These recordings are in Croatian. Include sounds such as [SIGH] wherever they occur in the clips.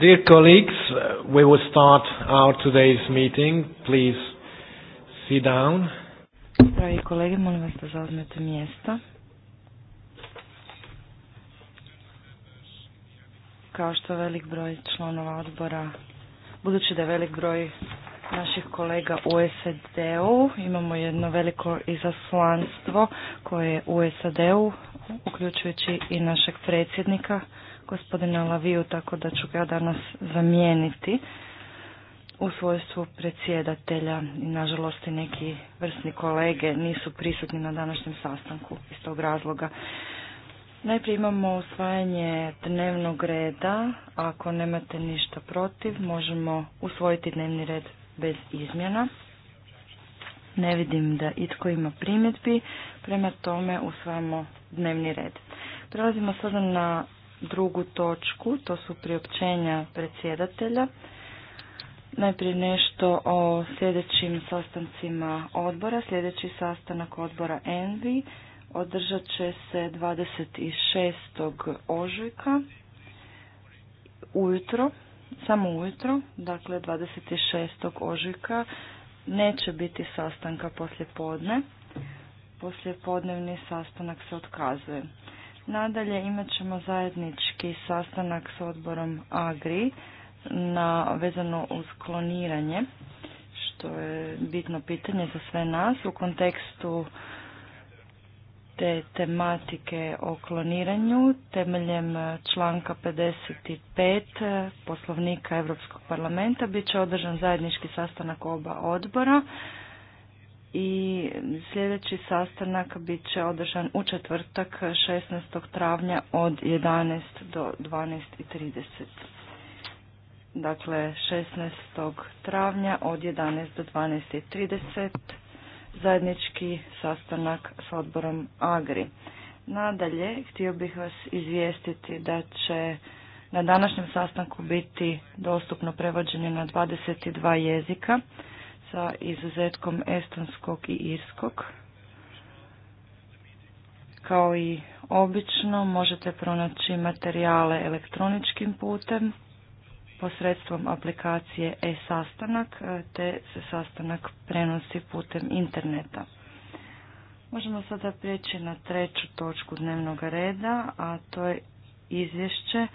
Dear colleagues, we will start our today's meeting. Please sit down. Dragi kolege, molim vas da zauzmete mjesta. Kao što velik broj članova odbora, budući da je velik broj naših kolega u SAD-u, imamo jedno veliko izaslanstvo koje je u SAD-u, uključujući i našeg predsjednika, gospodina Laviju, tako da ću ga danas zamijeniti u svojstvu predsjedatelja i nažalost i neki vrsni kolege nisu prisutni na današnjem sastanku iz tog razloga. Najprije imamo usvajanje dnevnog reda, ako nemate ništa protiv možemo usvojiti dnevni red bez izmjena. Ne vidim da itko ima primjedbi, prema tome usvajamo dnevni red. Prelazimo sada na drugu točku, to su priopćenja predsjedatelja. Najprije nešto o sljedećim sastancima odbora. Sljedeći sastanak odbora ENVI održat će se 26. ožujka ujutro, samo ujutro, dakle 26. ožujka neće biti sastanka poslje podne. poslje podnevni sastanak se otkazuje. Nadalje imat ćemo zajednički sastanak s odborom AGRI na, vezano uz kloniranje, što je bitno pitanje za sve nas u kontekstu te tematike o kloniranju temeljem članka 55 poslovnika Europskog parlamenta bit će održan zajednički sastanak oba odbora i sljedeći sastanak bit će održan u četvrtak 16. travnja od 11 do 12.30. Dakle, 16. travnja od 11 do 12.30 zajednički sastanak s odborom AGRI. Nadalje, htio bih vas izvijestiti da će na današnjem sastanku biti dostupno prevođenje na 22 jezika sa izuzetkom estonskog i irskog. Kao i obično možete pronaći materijale elektroničkim putem posredstvom aplikacije e-sastanak e, te se sastanak prenosi putem interneta. Možemo sada prijeći na treću točku dnevnog reda, a to je izvješće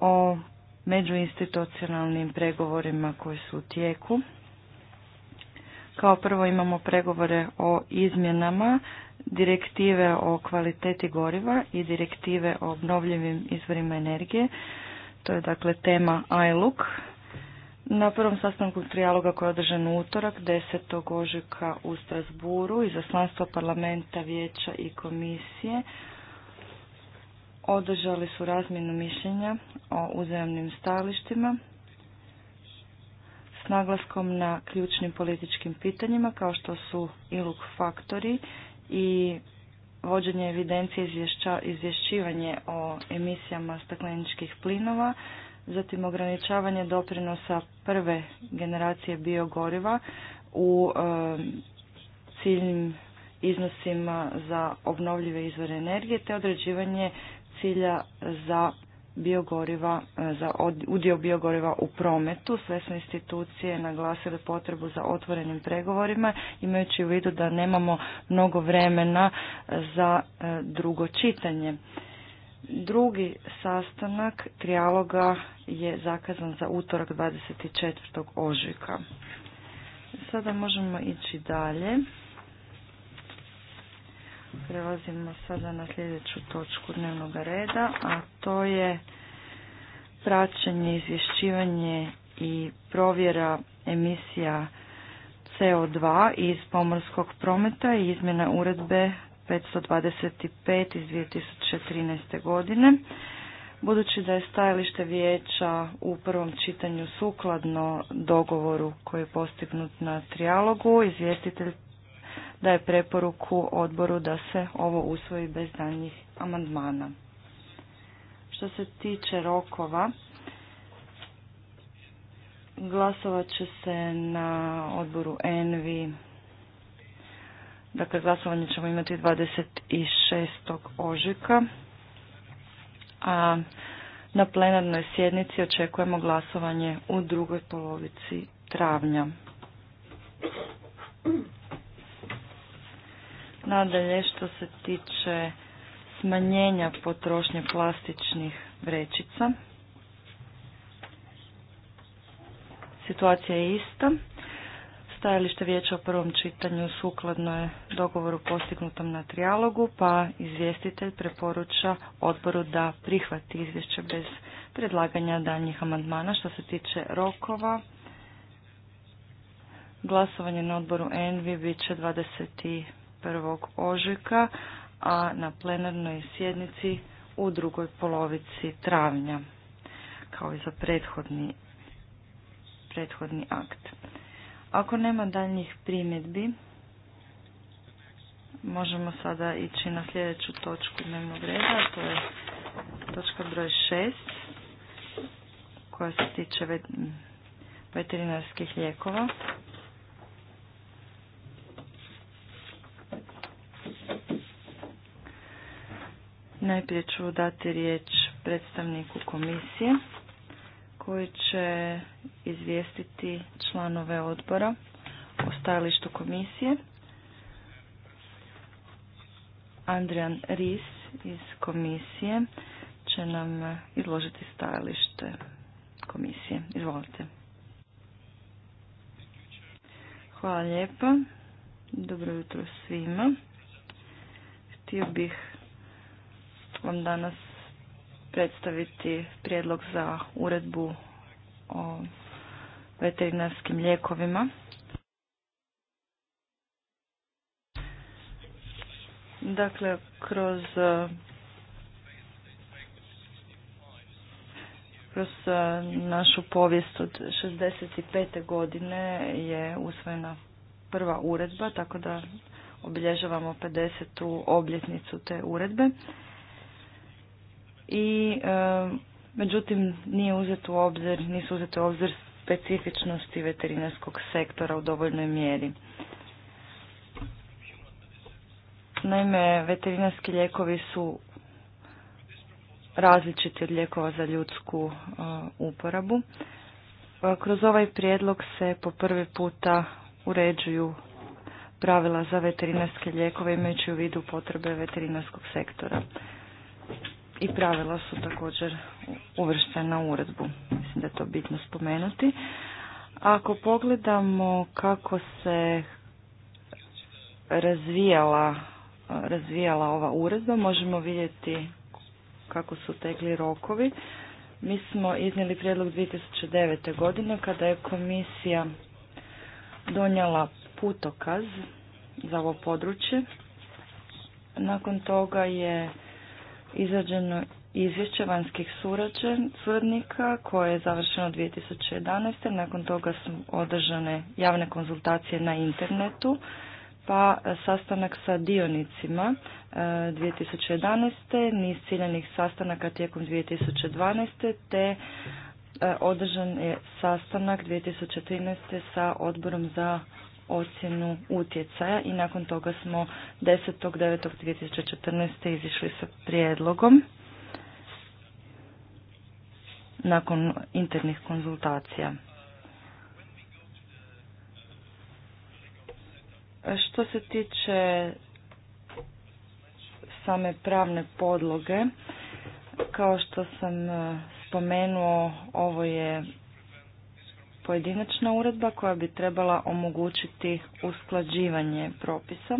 o međuinstitucionalnim pregovorima koji su u tijeku. Kao prvo imamo pregovore o izmjenama direktive o kvaliteti goriva i direktive o obnovljivim izvorima energije. To je dakle tema ILUK. Na prvom sastanku trijaloga koji je održan u utorak 10. ožujka u Strasburu slanstvo parlamenta, vijeća i komisije održali su razmjenu mišljenja o uzajamnim stajalištima naglaskom na ključnim političkim pitanjima kao što su iluk faktori i vođenje evidencije izvješćivanje o emisijama stakleničkih plinova, zatim ograničavanje doprinosa prve generacije biogoriva u ciljnim iznosima za obnovljive izvore energije te određivanje cilja za biogoriva, e, za udio biogoriva u prometu. Sve su institucije naglasile potrebu za otvorenim pregovorima, imajući u vidu da nemamo mnogo vremena e, za e, drugo čitanje. Drugi sastanak trijaloga je zakazan za utorak 24. ožujka. Sada možemo ići dalje. Prelazimo sada na sljedeću točku dnevnog reda, a to je praćenje, izvješćivanje i provjera emisija CO2 iz pomorskog prometa i izmjena uredbe 525 iz 2013. godine. Budući da je stajalište vijeća u prvom čitanju sukladno dogovoru koji je postignut na trijalogu, izvjestitelj daje preporuku odboru da se ovo usvoji bez daljnjih amandmana. Što se tiče rokova, glasovat će se na odboru ENVI. Dakle, glasovanje ćemo imati 26. ožujka. A na plenarnoj sjednici očekujemo glasovanje u drugoj polovici travnja. Nadalje, što se tiče smanjenja potrošnje plastičnih vrećica, situacija je ista. Stajalište vijeća o prvom čitanju sukladno je dogovoru postignutom na trijalogu, pa izvjestitelj preporuča odboru da prihvati izvješće bez predlaganja daljnjih amandmana. Što se tiče rokova, glasovanje na odboru ENVI bit će prvog ožujka, a na plenarnoj sjednici u drugoj polovici travnja, kao i za prethodni, prethodni akt. Ako nema daljnjih primjedbi, možemo sada ići na sljedeću točku dnevnog reda, to je točka broj 6, koja se tiče veterinarskih lijekova. Najprije ću dati riječ predstavniku komisije koji će izvijestiti članove odbora o stajalištu komisije. Andrijan Ris iz komisije će nam izložiti stajalište komisije. Izvolite. Hvala lijepa. Dobro jutro svima. Htio bih vam danas predstaviti prijedlog za uredbu o veterinarskim lijekovima. Dakle, kroz kroz e, našu povijest od 65. godine je usvojena prva uredba, tako da obilježavamo 50. obljetnicu te uredbe i e, međutim nije uzet u obzir, nisu uzete u obzir specifičnosti veterinarskog sektora u dovoljnoj mjeri. Naime, veterinarski lijekovi su različiti od lijekova za ljudsku e, uporabu. E, kroz ovaj prijedlog se po prvi puta uređuju pravila za veterinarske lijekove imajući u vidu potrebe veterinarskog sektora i pravila su također uvrštena u uredbu. Mislim da je to bitno spomenuti. Ako pogledamo kako se razvijala, razvijala ova uredba, možemo vidjeti kako su tekli rokovi. Mi smo iznijeli prijedlog 2009. godine kada je komisija donijela putokaz za ovo područje. Nakon toga je izrađeno izvješće vanjskih suradnika koje je završeno 2011. Nakon toga su održane javne konzultacije na internetu pa e, sastanak sa dionicima 2011. E, niz ciljenih sastanaka tijekom 2012. te e, održan je sastanak 2013. sa odborom za ocjenu utjecaja i nakon toga smo 10.9.2014. izišli sa prijedlogom nakon internih konzultacija. Što se tiče same pravne podloge, kao što sam eh, spomenuo, ovo je pojedinačna uredba koja bi trebala omogućiti usklađivanje propisa.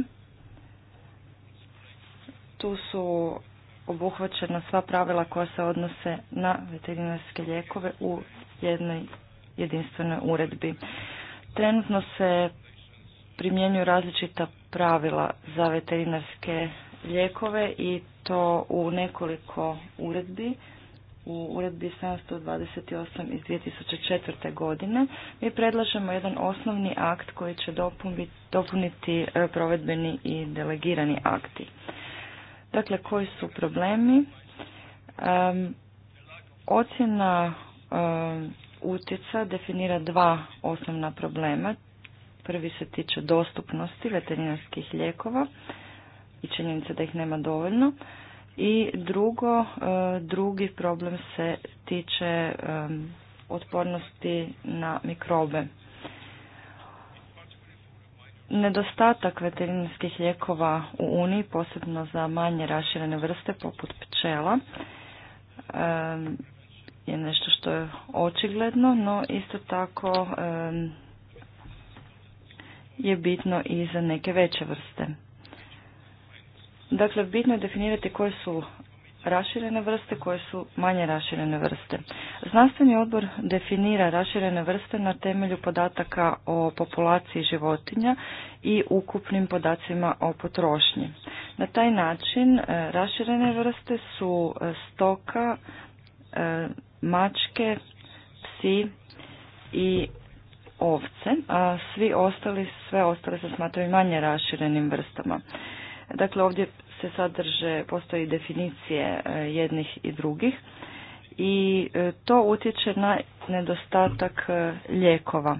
Tu su obuhvaćena sva pravila koja se odnose na veterinarske lijekove u jednoj jedinstvenoj uredbi. Trenutno se primjenjuju različita pravila za veterinarske lijekove i to u nekoliko uredbi u uredbi 728 iz 2004. godine. Mi predlažemo jedan osnovni akt koji će dopuniti e, provedbeni i delegirani akti. Dakle, koji su problemi? ocjena utjeca definira dva osnovna problema. Prvi se tiče dostupnosti veterinarskih lijekova i činjenica da ih nema dovoljno. I drugo, e, drugi problem se tiče e, otpornosti na mikrobe. Nedostatak veterinarskih lijekova u Uniji, posebno za manje raširene vrste poput pčela, e, je nešto što je očigledno, no isto tako je bitno i za neke veće vrste. Dakle, bitno je definirati koje su raširene vrste, koje su manje raširene vrste. Znanstveni odbor definira raširene vrste na temelju podataka o populaciji životinja i ukupnim podacima o potrošnji. Na taj način e, raširene vrste su e, stoka, e, mačke, psi i ovce, a svi ostali, sve ostale se smatraju manje raširenim vrstama. Dakle, ovdje se sadrže, postoji definicije e, jednih i drugih i e, to utječe na nedostatak e, lijekova.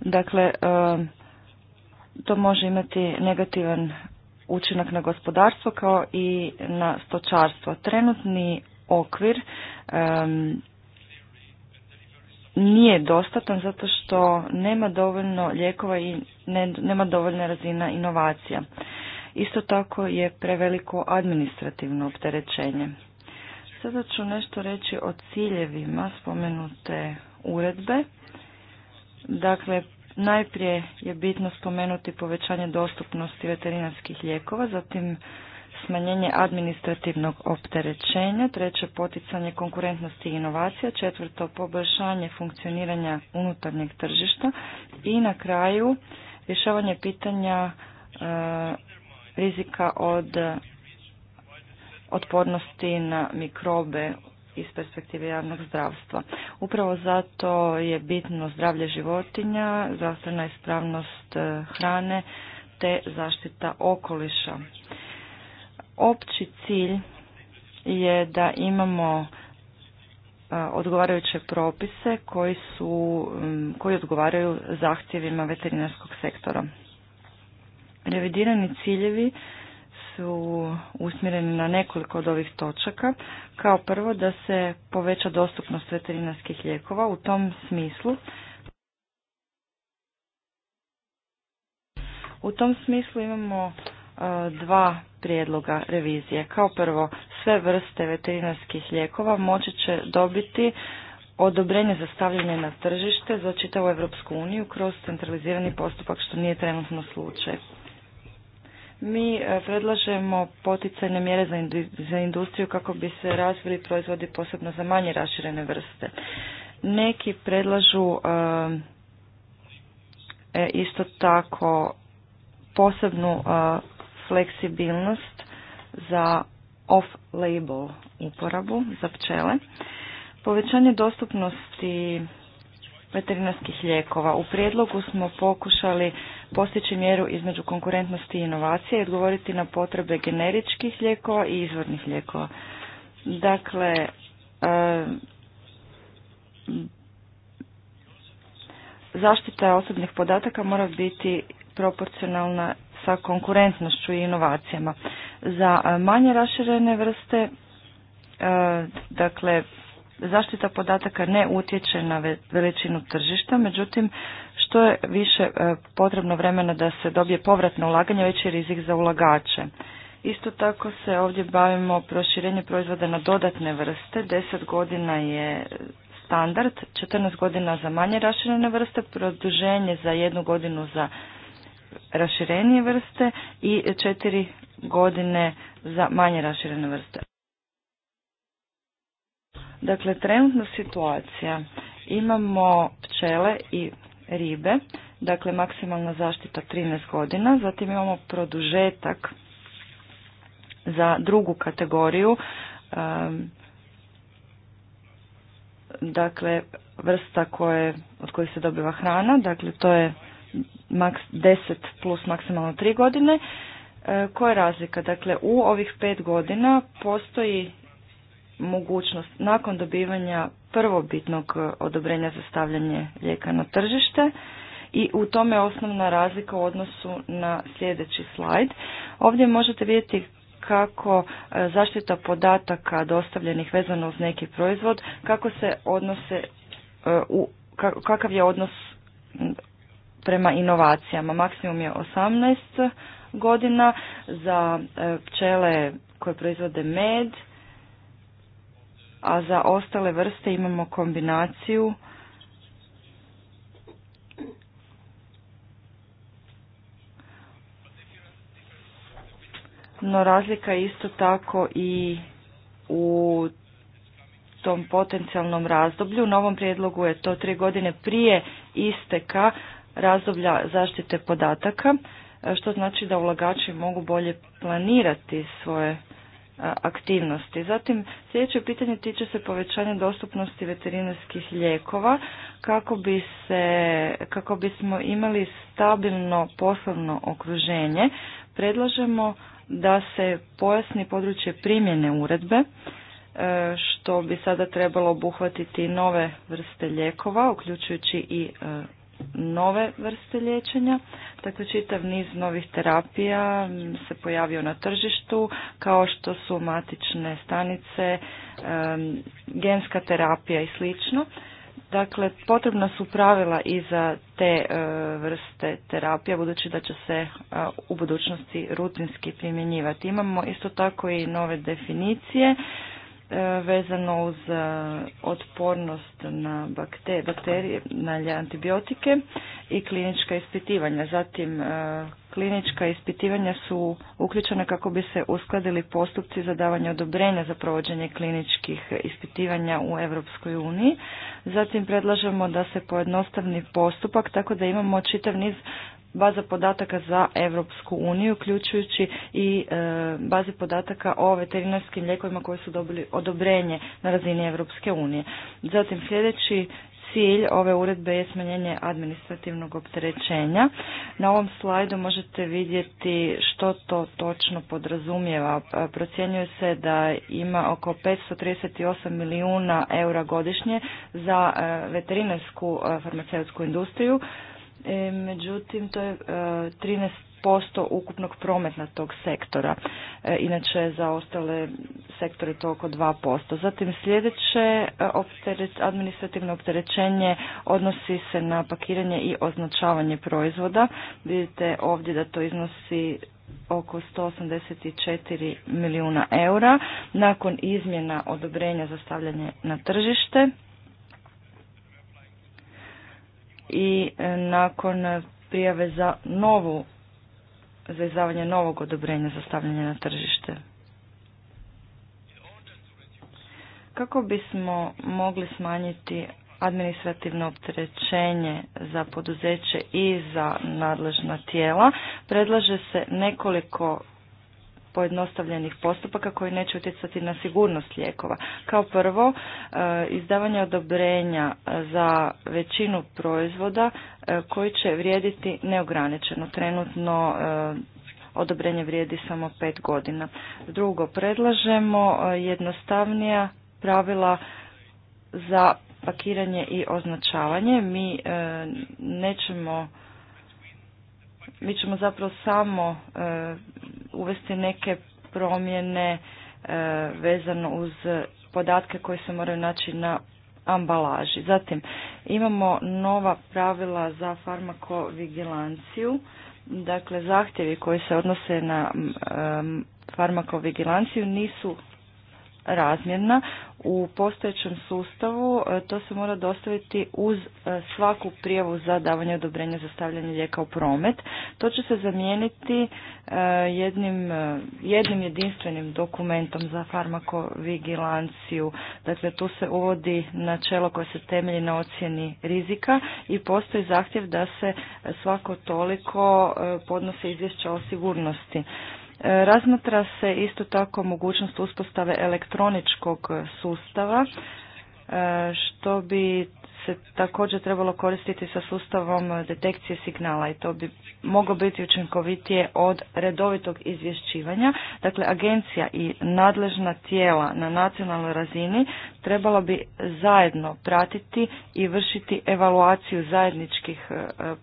Dakle, to može imati negativan učinak na gospodarstvo kao i na stočarstvo. Trenutni okvir nije dostatan zato što nema dovoljno lijekova i nema dovoljna razina inovacija. Isto tako je preveliko administrativno opterećenje. Sada ću nešto reći o ciljevima spomenute uredbe. Dakle, najprije je bitno spomenuti povećanje dostupnosti veterinarskih lijekova, zatim smanjenje administrativnog opterećenja, treće poticanje konkurentnosti i inovacija, četvrto poboljšanje funkcioniranja unutarnjeg tržišta i na kraju rješavanje pitanja e, rizika od otpornosti na mikrobe iz perspektive javnog zdravstva. Upravo zato je bitno zdravlje životinja, zdravstvena ispravnost e, hrane te zaštita okoliša opći cilj je da imamo e, odgovarajuće propise koji su koji odgovaraju zahtjevima veterinarskog sektora. Revidirani ciljevi su usmjereni na nekoliko od ovih točaka. Kao prvo da se poveća dostupnost veterinarskih lijekova u tom smislu U tom smislu imamo e, dva prijedloga revizije. Kao prvo, sve vrste veterinarskih lijekova moći će dobiti odobrenje za stavljanje na tržište za čitavu Europsku uniju kroz centralizirani postupak što nije trenutno slučaj. Mi e, predlažemo poticajne mjere za industriju kako bi se razvili proizvodi posebno za manje raširene vrste. Neki predlažu e, isto tako posebnu e, fleksibilnost za off-label uporabu za pčele, povećanje dostupnosti veterinarskih lijekova. U prijedlogu smo pokušali postići mjeru između konkurentnosti i inovacije i odgovoriti na potrebe generičkih lijekova i izvornih lijekova. Dakle, e, zaštita osobnih podataka mora biti proporcionalna sa konkurentnošću i inovacijama. Za e, manje raširene vrste, e, dakle, zaštita podataka ne utječe na veličinu tržišta, međutim, što je više e, potrebno vremena da se dobije povratno ulaganje, veći je rizik za ulagače. Isto tako se ovdje bavimo proširenje proizvoda na dodatne vrste. 10 godina je standard, 14 godina za manje raširene vrste, produženje za jednu godinu za raširenije vrste i četiri godine za manje raširene vrste. Dakle, trenutna situacija. Imamo pčele i ribe, dakle maksimalna zaštita 13 godina, zatim imamo produžetak za drugu kategoriju, um, dakle vrsta koje, od kojih se dobiva hrana, dakle to je maks 10 plus maksimalno 3 godine. E, koja je razlika? Dakle, u ovih 5 godina postoji mogućnost nakon dobivanja prvobitnog e, odobrenja za stavljanje lijeka na tržište i u tome je osnovna razlika u odnosu na sljedeći slajd. Ovdje možete vidjeti kako e, zaštita podataka dostavljenih vezano uz neki proizvod, kako se odnose, kakav je odnos prema inovacijama. Maksimum je 18 godina za e, pčele koje proizvode med, a za ostale vrste imamo kombinaciju No razlika je isto tako i u tom potencijalnom razdoblju. U novom prijedlogu je to tri godine prije isteka razdoblja zaštite podataka, e, što znači da ulagači mogu bolje planirati svoje e, aktivnosti. Zatim, sljedeće pitanje tiče se povećanja dostupnosti veterinarskih lijekova kako, bi se, kako bismo imali stabilno poslovno okruženje. Predlažemo da se pojasni područje primjene uredbe, e, što bi sada trebalo obuhvatiti nove vrste lijekova, uključujući i nove vrste liječenja. Dakle, čitav niz novih terapija se pojavio na tržištu, kao što su matične stanice, genska terapija i slično. Dakle, potrebna su pravila i za te e, vrste terapija, budući da će se e, u budućnosti rutinski primjenjivati. Imamo isto tako i nove definicije E, vezano uz e, otpornost na bakterije, na antibiotike i klinička ispitivanja. Zatim, e, klinička ispitivanja su uključena kako bi se uskladili postupci za davanje odobrenja za provođenje kliničkih ispitivanja u Europskoj uniji. Zatim predlažemo da se pojednostavni postupak tako da imamo čitav niz baza podataka za Europsku uniju, uključujući i e, baze podataka o veterinarskim lijekovima koji su dobili odobrenje na razini Europske unije. Zatim sljedeći cilj ove uredbe je smanjenje administrativnog opterećenja. Na ovom slajdu možete vidjeti što to točno podrazumijeva. E, procjenjuje se da ima oko 538 milijuna eura godišnje za e, veterinarsku farmaceutsku industriju, E, međutim to je 13% e, ukupnog prometa tog sektora. E, inače za ostale sektore to oko 2%. Zatim sljedeće administrativno opterećenje odnosi se na pakiranje i označavanje proizvoda. Vidite ovdje da to iznosi oko 184 milijuna eura nakon izmjena odobrenja za stavljanje na tržište i e, nakon prijave za novu za izdavanje novog odobrenja za stavljanje na tržište. Kako bismo mogli smanjiti administrativno opterećenje za poduzeće i za nadležna tijela, predlaže se nekoliko pojednostavljenih postupaka koji neće utjecati na sigurnost lijekova. Kao prvo, e, izdavanje odobrenja za većinu proizvoda e, koji će vrijediti neograničeno. Trenutno e, odobrenje vrijedi samo pet godina. Drugo, predlažemo jednostavnija pravila za pakiranje i označavanje. Mi nećemo mi ćemo zapravo samo e, uvesti neke promjene e, vezano uz podatke koje se moraju naći na ambalaži. Zatim imamo nova pravila za farmakovigilanciju, dakle zahtjevi koji se odnose na e, farmakovigilanciju nisu razmjerna. U postojećem sustavu e, to se mora dostaviti uz e, svaku prijavu za davanje odobrenja za stavljanje lijeka u promet. To će se zamijeniti e, jednim, jednim jedinstvenim dokumentom za farmakovigilanciju. Dakle, tu se uvodi načelo koje se temelji na ocjeni rizika i postoji zahtjev da se svako toliko podnose izvješća o sigurnosti. E, razmatra se isto tako mogućnost uspostave elektroničkog sustava e, što bi se također trebalo koristiti sa sustavom detekcije signala i to bi moglo biti učinkovitije od redovitog izvješćivanja. Dakle, agencija i nadležna tijela na nacionalnoj razini trebalo bi zajedno pratiti i vršiti evaluaciju zajedničkih e,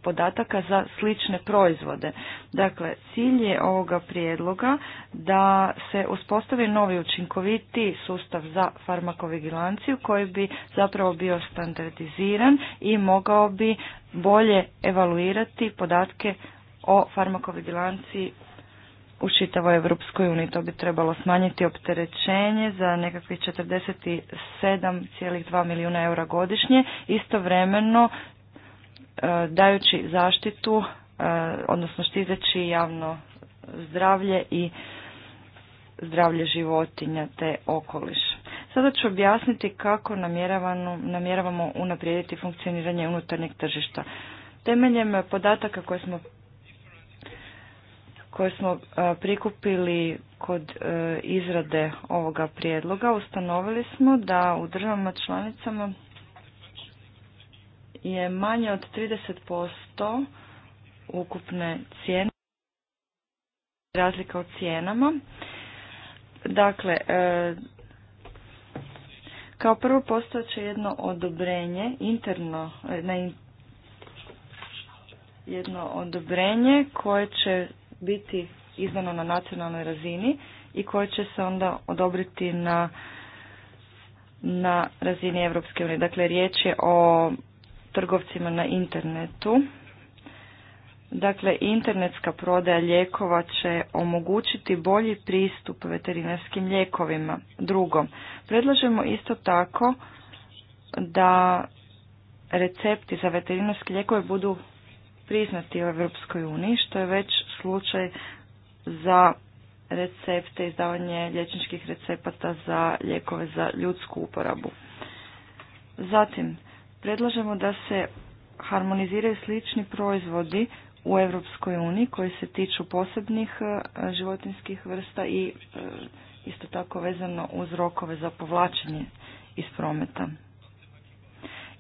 podataka za slične proizvode. Dakle, cilj je ovoga prijedloga da se uspostavi novi učinkoviti sustav za farmakovigilanciju koji bi zapravo bio standardiziran i mogao bi bolje evaluirati podatke o farmakovigilanci u čitavoj Evropskoj uniji. To bi trebalo smanjiti opterećenje za nekakvih 47,2 milijuna eura godišnje, istovremeno e, dajući zaštitu, e, odnosno štizeći javno zdravlje i zdravlje životinja te okoliš. Sada ću objasniti kako namjeravamo unaprijediti funkcioniranje unutarnjeg tržišta. Temeljem podataka koje smo koje smo e, prikupili kod e, izrade ovoga prijedloga, ustanovili smo da u državama članicama je manje od 30% ukupne cijene razlika u cijenama. Dakle, e, kao prvo će jedno odobrenje, interno, e, na, jedno odobrenje koje će biti izdano na nacionalnoj razini i koje će se onda odobriti na, na razini Europske Dakle, riječ je o trgovcima na internetu Dakle, internetska prodaja lijekova će omogućiti bolji pristup veterinarskim lijekovima. Drugo, predlažemo isto tako da recepti za veterinarske lijekove budu priznati u Europskoj uniji, što je već slučaj za recepte, izdavanje liječničkih recepata za lijekove za ljudsku uporabu. Zatim, predlažemo da se harmoniziraju slični proizvodi u Europskoj uniji koji se tiču posebnih e, životinskih vrsta i e, isto tako vezano uz rokove za povlačenje iz prometa.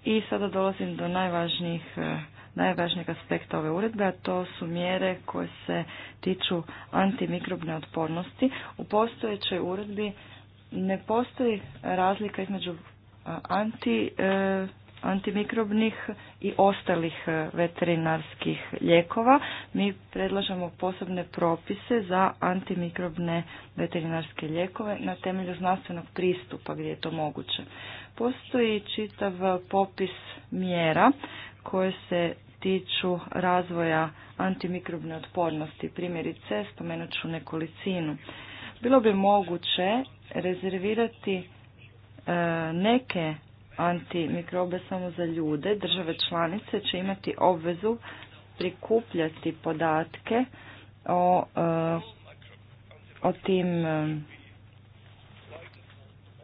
I sada dolazim do najvažnijih e, najvažnijeg aspekta ove uredbe, a to su mjere koje se tiču antimikrobne otpornosti. U postojećoj uredbi ne postoji razlika između anti antimikrobnih i ostalih e, veterinarskih lijekova. Mi predlažemo posebne propise za antimikrobne veterinarske lijekove na temelju znanstvenog pristupa gdje je to moguće. Postoji čitav popis mjera koje se tiču razvoja antimikrobne otpornosti. Primjerice, spomenut ću nekolicinu. Bilo bi moguće rezervirati e, neke antimikrobe samo za ljude, države članice će imati obvezu prikupljati podatke o, eh, o tim eh,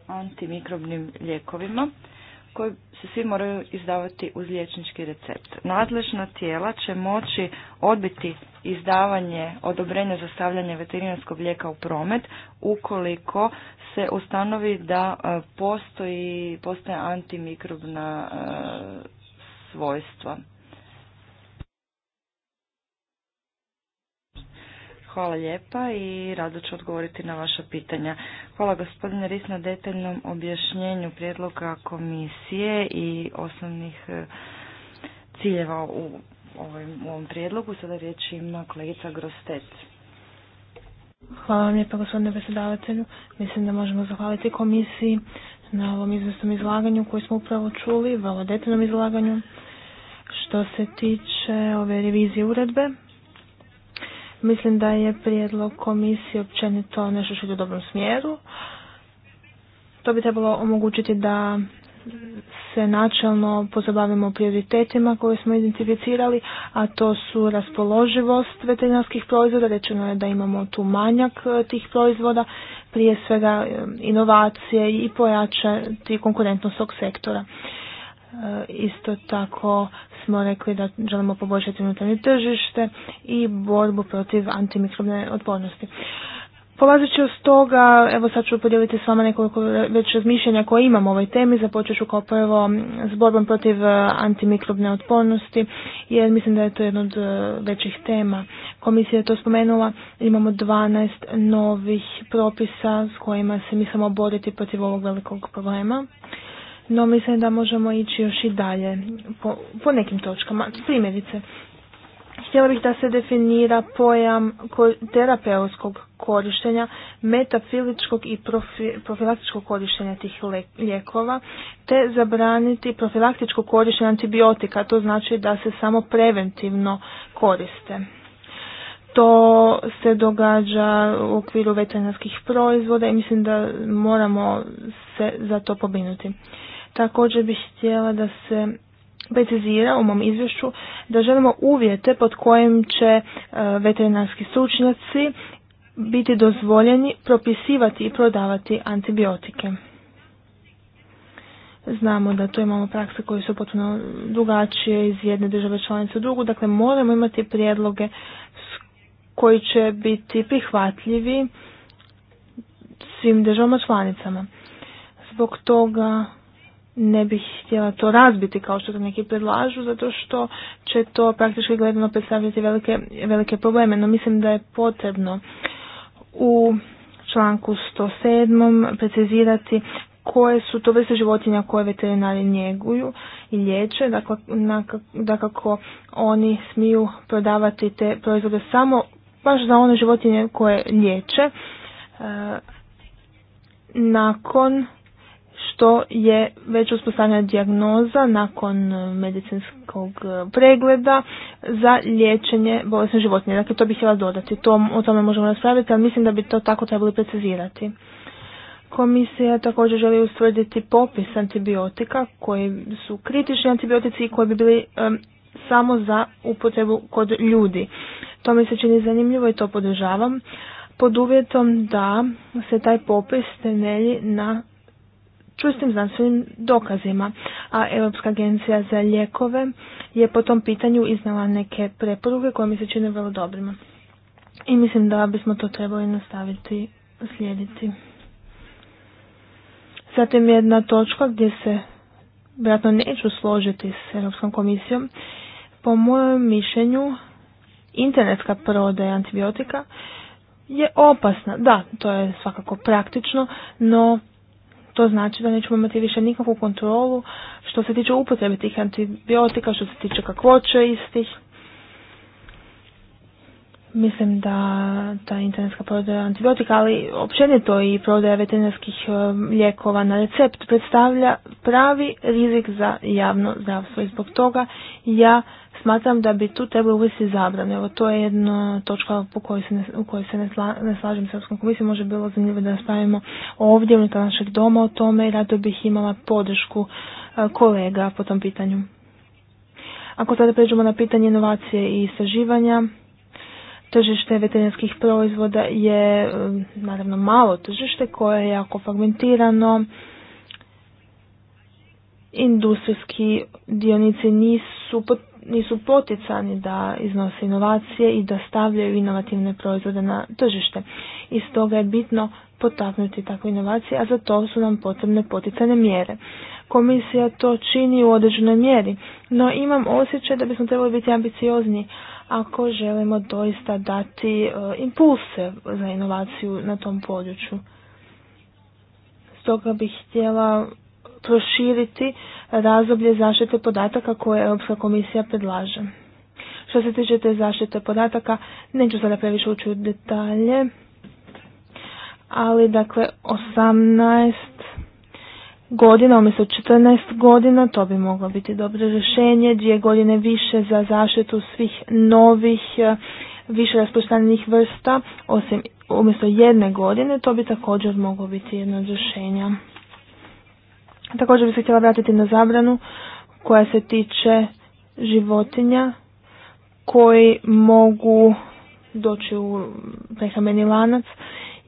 antimikrobnim lijekovima koji se svi moraju izdavati uz liječnički recept. Nadležna tijela će moći odbiti izdavanje odobrenja za stavljanje veterinarskog lijeka u promet ukoliko se ustanovi da e, postoji, postoje antimikrobna e, svojstva. Hvala lijepa i rado ću odgovoriti na vaša pitanja. Hvala gospodine Ris na detaljnom objašnjenju prijedloga komisije i osnovnih e, ciljeva u ovom prijedlogu. Sada riječ ima kolegica Grostec. Hvala vam lijepa gospodine predsjedavatelju. Mislim da možemo zahvaliti komisiji na ovom izvrsnom izlaganju koji smo upravo čuli, vrlo detaljnom izlaganju. Što se tiče ove revizije uredbe, mislim da je prijedlog komisije općenito nešto što je u dobrom smjeru. To bi trebalo omogućiti da se načelno pozabavimo prioritetima koje smo identificirali, a to su raspoloživost veterinarskih proizvoda, rečeno je da imamo tu manjak e, tih proizvoda, prije svega e, inovacije i pojačati konkurentnost tog sektora. E, isto tako smo rekli da želimo poboljšati unutarnje tržište i borbu protiv antimikrobne otpornosti. Polazeći od toga, evo sad ću podijeliti s vama nekoliko već razmišljanja koje imam o ovoj temi. Započet ću kao prvo s borbom protiv e, antimikrobne otpornosti, jer mislim da je to jedna od e, većih tema. Komisija je to spomenula, imamo 12 novih propisa s kojima se mislimo boriti protiv ovog velikog problema. No mislim da možemo ići još i dalje po, po nekim točkama. Primjerice, Htjela bih da se definira pojam terapeutskog korištenja, metafiličkog i profilaktičkog korištenja tih lijekova, te zabraniti profilaktičko korištenje antibiotika, to znači da se samo preventivno koriste. To se događa u okviru veterinarskih proizvoda i mislim da moramo se za to pobinuti. Također bih htjela da se precizira u mom izvješću da želimo uvjete pod kojim će e, veterinarski stručnjaci biti dozvoljeni propisivati i prodavati antibiotike. Znamo da tu imamo prakse koje su potpuno drugačije iz jedne države članice u drugu, dakle moramo imati prijedloge koji će biti prihvatljivi svim državama članicama. Zbog toga ne bih htjela to razbiti kao što to neki predlažu, zato što će to praktički gledano predstavljati velike, velike probleme. No mislim da je potrebno u članku 107. precizirati koje su to vrste životinja koje veterinari njeguju i liječe, da dakle, kako oni smiju prodavati te proizvode samo baš za one životinje koje liječe. E, nakon što je već uspostavljena dijagnoza nakon medicinskog e, pregleda za liječenje bolesne životinje. Dakle, to bih htjela dodati. To, o tome možemo raspraviti, ali mislim da bi to tako trebalo precizirati. Komisija također želi ustvrditi popis antibiotika koji su kritični antibiotici i koji bi bili samo za upotrebu kod ljudi. To mi se čini zanimljivo i to podržavam pod uvjetom da se taj popis temelji na Čustim znanstvenim dokazima, a Europska agencija za lijekove je po tom pitanju iznala neke preporuke koje mi se čine vrlo dobrima. I mislim da bismo to trebali nastaviti slijediti. Zatim jedna točka gdje se vjerojatno neću složiti s Europskom komisijom. Po mojem mišljenju, internetska prodaja antibiotika je opasna. Da, to je svakako praktično, no to znači da nećemo imati više nikakvu kontrolu što se tiče upotrebe tih antibiotika, što se tiče kakvoće istih. Mislim da ta internetska prodaja antibiotika, ali općenito i prodaja veterinarskih e, lijekova na recept predstavlja pravi rizik za javno zdravstvo i zbog toga ja smatram da bi tu trebalo uvesti zabrane. Evo, to je jedna točka kojoj se u kojoj se ne, sla, slažem s Europskom komisijom. Može bilo zanimljivo da raspravimo ovdje unutar našeg doma o tome i rado bih imala podršku e, kolega po tom pitanju. Ako sada pređemo na pitanje inovacije i istraživanja, tržište veterinarskih proizvoda je e, naravno malo tržište koje je jako fragmentirano. Industrijski dionici nisu pod nisu poticani da iznose inovacije i da stavljaju inovativne proizvode na tržište. I stoga je bitno potaknuti takve inovacije, a za to su nam potrebne poticane mjere. Komisija to čini u određenoj mjeri, no imam osjećaj da bismo trebali biti ambiciozni ako želimo doista dati e, impulse za inovaciju na tom području. Stoga bih htjela proširiti razoblje zaštite podataka koje Europska komisija predlaže. Što se tiče te zaštite podataka, neću sada previše ući u detalje, ali dakle 18 godina, umjesto 14 godina, to bi moglo biti dobro rješenje, dvije godine više za zaštitu svih novih, e, više raspostavljenih vrsta, osim umjesto jedne godine, to bi također moglo biti jedno rješenje. Također bih se htjela vratiti na zabranu koja se tiče životinja koji mogu doći u prehrambeni lanac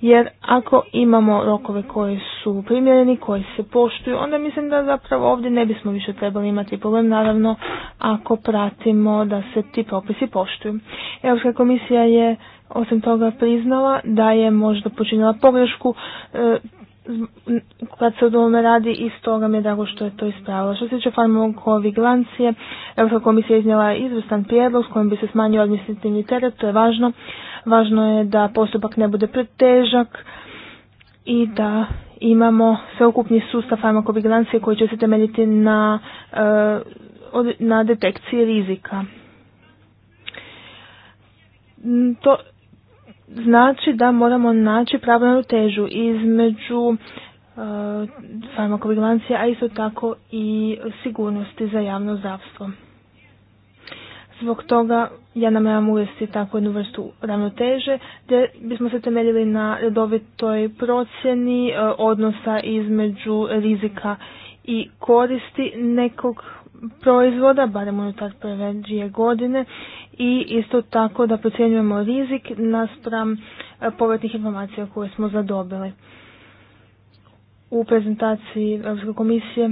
jer ako imamo rokove koji su primjereni, koji se poštuju, onda mislim da zapravo ovdje ne bismo više trebali imati problem, naravno ako pratimo da se ti propisi poštuju. Europska komisija je osim toga priznala da je možda počinila pogrešku e, kad se o tome radi i stoga mi je drago što je to ispravilo. Što se tiče farmakovigilancije, Europska komisija je iznijela izvrstan prijedlog s kojim bi se smanjio administrativni teret, to je važno. Važno je da postupak ne bude pretežak i da imamo sveukupni sustav farmakovigilancije koji će se temeljiti na, eh, na detekciji rizika. To znači da moramo naći pravilnu težu između e, farmakovigilancije, a isto tako i sigurnosti za javno zdravstvo. Zbog toga ja namjeram uvesti takvu jednu vrstu ravnoteže gdje bismo se temeljili na redovitoj procjeni e, odnosa između rizika i koristi nekog proizvoda, barem unutar prve dvije godine i isto tako da procjenjujemo rizik naspram e, povratnih informacija koje smo zadobili. U prezentaciji Europske komisije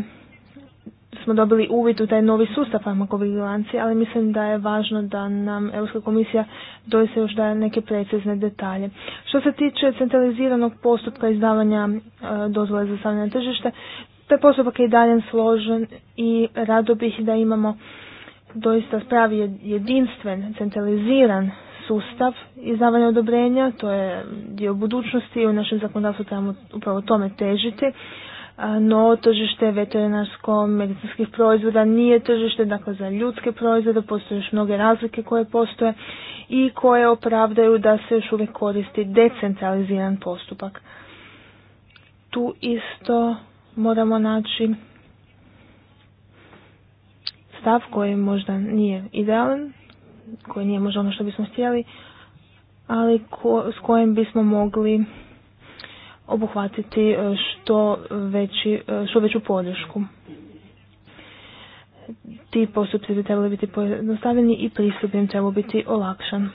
smo dobili uvid u taj novi sustav farmakovigilancije, ali mislim da je važno da nam Europska komisija doista još daje neke precizne detalje. Što se tiče centraliziranog postupka izdavanja dozvola e, dozvole za stavljanje na tržište, taj postupak je i dalje složen i rado bih da imamo doista pravi jedinstven, centraliziran sustav izdavanja odobrenja, to je dio budućnosti i u našem zakonodavstvu trebamo upravo tome težiti. No, tržište veterinarsko-medicinskih proizvoda nije tržište, dakle za ljudske proizvode postoje još mnoge razlike koje postoje i koje opravdaju da se još uvijek koristi decentraliziran postupak. Tu isto moramo naći stav koji možda nije idealan, koji nije možda ono što bismo htjeli, ali ko, s kojim bismo mogli obuhvatiti e, što, veći, e, što veću podršku. Ti postupci bi trebali biti pojednostavljeni i pristup im biti olakšan.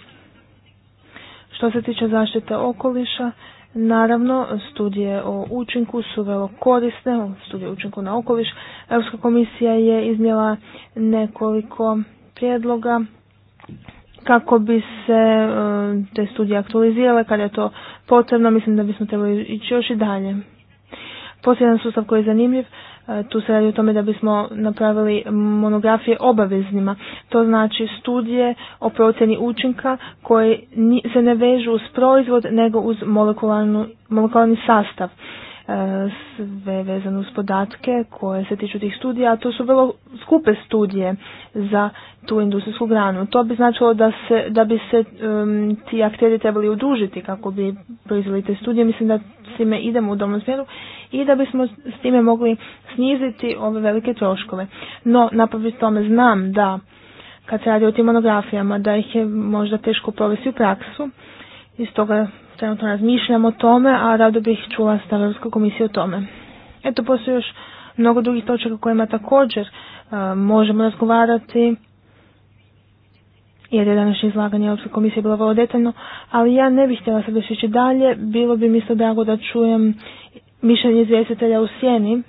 Što se tiče zaštite okoliša, Naravno, studije o učinku su vrlo korisne, studije o učinku na okoliš. Europska komisija je iznijela nekoliko prijedloga kako bi se e, te studije aktualizirale kada je to potrebno. Mislim da bismo trebali ići još i dalje. Posljedan sustav koji je zanimljiv E, tu se radi o tome da bismo napravili monografije obaveznima. To znači studije o procjeni učinka koje se ne vežu uz proizvod nego uz molekularni sastav sve vezano uz podatke koje se tiču tih studija, a to su vrlo skupe studije za tu industrijsku granu. To bi značilo da, se, da bi se um, ti akteri trebali udružiti kako bi proizveli te studije. Mislim da s time idemo u domnom smjeru i da bismo s time mogli sniziti ove velike troškove. No, napravi tome znam da kad se radi o tim monografijama, da ih je možda teško provesti u praksu, i toga trenutno razmišljam o tome, a rado bih čula stav Europske komisije o tome. Eto, postoji još mnogo drugih točaka kojima također e, možemo razgovarati, jer je današnje izlaganje Europske komisije bilo vrlo detaljno, ali ja ne bih htjela sad ići dalje, bilo bi mi isto drago da čujem mišljenje izvjestitelja u sjeni,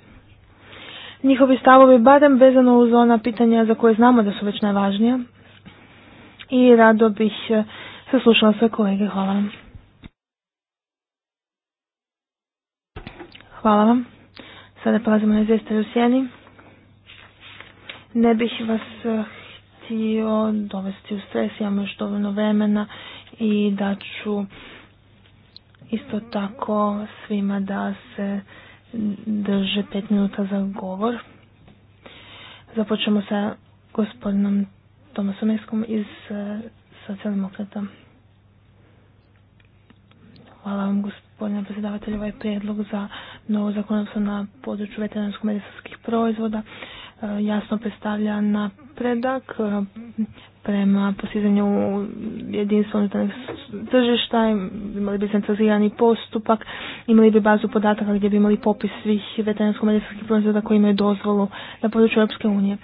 njihovi stavovi barem vezano uz ona pitanja za koje znamo da su već najvažnija i rado bih e, saslušala sve kolege. Hvala vam. Hvala vam. Sada prelazimo na izvjestitelj u sjeni. Ne bih vas eh, htio dovesti u stres, imam još dovoljno vremena i da ću isto tako svima da se drže pet minuta za govor. Započemo sa gospodinom Tomasom iz eh, Hvala vam gospodine predsjedavatelju ovaj prijedlog za novo zakonodavstvo na području veterinarsko-medicinskih proizvoda eh, jasno predstavlja napredak eh, prema postizanju jedinstvenog tržišta, imali bi centralizirani postupak, imali bi bazu podataka gdje bi imali popis svih veterinarsko-medicinskih proizvoda koji imaju dozvolu na području Europske unije.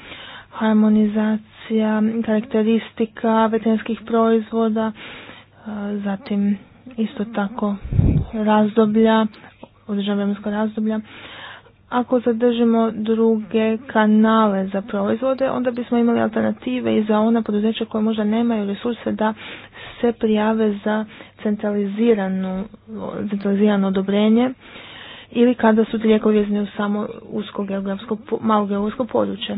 Harmonizacija informacija, karakteristika veterinskih proizvoda, e, zatim isto tako razdoblja, održava vremensko razdoblja. Ako zadržimo druge kanale za proizvode, onda bismo imali alternative i za ona poduzeća koja možda nemaju resurse da se prijave za centralizirano, odobrenje ili kada su lijekovi u samo usko geografsko, malo geografsko područje.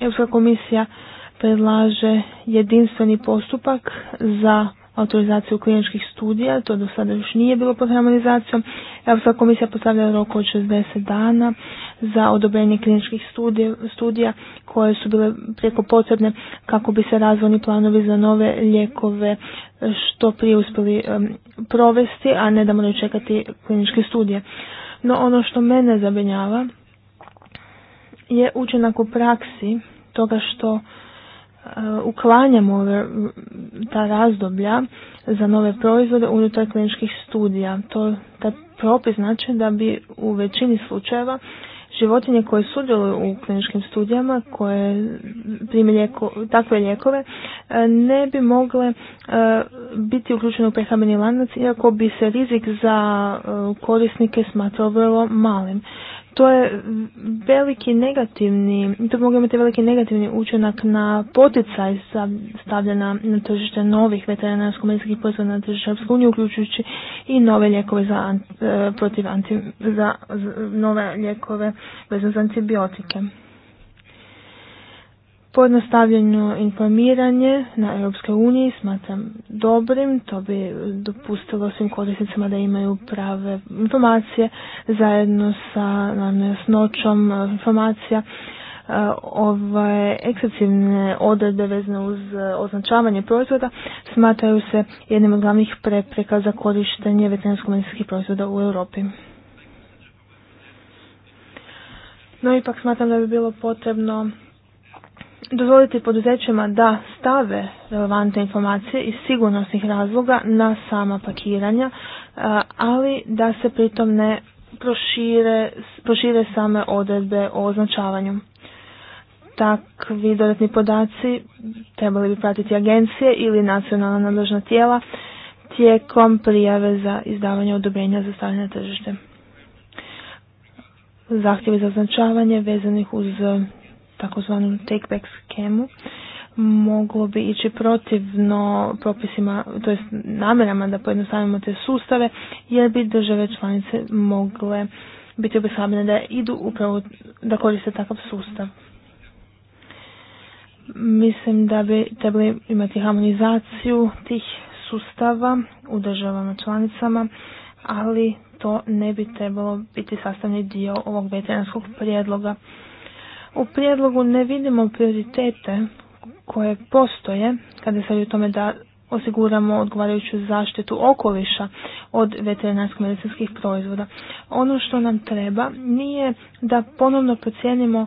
Europska komisija predlaže jedinstveni postupak za autorizaciju kliničkih studija, to do sada još nije bilo pod harmonizacijom. Europska komisija postavlja rok od 60 dana za odobrenje kliničkih studija, koje su bile preko potrebne kako bi se razvojni planovi za nove lijekove što prije uspjeli provesti, a ne da moraju čekati kliničke studije. No ono što mene zabrinjava je učinak u praksi toga što Uh, uklanjamo ta razdoblja za nove proizvode unutar kliničkih studija. To, ta propis znači da bi u većini slučajeva životinje koje sudjeluju u kliničkim studijama, koje prime takve lijekove, uh, ne bi mogle uh, biti uključene u prehrambeni lanac, iako bi se rizik za korisnike smatrao vrlo malim to je veliki negativni, to mogu imati veliki negativni učinak na poticaj stavljena na tržište novih veterinarsko-medicinskih proizvoda na tržište Europske unije, uključujući i nove lijekove za, e, protiv za, nove lijekove za antibiotike. Pojednostavljeno informiranje na Europskoj uniji smatram dobrim, to bi dopustilo svim korisnicima da imaju prave informacije zajedno sa jasnoćom e, informacija. E, ove ekscesivne odredbe uz e, označavanje proizvoda smatraju se jednim od glavnih prepreka za korištenje veterinarsko-medicinskih proizvoda u Europi. No ipak smatram da bi bilo potrebno dozvoliti poduzećima da stave relevantne informacije iz sigurnosnih razloga na sama pakiranja, e, ali da se pritom ne prošire, prošire same odredbe o označavanju. Takvi dodatni podaci trebali bi pratiti agencije ili nacionalna nadležna tijela tijekom prijave za izdavanje odobrenja za stavljanje tržište. Zahtjevi za označavanje vezanih uz takozvanu take-back skemu moglo bi ići protivno propisima, to jest namjerama da pojednostavimo te sustave, jer bi države članice mogle biti obeslavljene da idu upravo da koriste takav sustav. Mislim da bi trebali imati harmonizaciju tih sustava u državama članicama, ali to ne bi trebalo biti sastavni dio ovog veterinarskog prijedloga. U prijedlogu ne vidimo prioritete koje postoje kada se o tome da osiguramo odgovarajuću zaštitu okoliša od veterinarsko-medicinskih proizvoda. Ono što nam treba nije da ponovno procijenimo e,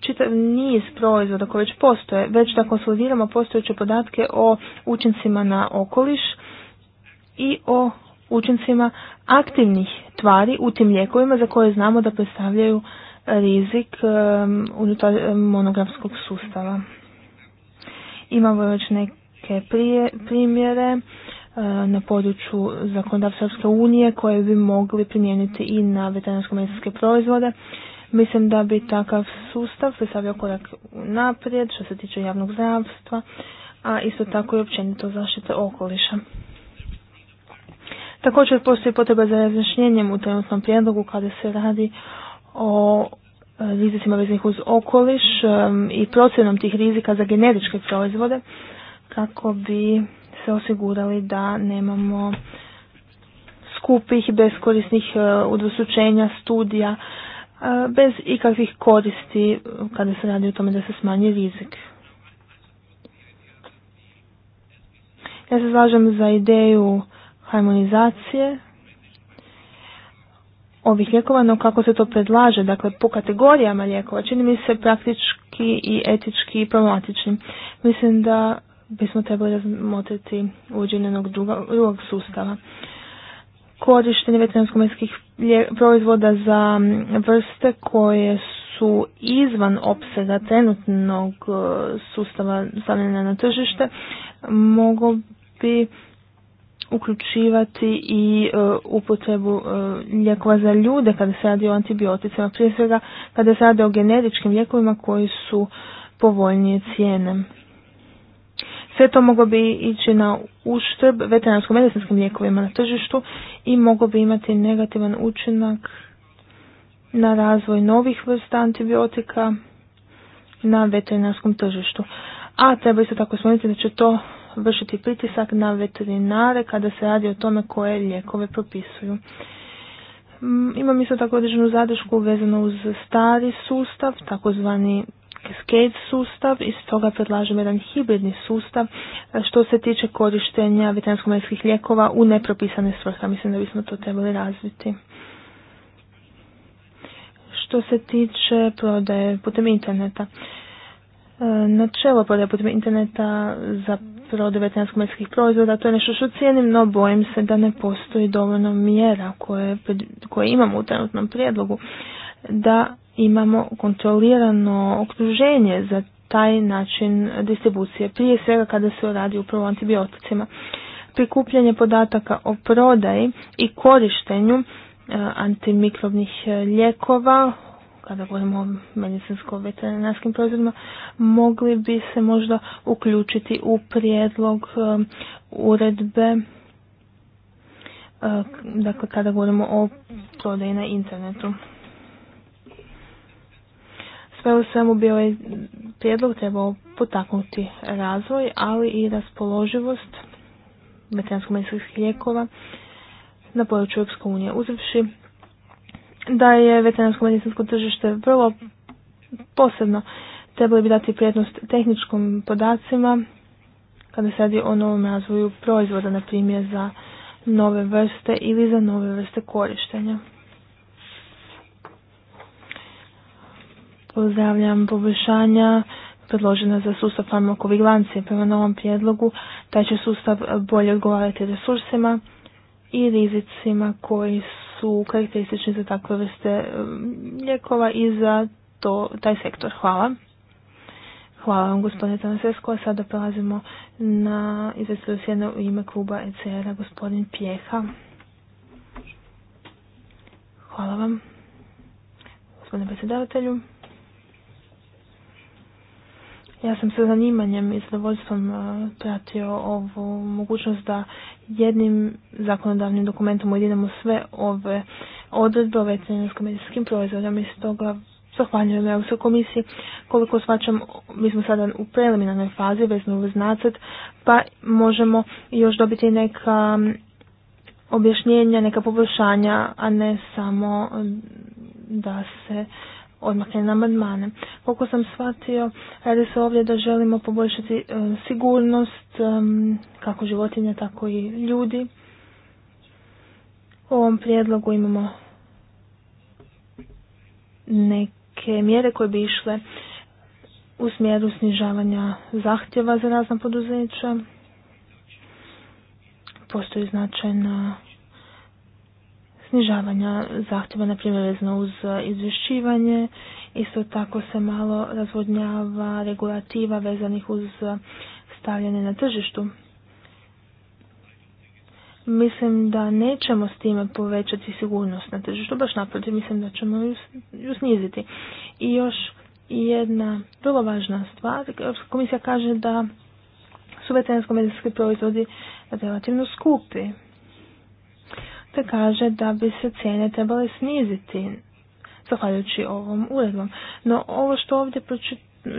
čitav niz proizvoda koji već postoje, već da konsolidiramo postojeće podatke o učincima na okoliš i o učincima aktivnih tvari u tim lijekovima za koje znamo da predstavljaju rizik unutar monografskog sustava. Imamo već neke primjere eh, na području zakonodavstva Srpske unije koje bi mogli primijeniti i na veterinarsko-medicinske proizvode. Mislim da bi takav sustav stavio korak naprijed što se tiče javnog zdravstva, a isto tako i općenito zaštite okoliša. Također postoji potreba za razjašnjenjem u trenutnom prijedlogu kada se radi o e, rizicima vezanih uz okoliš e, i procjenom tih rizika za generičke proizvode kako bi se osigurali da nemamo skupih i beskorisnih e, udvostručenja studija bez ikakvih koristi kada se radi o tome da se smanji rizik. Ja se slažem za ideju harmonizacije ovih lijekova, no kako se to predlaže, dakle po kategorijama lijekova, čini mi se praktički i etički i problematičnim. Mislim da bismo trebali razmotriti uđenje jednog drugog sustava. Korištenje veterinarsko-medijskih proizvoda za vrste koje su izvan opsega trenutnog e, sustava stavljene na tržište, mogu bi uključivati i e, upotrebu e, lijekova za ljude kada se radi o antibioticama, prije svega kada se radi o generičkim lijekovima koji su povoljnije cijene. Sve to moglo bi ići na uštrb veterinarsko-medicinskim lijekovima na tržištu i moglo bi imati negativan učinak na razvoj novih vrsta antibiotika na veterinarskom tržištu. A treba isto tako spomenuti da će to vršiti pritisak na veterinare kada se radi o tome koje lijekove propisuju. Mm, imam isto tako određenu zadršku vezanu uz stari sustav, takozvani cascade sustav i stoga predlažem jedan hibridni sustav e, što se tiče korištenja veterinarsko-medijskih lijekova u nepropisane svrhe. Mislim da bismo to trebali razviti. Što se tiče prodaje putem interneta, E, načelo prodaje putem interneta za prodaju veterinarsko-medijskih proizvoda, to je nešto što cijenim, no bojim se da ne postoji dovoljno mjera koje, imamo u trenutnom prijedlogu, da imamo kontrolirano okruženje za taj način distribucije, prije svega kada se radi upravo o antibioticima. Prikupljanje podataka o prodaji i korištenju e, antimikrobnih e, lijekova, kada govorimo o medicinsko-veterinarskim proizvodima, mogli bi se možda uključiti u prijedlog um, uredbe uh, dakle kada govorimo o prodaji na internetu. Sve u svemu bi ovaj prijedlog trebao potaknuti razvoj, ali i raspoloživost veterinarsko-medicinskih lijekova na području Europske unije, uzevši da je veterinarsko medicinsko tržište vrlo posebno. Trebali bi dati prijednost tehničkim podacima kada se radi o novom razvoju proizvoda, na primjer za nove vrste ili za nove vrste korištenja. Pozdravljam poboljšanja predložena za sustav farmakovigilancije prema novom prijedlogu. Taj će sustav bolje odgovarati resursima i rizicima koji su su karakteristični za takve vrste um, lijekova i za to, taj sektor. Hvala. Hvala vam gospodine Tanasesko. Sada prelazimo na izvestitelju u ime kluba ECR-a gospodin Pjeha. Hvala vam gospodine predsjedavatelju. Ja sam sa zanimanjem i zadovoljstvom uh, pratio ovu mogućnost da jednim zakonodavnim dokumentom ujedinamo sve ove odredbe o veterinarsko-medicinskim proizvodom i stoga zahvaljujem Europskoj komisiji. Koliko svačam, mi smo sada u preliminarnoj fazi vezno uz nacrt, pa možemo još dobiti neka objašnjenja, neka poboljšanja, a ne samo da se na amandmane. Koliko sam shvatio, radi se ovdje da želimo poboljšati e, sigurnost e, kako životinja, tako i ljudi. U ovom prijedlogu imamo neke mjere koje bi išle u smjeru snižavanja zahtjeva za razna poduzeća. Postoji značajna snižavanja zahtjeva, na primjer vezano uz e, izvješćivanje. Isto tako se malo razvodnjava regulativa vezanih uz e, stavljanje na tržištu. Mislim da nećemo s time povećati sigurnost na tržištu, baš naprotiv, mislim da ćemo ju, sniziti. I još jedna vrlo važna stvar, Europska komisija kaže da su veterinarsko-medijski proizvodi relativno skupi te kaže da bi se cijene trebale sniziti zahvaljujući ovom uredbom. No ovo što ovdje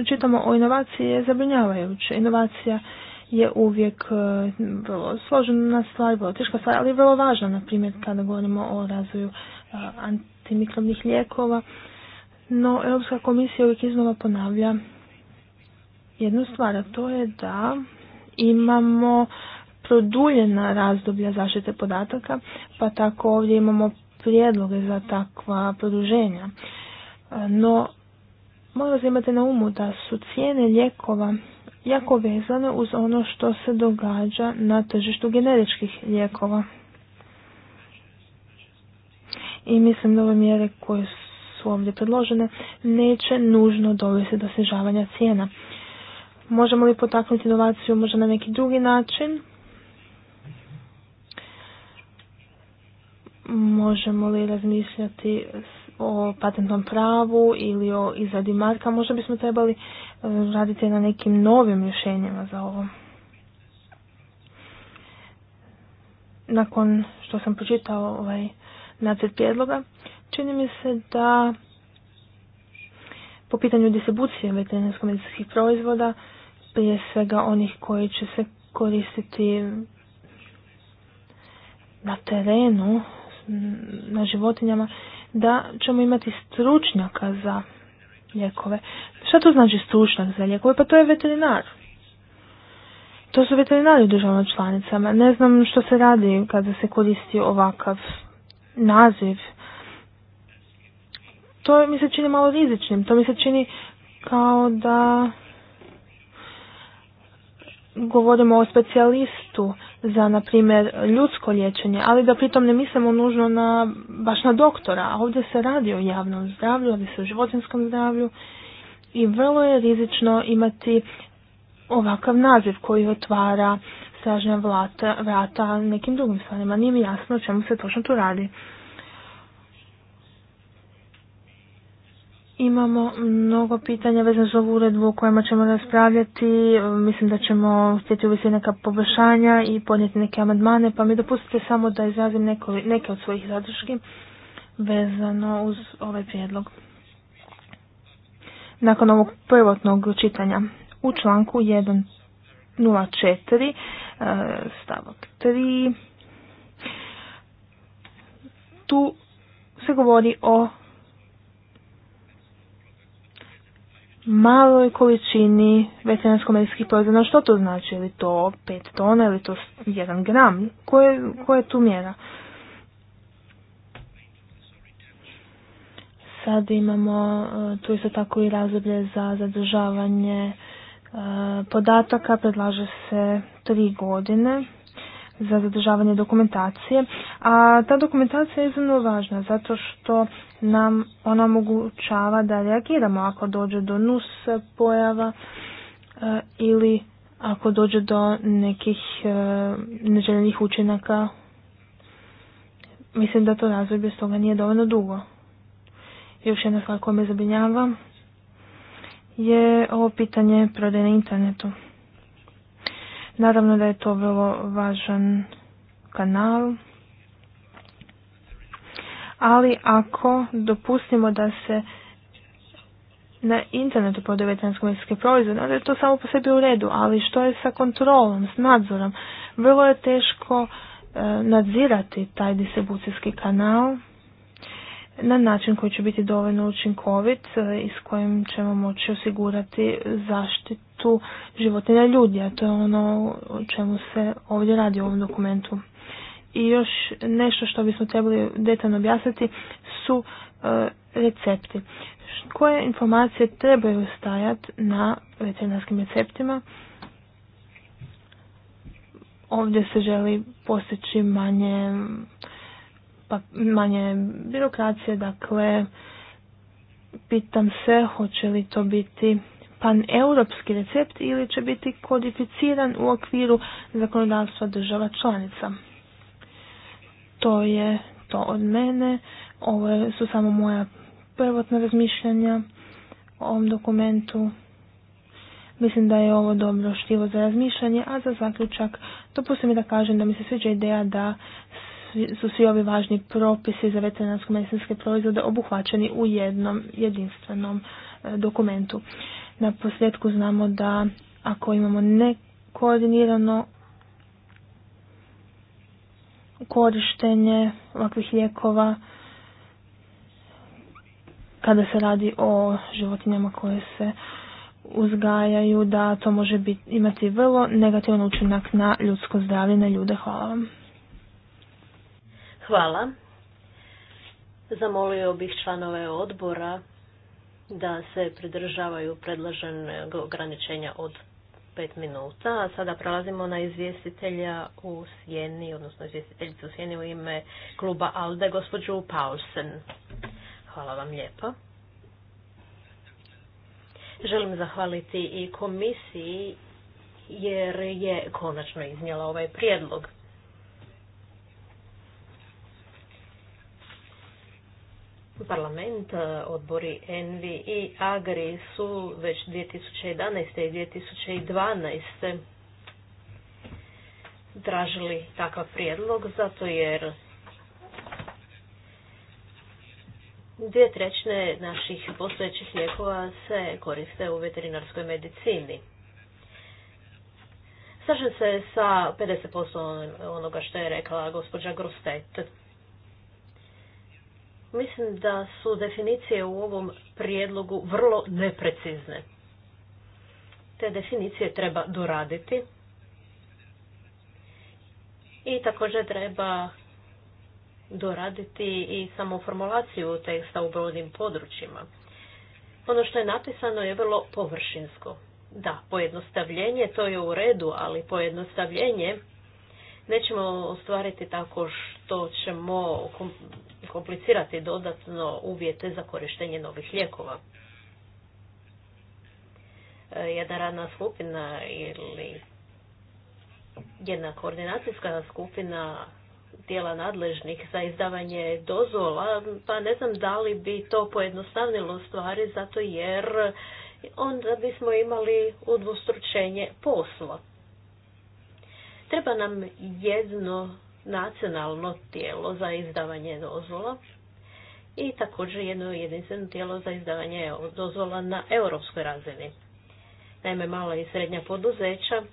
čitamo o inovaciji je zabrinjavajuće. Inovacija je uvijek e, vrlo složena stvar, vrlo teška stvar, ali vrlo važna, na primjer, kada govorimo o razvoju e, antimikrobnih lijekova. No, Europska komisija uvijek iznova ponavlja jednu stvar, a to je da imamo produljena razdoblja zaštite podataka, pa tako ovdje imamo prijedloge za takva produženja. E, no, molim se imati na umu da su cijene lijekova jako vezane uz ono što se događa na tržištu generičkih lijekova. I mislim da ove mjere koje su ovdje predložene neće nužno dovesti do snižavanja cijena. Možemo li potaknuti inovaciju možda na neki drugi način? možemo li razmišljati o patentnom pravu ili o izradi marka, možda bismo trebali e, raditi na nekim novim rješenjima za ovo. Nakon što sam pročitao ovaj nacrt prijedloga, čini mi se da po pitanju distribucije veterinarsko-medicinskih proizvoda, prije svega onih koji će se koristiti na terenu Mm, na životinjama, da ćemo imati stručnjaka za lijekove. Šta to znači stručnjak za lijekove? Pa to je veterinar. To su veterinari u državnom članicama. Ne znam što se radi kada se koristi ovakav naziv. To mi se čini malo rizičnim. To mi se čini kao da govorimo o specijalistu za, na primjer, ljudsko liječenje, ali da pritom ne mislimo nužno na, baš na doktora, a ovdje se radi o javnom zdravlju, ovdje se o životinskom zdravlju i vrlo je rizično imati ovakav naziv koji otvara stražnja vrata nekim drugim stvarima. Nije mi jasno o čemu se točno tu radi. Imamo mnogo pitanja vezano za ovu uredbu o kojima ćemo raspravljati. Mislim da ćemo htjeti uvesti neka poboljšanja i podnijeti neke amandmane, pa mi dopustite samo da izrazim neko, neke od svojih zadrški vezano uz ovaj prijedlog. Nakon ovog prvotnog čitanja u članku 1.04 e, stavak 3 tu se govori o maloj količini veterinarsko-medijskih proizvoda. Što to znači? li to 5 tona, ili to 1 gram? Koja je tu mjera? Sad imamo e, tu isto tako i razdoblje za zadržavanje e, podataka. Predlaže se tri godine za zadržavanje dokumentacije, a ta dokumentacija je iznimno važna zato što nam ona omogućava da reagiramo ako dođe do nus pojava e, ili ako dođe do nekih e, neželjenih učinaka. Mislim da to razdoblje stoga nije dovoljno dugo. Još jedna stvar koja me zabrinjava je ovo pitanje prodaje na internetu. Naravno da je to vrlo važan kanal, ali ako dopustimo da se na internetu prodaju veterinarsko proizvode, proizvode, je to samo po sebi u redu, ali što je sa kontrolom, s nadzorom? Vrlo je teško e, nadzirati taj distribucijski kanal na način koji će biti dovoljno učinkovit e, i s kojim ćemo moći osigurati zaštitu zaštitu životinja ljudi, a to je ono o čemu se ovdje radi u ovom dokumentu. I još nešto što bismo trebali detaljno objasniti su e, recepti. Koje informacije trebaju stajati na veterinarskim receptima? Ovdje se želi postići manje, pa, manje birokracije, dakle, pitam se hoće li to biti paneuropski recept ili će biti kodificiran u okviru zakonodavstva država članica. To je to od mene. Ovo su samo moja prvotna razmišljanja o ovom dokumentu. Mislim da je ovo dobro štivo za razmišljanje, a za zaključak dopustim mi da kažem da mi se sviđa ideja da su svi ovi važni propisi za veterinarsko medicinske proizvode obuhvaćeni u jednom jedinstvenom e, dokumentu. Na posljedku znamo da ako imamo nekoordinirano korištenje ovakvih lijekova, kada se radi o životinjama koje se uzgajaju, da to može biti, imati vrlo negativan učinak na ljudsko zdravlje, na ljude. Hvala vam. Hvala. Zamolio bih članove odbora da se pridržavaju predložene ograničenja od pet minuta. A sada prelazimo na izvjestitelja u sjeni, odnosno izvjestiteljicu u sjeni u ime kluba ALDE, gospođu Paulsen. Hvala vam lijepo. Želim zahvaliti i komisiji jer je konačno iznijela ovaj prijedlog. Parlament, e, odbori Envi i Agri su već 2011. i 2012. tražili takav prijedlog, zato jer dvije trećne naših postojećih lijekova se koriste u veterinarskoj medicini. Slažem se sa 50% onoga što je rekla gospođa Grostet. Mislim da su definicije u ovom prijedlogu vrlo neprecizne. Te definicije treba doraditi. I također treba doraditi i samo formulaciju teksta u brojnim područjima. Ono što je napisano je vrlo površinsko. Da, pojednostavljenje to je u redu, ali pojednostavljenje nećemo ostvariti tako što ćemo komplicirati dodatno uvjete za korištenje novih lijekova. E, jedna radna skupina ili jedna koordinacijska skupina tijela nadležnih za izdavanje dozvola, pa ne znam da li bi to pojednostavnilo stvari zato jer onda bismo imali udvostručenje posla. Treba nam jedno nacionalno tijelo za izdavanje dozvola i također jedno jedinstveno tijelo za izdavanje dozvola na europskoj razini. Naime, mala i srednja poduzeća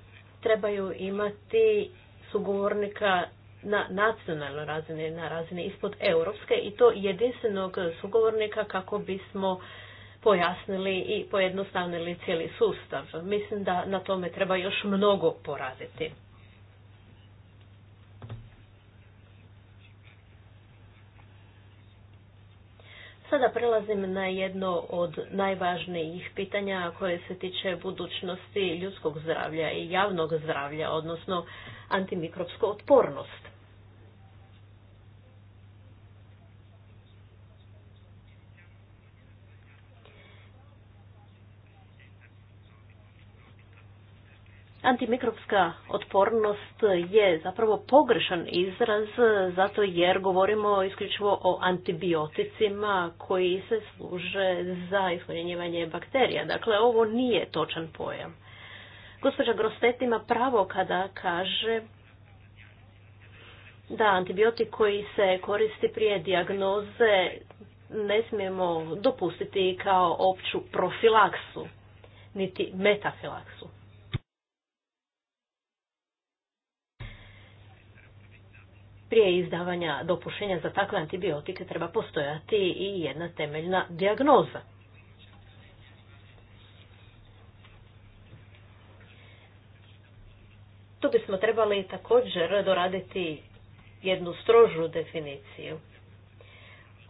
trebaju imati sugovornika na nacionalnoj razini, na razini ispod europske i to jedinstvenog sugovornika kako bismo pojasnili i pojednostavnili cijeli sustav. Mislim da na tome treba još mnogo poraziti. Sada prelazim na jedno od najvažnijih pitanja koje se tiče budućnosti ljudskog zdravlja i javnog zdravlja, odnosno antimikropsku otpornost. Antimikropska otpornost je zapravo pogrešan izraz zato jer govorimo isključivo o antibioticima koji se služe za iskorjenjivanje bakterija. Dakle, ovo nije točan pojam. Gospođa Grostet ima pravo kada kaže da antibiotik koji se koristi prije dijagnoze ne smijemo dopustiti kao opću profilaksu, niti metafilaksu. prije izdavanja dopuštenja za takve antibiotike treba postojati i jedna temeljna dijagnoza. Tu bismo trebali također doraditi jednu strožu definiciju.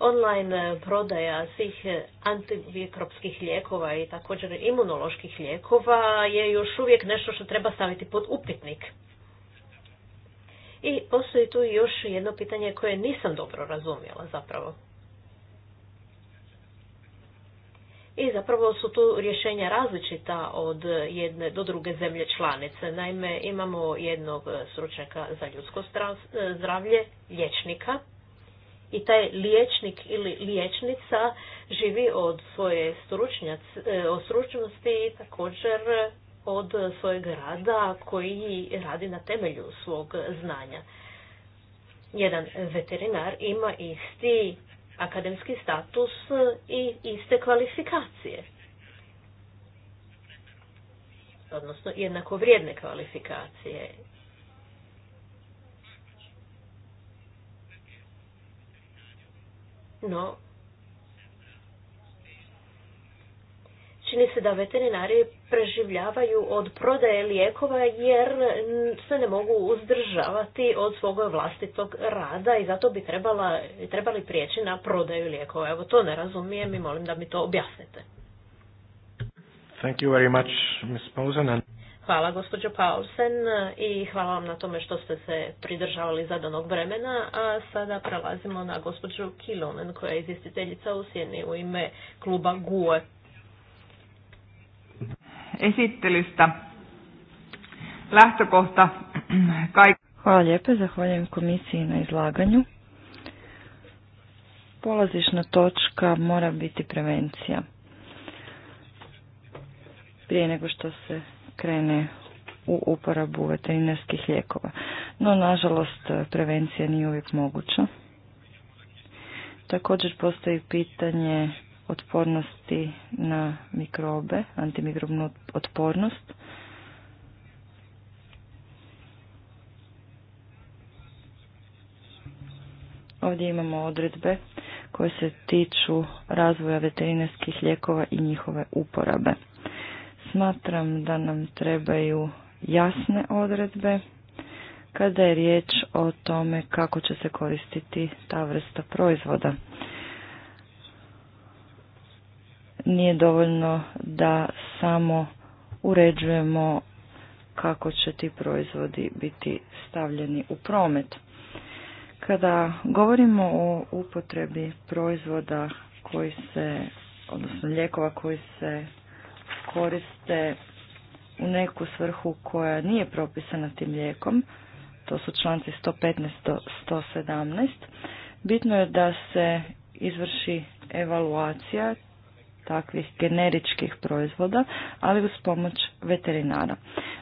Online prodaja svih antimikropskih lijekova i također imunoloških lijekova je još uvijek nešto što treba staviti pod upitnik. I postoji tu još jedno pitanje koje nisam dobro razumjela zapravo. I zapravo su tu rješenja različita od jedne do druge zemlje članice. Naime, imamo jednog stručnjaka za ljudsko zdravlje, liječnika. I taj liječnik ili liječnica živi od svoje e, stručnosti i također od svojeg rada koji radi na temelju svog znanja. Jedan veterinar ima isti akademski status i iste kvalifikacije. Odnosno jednako vrijedne kvalifikacije. No, Čini se da veterinari preživljavaju od prodaje lijekova jer se ne mogu uzdržavati od svog vlastitog rada i zato bi trebala, trebali prijeći na prodaju lijekova. Evo to ne razumijem i molim da mi to objasnite. Thank you very much, Hvala gospođo Paulsen i hvala vam na tome što ste se pridržavali zadanog vremena, a sada prelazimo na gospođu Kilonen koja je izvjestiteljica u sjeni u ime kluba GUE esittelystä. Lähtökohta [CLEARS THROAT] kaikki. Hvala lijepo, zahvaljujem komisiji na izlaganju. Polazišna točka mora biti prevencija. Prije nego što se krene u uporabu veterinarskih lijekova. No, nažalost, prevencija nije uvijek moguća. Također postoji pitanje otpornosti na mikrobe, antimikrobnu otpornost. Ovdje imamo odredbe koje se tiču razvoja veterinarskih lijekova i njihove uporabe. Smatram da nam trebaju jasne odredbe kada je riječ o tome kako će se koristiti ta vrsta proizvoda nije dovoljno da samo uređujemo kako će ti proizvodi biti stavljeni u promet. Kada govorimo o upotrebi proizvoda koji se, odnosno lijekova koji se koriste u neku svrhu koja nije propisana tim lijekom, to su članci 115 do 117, bitno je da se izvrši evaluacija takvih generičkih proizvoda, ali uz pomoć veterinara.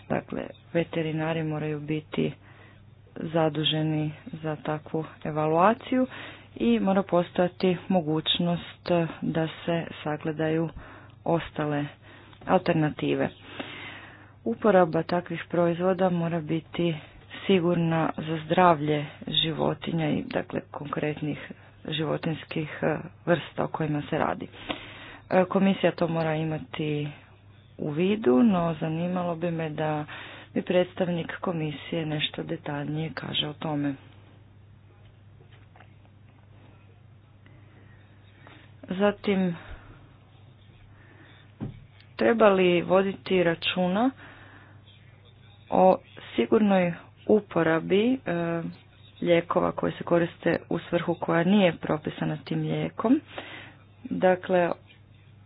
Dakle, veterinari moraju biti zaduženi za takvu evaluaciju i mora postojati mogućnost da se sagledaju ostale alternative. Uporaba takvih proizvoda mora biti sigurna za zdravlje životinja i dakle konkretnih životinskih eh, vrsta o kojima se radi. E, komisija to mora imati u vidu, no zanimalo bi me da bi predstavnik komisije nešto detaljnije kaže o tome. Zatim, treba li voditi računa o sigurnoj uporabi e, lijekova koji se koriste u svrhu koja nije propisana tim lijekom. Dakle,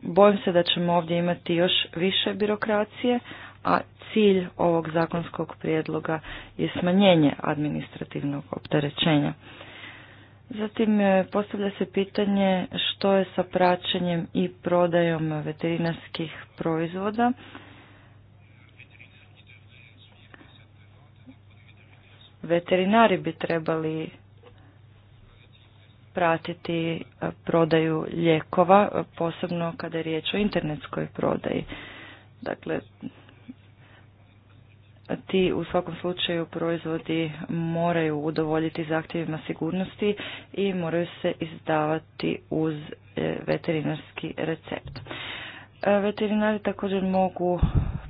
Bojim se da ćemo ovdje imati još više birokracije, a cilj ovog zakonskog prijedloga je smanjenje administrativnog opterećenja. Zatim e, postavlja se pitanje što je sa praćenjem i prodajom veterinarskih proizvoda. Veterinari bi trebali pratiti e, prodaju lijekova, e, posebno kada je riječ o internetskoj prodaji. Dakle, ti u svakom slučaju proizvodi moraju udovoljiti zahtjevima sigurnosti i moraju se izdavati uz e, veterinarski recept. Veterinari također mogu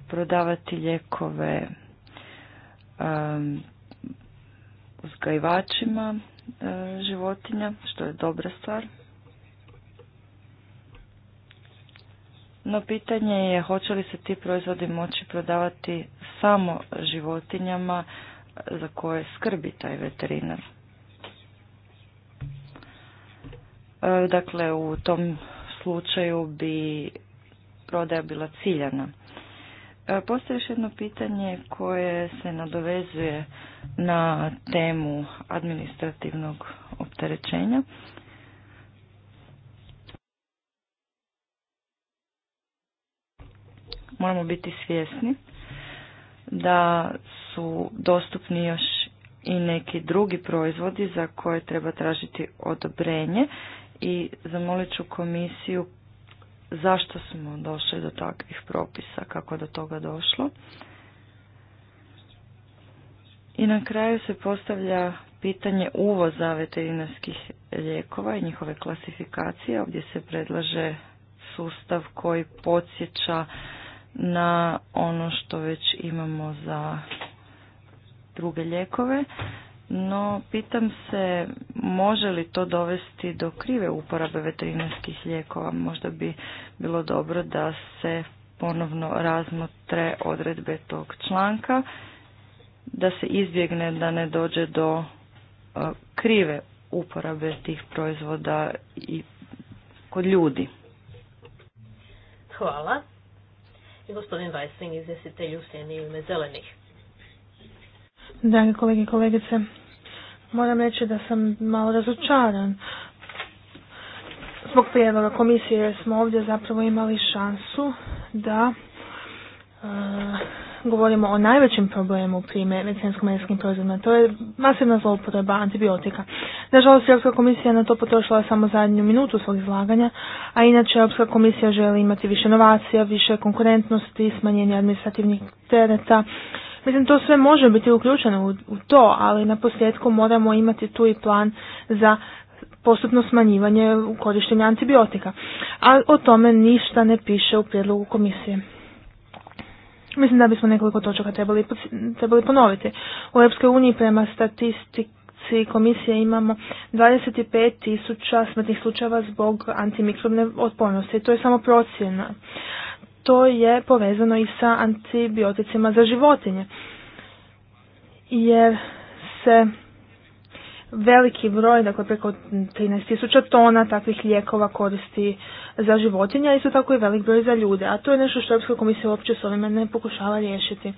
prodavati lijekove uzgajivačima E, životinja, što je dobra stvar. No pitanje je hoće li se ti proizvodi moći prodavati samo životinjama za koje skrbi taj veterinar. E, dakle, u tom slučaju bi prodaja bila ciljana. E, postoji još jedno pitanje koje se nadovezuje na temu administrativnog opterećenja. Moramo biti svjesni da su dostupni još i neki drugi proizvodi za koje treba tražiti odobrenje i zamolit ću komisiju zašto smo došli do takvih propisa, kako do toga došlo. I na kraju se postavlja pitanje uvoza veterinarskih lijekova i njihove klasifikacije. Ovdje se predlaže sustav koji podsjeća na ono što već imamo za druge lijekove no pitam se može li to dovesti do krive uporabe veterinarskih lijekova. Možda bi bilo dobro da se ponovno razmotre odredbe tog članka, da se izbjegne da ne dođe do e, krive uporabe tih proizvoda i kod ljudi. Hvala. I gospodin Weissing, izvjestitelj u sjeni ime zelenih. Drage kolege i kolegice, Moram reći da sam malo razočaran zbog prijedloga komisije smo ovdje zapravo imali šansu da e, govorimo o najvećem problemu prime medicinsko-medicinskim proizvodima. To je masivna zloupotreba antibiotika. Nažalost, Europska komisija na to potrošila samo zadnju minutu svog izlaganja, a inače Europska komisija želi imati više inovacija, više konkurentnosti, smanjenje administrativnih tereta, Mislim, to sve može biti uključeno u, to, ali na posljedku moramo imati tu i plan za postupno smanjivanje korištenja antibiotika. A o tome ništa ne piše u prijedlogu komisije. Mislim da bismo nekoliko točaka trebali, ponoviti. U EU prema statistici komisije imamo 25.000 tisuća smrtnih slučajeva zbog antimikrobne otpornosti. To je samo procjena to je povezano i sa antibioticima za životinje. Jer se veliki broj, dakle preko 13.000 tona takvih lijekova koristi za životinje, a isto tako i velik broj za ljude. A to je nešto što Europska komisija uopće s ovime ne pokušava riješiti.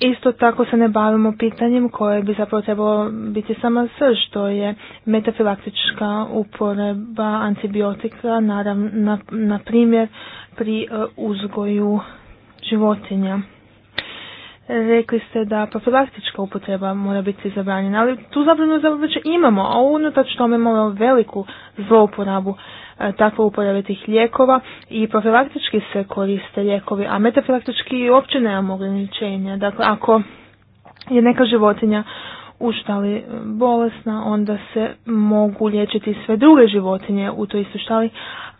Isto tako se ne bavimo pitanjem koje bi zapravo trebalo biti sama srž, što je metafilaktička uporeba antibiotika, naravno, na, na primjer, pri e, uzgoju životinja. Rekli ste da profilaktička upotreba mora biti zabranjena, ali tu zabranu već imamo, a unutar tome imamo veliku zlouporabu e, takve uporabe tih lijekova i profilaktički se koriste lijekovi, a metafilaktički uopće nemamo ograničenja. Dakle, ako je neka životinja u e, bolesna, onda se mogu liječiti sve druge životinje u toj istoj štali,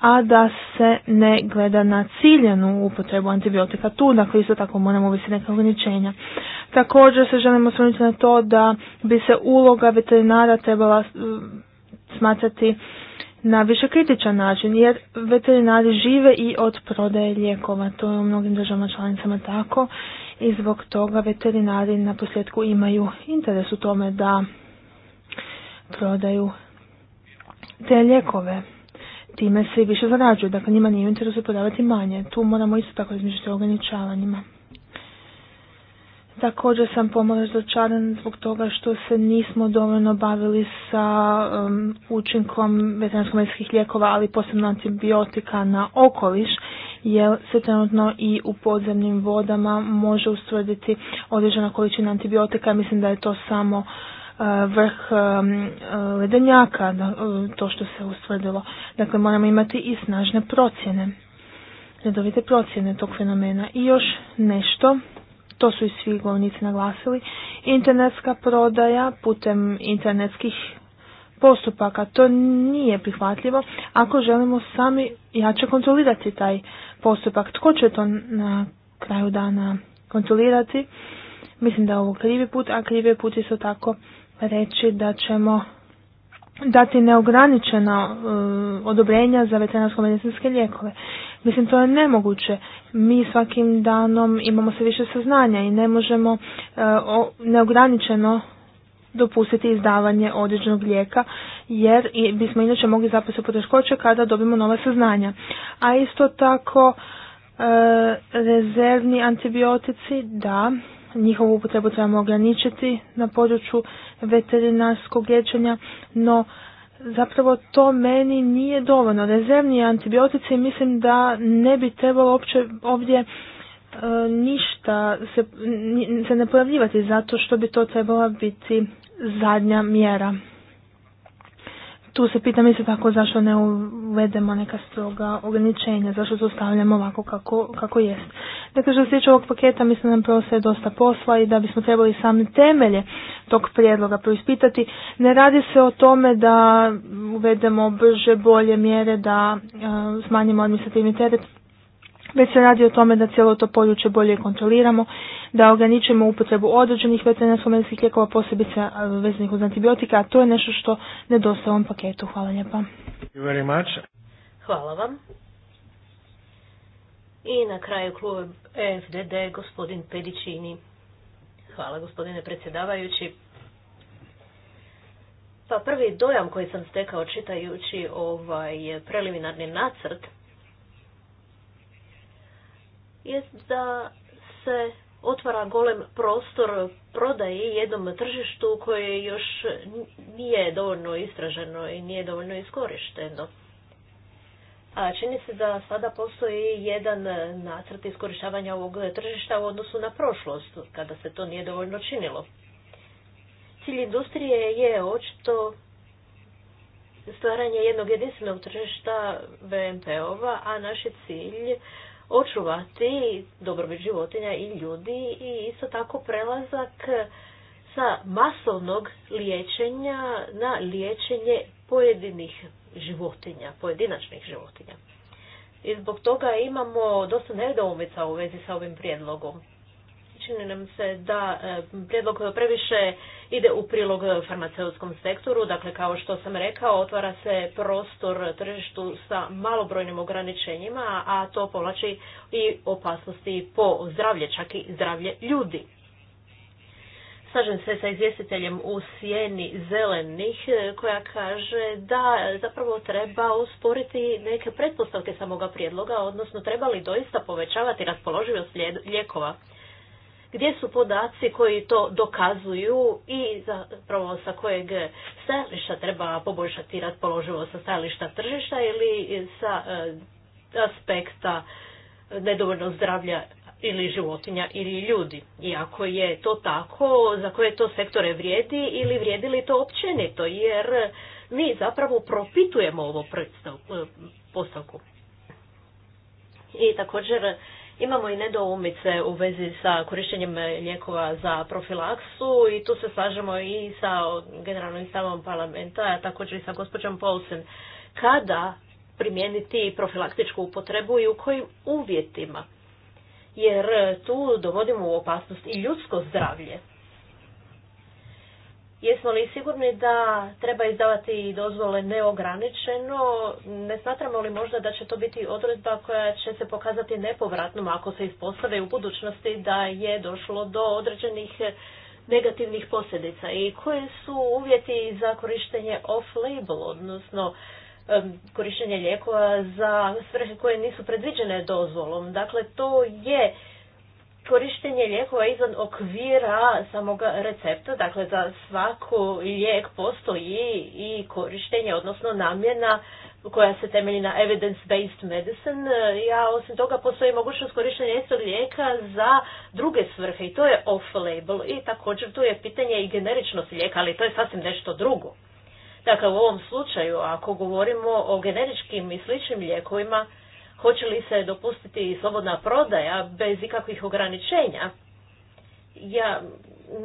a da se ne gleda na ciljenu upotrebu antibiotika tu, dakle isto tako moramo biti neka ograničenja. Također se želimo osvrnuti na to da bi se uloga veterinara trebala smatrati na više kritičan način, jer veterinari žive i od prodaje lijekova, to je u mnogim državama članicama tako i zbog toga veterinari na posljedku imaju interes u tome da prodaju te lijekove time se i više zarađuju. Dakle, njima nije u interesu prodavati manje. Tu moramo isto tako izmišljati o ograničavanjima. Također sam pomalo razočaran zbog toga što se nismo dovoljno bavili sa um, učinkom veterinarsko-medijskih lijekova, ali posebno antibiotika na okoliš, jer se trenutno i u podzemnim vodama može ustvrditi određena količina antibiotika. Mislim da je to samo Eh, vrh eh, ledenjaka, eh, to što se ustvrdilo. Dakle, moramo imati i snažne procjene, redovite procjene tog fenomena. I još nešto, to su i svi govornici naglasili, internetska prodaja putem internetskih postupaka. To nije prihvatljivo ako želimo sami jače kontrolirati taj postupak. Tko će to na kraju dana kontrolirati? Mislim da je ovo krivi put, a krivi je put tako reći da ćemo dati neograničena e, odobrenja za veterinarsko-medicinske lijekove. Mislim, to je nemoguće. Mi svakim danom imamo sve više saznanja i ne možemo e, neograničeno dopustiti izdavanje određenog lijeka, jer bismo inače mogli zapisati u poteškoće kada dobimo nova saznanja. A isto tako, e, rezervni antibiotici, da, njihovu upotrebu trebamo ograničiti na području veterinarskog liječenja, no zapravo to meni nije dovoljno. Rezervni antibiotici mislim da ne bi trebalo uopće ovdje e, ništa se, se ne pojavljivati zato što bi to trebala biti zadnja mjera. Tu se pitam isto tako zašto ne uvedemo neka stroga ograničenja, zašto to ovako kako, kako jest. Dakle, što se tiče ovog paketa, mislim da nam preostaje dosta posla i da bismo trebali same temelje tog prijedloga proispitati. Ne radi se o tome da uvedemo brže, bolje mjere, da smanjimo administrativni teret, već se radi o tome da cijelo to područje bolje kontroliramo, da ograničimo upotrebu određenih veterinarskih medicinskih lijekova, posebice vezanih uz antibiotika, a to je nešto što nedostaje ovom paketu. Hvala lijepa. Hvala vam. I na kraju klub e FDD, gospodin Pedičini. Hvala gospodine predsjedavajući. Pa prvi dojam koji sam stekao čitajući ovaj preliminarni nacrt je da se otvara golem prostor prodaje jednom tržištu koje još nije dovoljno istraženo i nije dovoljno iskorišteno. A čini se da sada postoji jedan nacrt iskorištavanja ovog tržišta u odnosu na prošlost, kada se to nije dovoljno činilo. Cilj industrije je očito stvaranje jednog jedinstvenog tržišta BMP-ova, a naš je cilj očuvati dobrobit životinja i ljudi i isto tako prelazak sa masovnog liječenja na liječenje pojedinih životinja, pojedinačnih životinja. I zbog toga imamo dosta nedoumica u vezi sa ovim prijedlogom čini nam se da e, prijedlog previše ide u prilog farmaceutskom sektoru. Dakle, kao što sam rekao, otvara se prostor tržištu sa malobrojnim ograničenjima, a to povlači i opasnosti po zdravlje, čak i zdravlje ljudi. Slažem se sa izvjestiteljem u sjeni zelenih e, koja kaže da zapravo treba usporiti neke pretpostavke samoga prijedloga, odnosno treba li doista povećavati raspoloživost lijekova gdje su podaci koji to dokazuju i zapravo sa kojeg stajališta treba poboljšati položivo sa stajališta tržišta ili sa e, aspekta nedovoljno zdravlja ili životinja ili ljudi. I ako je to tako, za koje to sektore vrijedi ili vrijedi li to općenito, jer mi zapravo propitujemo ovo e, postavku. I također Imamo i nedoumice u vezi sa korištenjem lijekova za profilaksu i tu se slažemo i sa generalnim stavom parlamenta, a također i sa gospođom Paulsen. Kada primijeniti profilaktičku upotrebu i u kojim uvjetima? Jer tu dovodimo u opasnost i ljudsko zdravlje. Jesmo li sigurni da treba izdavati dozvole neograničeno? Ne smatramo li možda da će to biti odredba koja će se pokazati nepovratnom ako se ispostave u budućnosti da je došlo do određenih negativnih posljedica i koje su uvjeti za korištenje off-label, odnosno korištenje lijekova za svrhe koje nisu predviđene dozvolom. Dakle, to je korištenje lijekova izvan okvira samog recepta, dakle za svaku lijek postoji i korištenje, odnosno namjena koja se temelji na evidence-based medicine. Ja osim toga postoji mogućnost korištenja istog lijeka za druge svrhe i to je off-label i također tu je pitanje i generičnost lijeka, ali to je sasvim nešto drugo. Dakle, u ovom slučaju, ako govorimo o generičkim i sličnim lijekovima, hoće li se dopustiti slobodna prodaja bez ikakvih ograničenja. Ja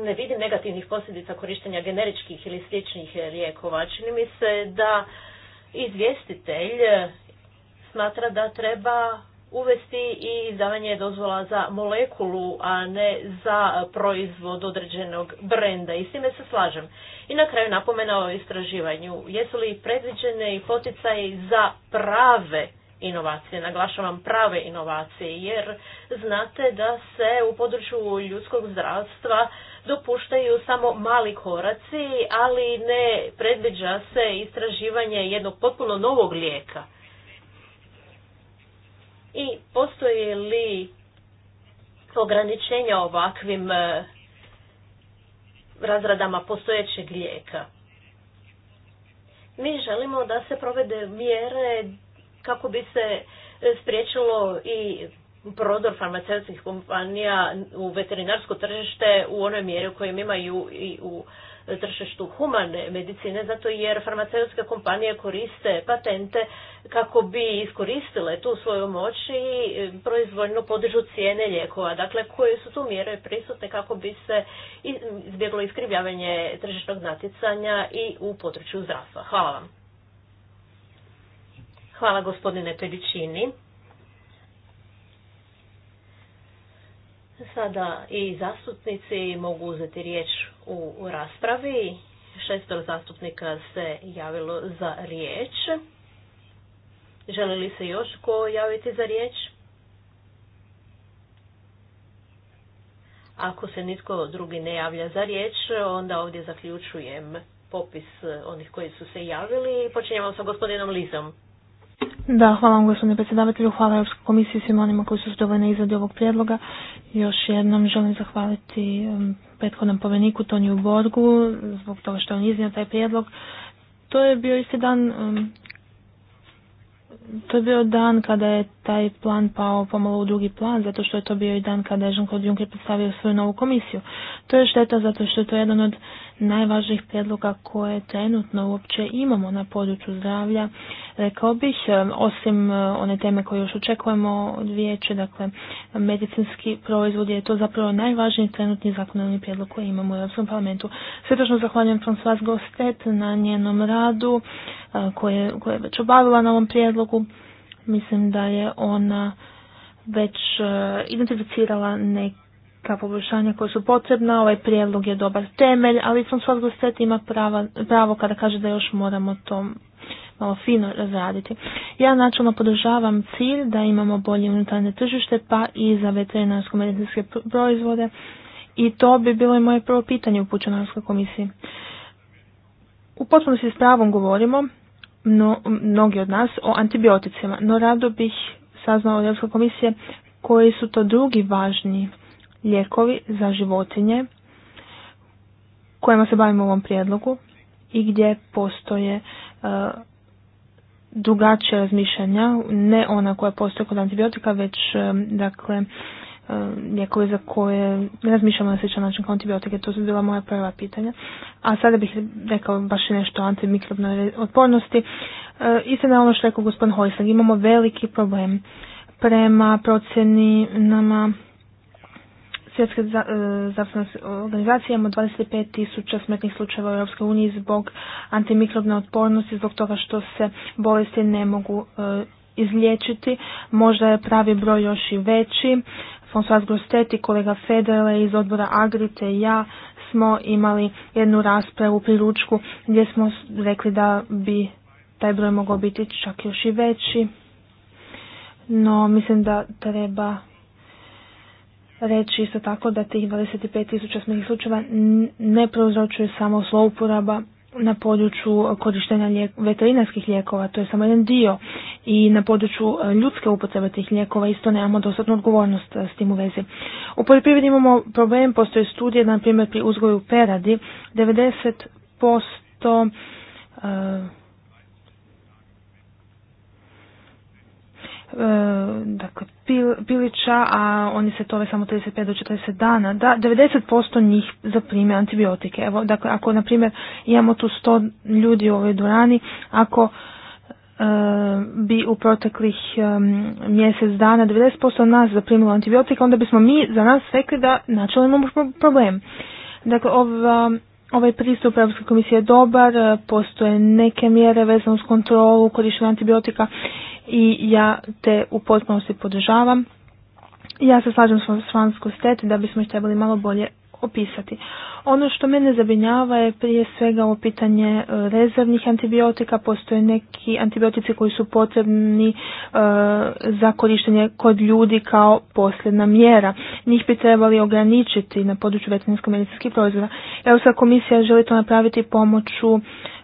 ne vidim negativnih posljedica korištenja generičkih ili sličnih lijekova. Čini mi se da izvjestitelj smatra da treba uvesti i izdavanje dozvola za molekulu, a ne za proizvod određenog brenda i s time se slažem. I na kraju napomena o istraživanju. Jesu li predviđene i poticaji za prave inovacije. Naglašavam prave inovacije jer znate da se u području ljudskog zdravstva dopuštaju samo mali koraci, ali ne predviđa se istraživanje jednog potpuno novog lijeka. I postoje li ograničenja ovakvim e, razradama postojećeg lijeka? Mi želimo da se provede mjere kako bi se e, spriječilo i prodor farmaceutskih kompanija u veterinarsko tržište u onoj mjeri u kojem imaju i u tržištu humane medicine, zato jer farmaceutske kompanije koriste patente kako bi iskoristile tu svoju moć i e, proizvoljno podižu cijene lijekova. Dakle, koje su tu mjere prisutne kako bi se izbjeglo iskrivljavanje tržišnog natjecanja i u području zdravstva. Hvala vam. Hvala gospodine Pedičini. Sada i zastupnici mogu uzeti riječ u raspravi. Šestor zastupnika se javilo za riječ. Želi li se još ko javiti za riječ? Ako se nitko drugi ne javlja za riječ, onda ovdje zaključujem popis onih koji su se javili. Počinjemo sa gospodinom Lizom. Da, hvala vam gospodine predsjedavatelju, hvala Europskoj komisiji i svima onima koji su zadovoljni na izradi ovog prijedloga. Još jednom želim zahvaliti prethodnom povjereniku Toniju Borgu zbog toga što je on iznio taj prijedlog. To je bio isti dan to je bio dan kada je taj plan pao pomalo u drugi plan, zato što je to bio i dan kada je Jean-Claude Juncker predstavio svoju novu komisiju. To je šteta zato što je to jedan od najvažnijih prijedloga koje trenutno uopće imamo na području zdravlja. Rekao bih, e, osim e, one teme koje još očekujemo od vijeće, dakle medicinski proizvod je to zapravo najvažniji trenutni zakonodavni prijedlog koji imamo u Europskom parlamentu. Srdačno zahvaljujem François Gostet na njenom radu e, koje, je već obavila na ovom prijedlogu. Mislim da je ona već identificirala neke ta poboljšanja koja su potrebna. Ovaj prijedlog je dobar temelj, ali François Grosset ima prava, pravo kada kaže da još moramo to malo fino razraditi. Ja načelno podržavam cilj da imamo bolje unutarnje tržište pa i za veterinarsko-medicinske proizvode i to bi bilo i moje prvo pitanje u Pučanarskoj komisiji. U potpunosti s pravom govorimo, no, mnogi od nas, o antibioticima, no rado bih saznala od Europske komisije koji su to drugi važni lijekovi za životinje kojima se bavimo u ovom prijedlogu i gdje postoje e, drugačija drugačije razmišljanja, ne ona koja postoje kod antibiotika, već e, dakle e, lijekovi za koje ne razmišljamo na sličan način kao antibiotike. To su bila moja prva pitanja. A sada bih rekao baš nešto o antimikrobnoj otpornosti. Uh, na ono što rekao gospodin Hojsling, imamo veliki problem prema procjeninama svjetske e, zdravstvene organizacija ima 25 tisuća smrtnih slučajeva u Europskoj uniji zbog antimikrobne otpornosti, zbog toga što se bolesti ne mogu e, izliječiti. Možda je pravi broj još i veći. François Grostet kolega Federle iz odbora Agrite i ja smo imali jednu raspravu pri ručku gdje smo rekli da bi taj broj mogao biti čak još i veći. No mislim da treba reći isto tako da tih 25.000 smrtnih slučajeva ne prouzročuje samo zlouporaba na području korištenja veterinarskih lijekova, to je samo jedan dio i na području e, ljudske upotrebe tih lijekova isto nemamo dostatnu odgovornost e, s tim u vezi. U poljoprivredi imamo problem, postoje studije, na primjer pri uzgoju peradi, 90% E, dakle, pil, pilića, a oni se tove samo 35 do 40 dana, da 90% njih zaprime antibiotike. Evo, dakle, ako, na primjer, imamo tu 100 ljudi u ovoj durani, ako e, bi u proteklih e, mjesec dana 90% nas zaprimilo antibiotika onda bismo mi za nas rekli da načelno imamo problem. Dakle, Ovaj pristup Europske komisije je dobar, postoje neke mjere vezane uz kontrolu korištenja antibiotika i ja te u potpunosti podržavam. Ja se slažem s Fransku steti da bismo ih trebali malo bolje opisati. Ono što mene zabrinjava je prije svega ovo pitanje e, rezervnih antibiotika. Postoje neki antibiotici koji su potrebni e, za korištenje kod ljudi kao posljedna mjera. Njih bi trebali ograničiti na području veterinarsko-medicinskih proizvoda. Europska komisija želi to napraviti pomoću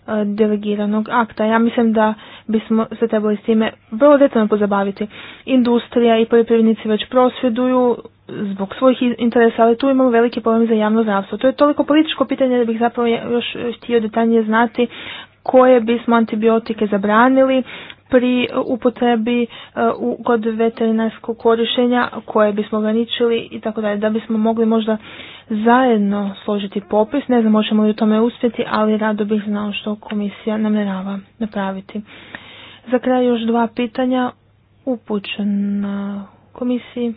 E, delegiranog akta. Ja mislim da bismo se trebali s time vrlo detaljno pozabaviti. Industrija i poljoprivrednici već prosvjeduju zbog svojih interesa, ali tu imamo veliki problem za javno zdravstvo. To je toliko političko pitanje da bih zapravo još htio detaljnije znati koje bismo antibiotike zabranili pri upotrebi uh, kod veterinarskog korištenja koje bismo ograničili i tako dalje, da bismo mogli možda zajedno složiti popis. Ne znam možemo li u tome uspjeti, ali rado bih znao što komisija namjerava napraviti. Za kraj još dva pitanja upućena komisiji.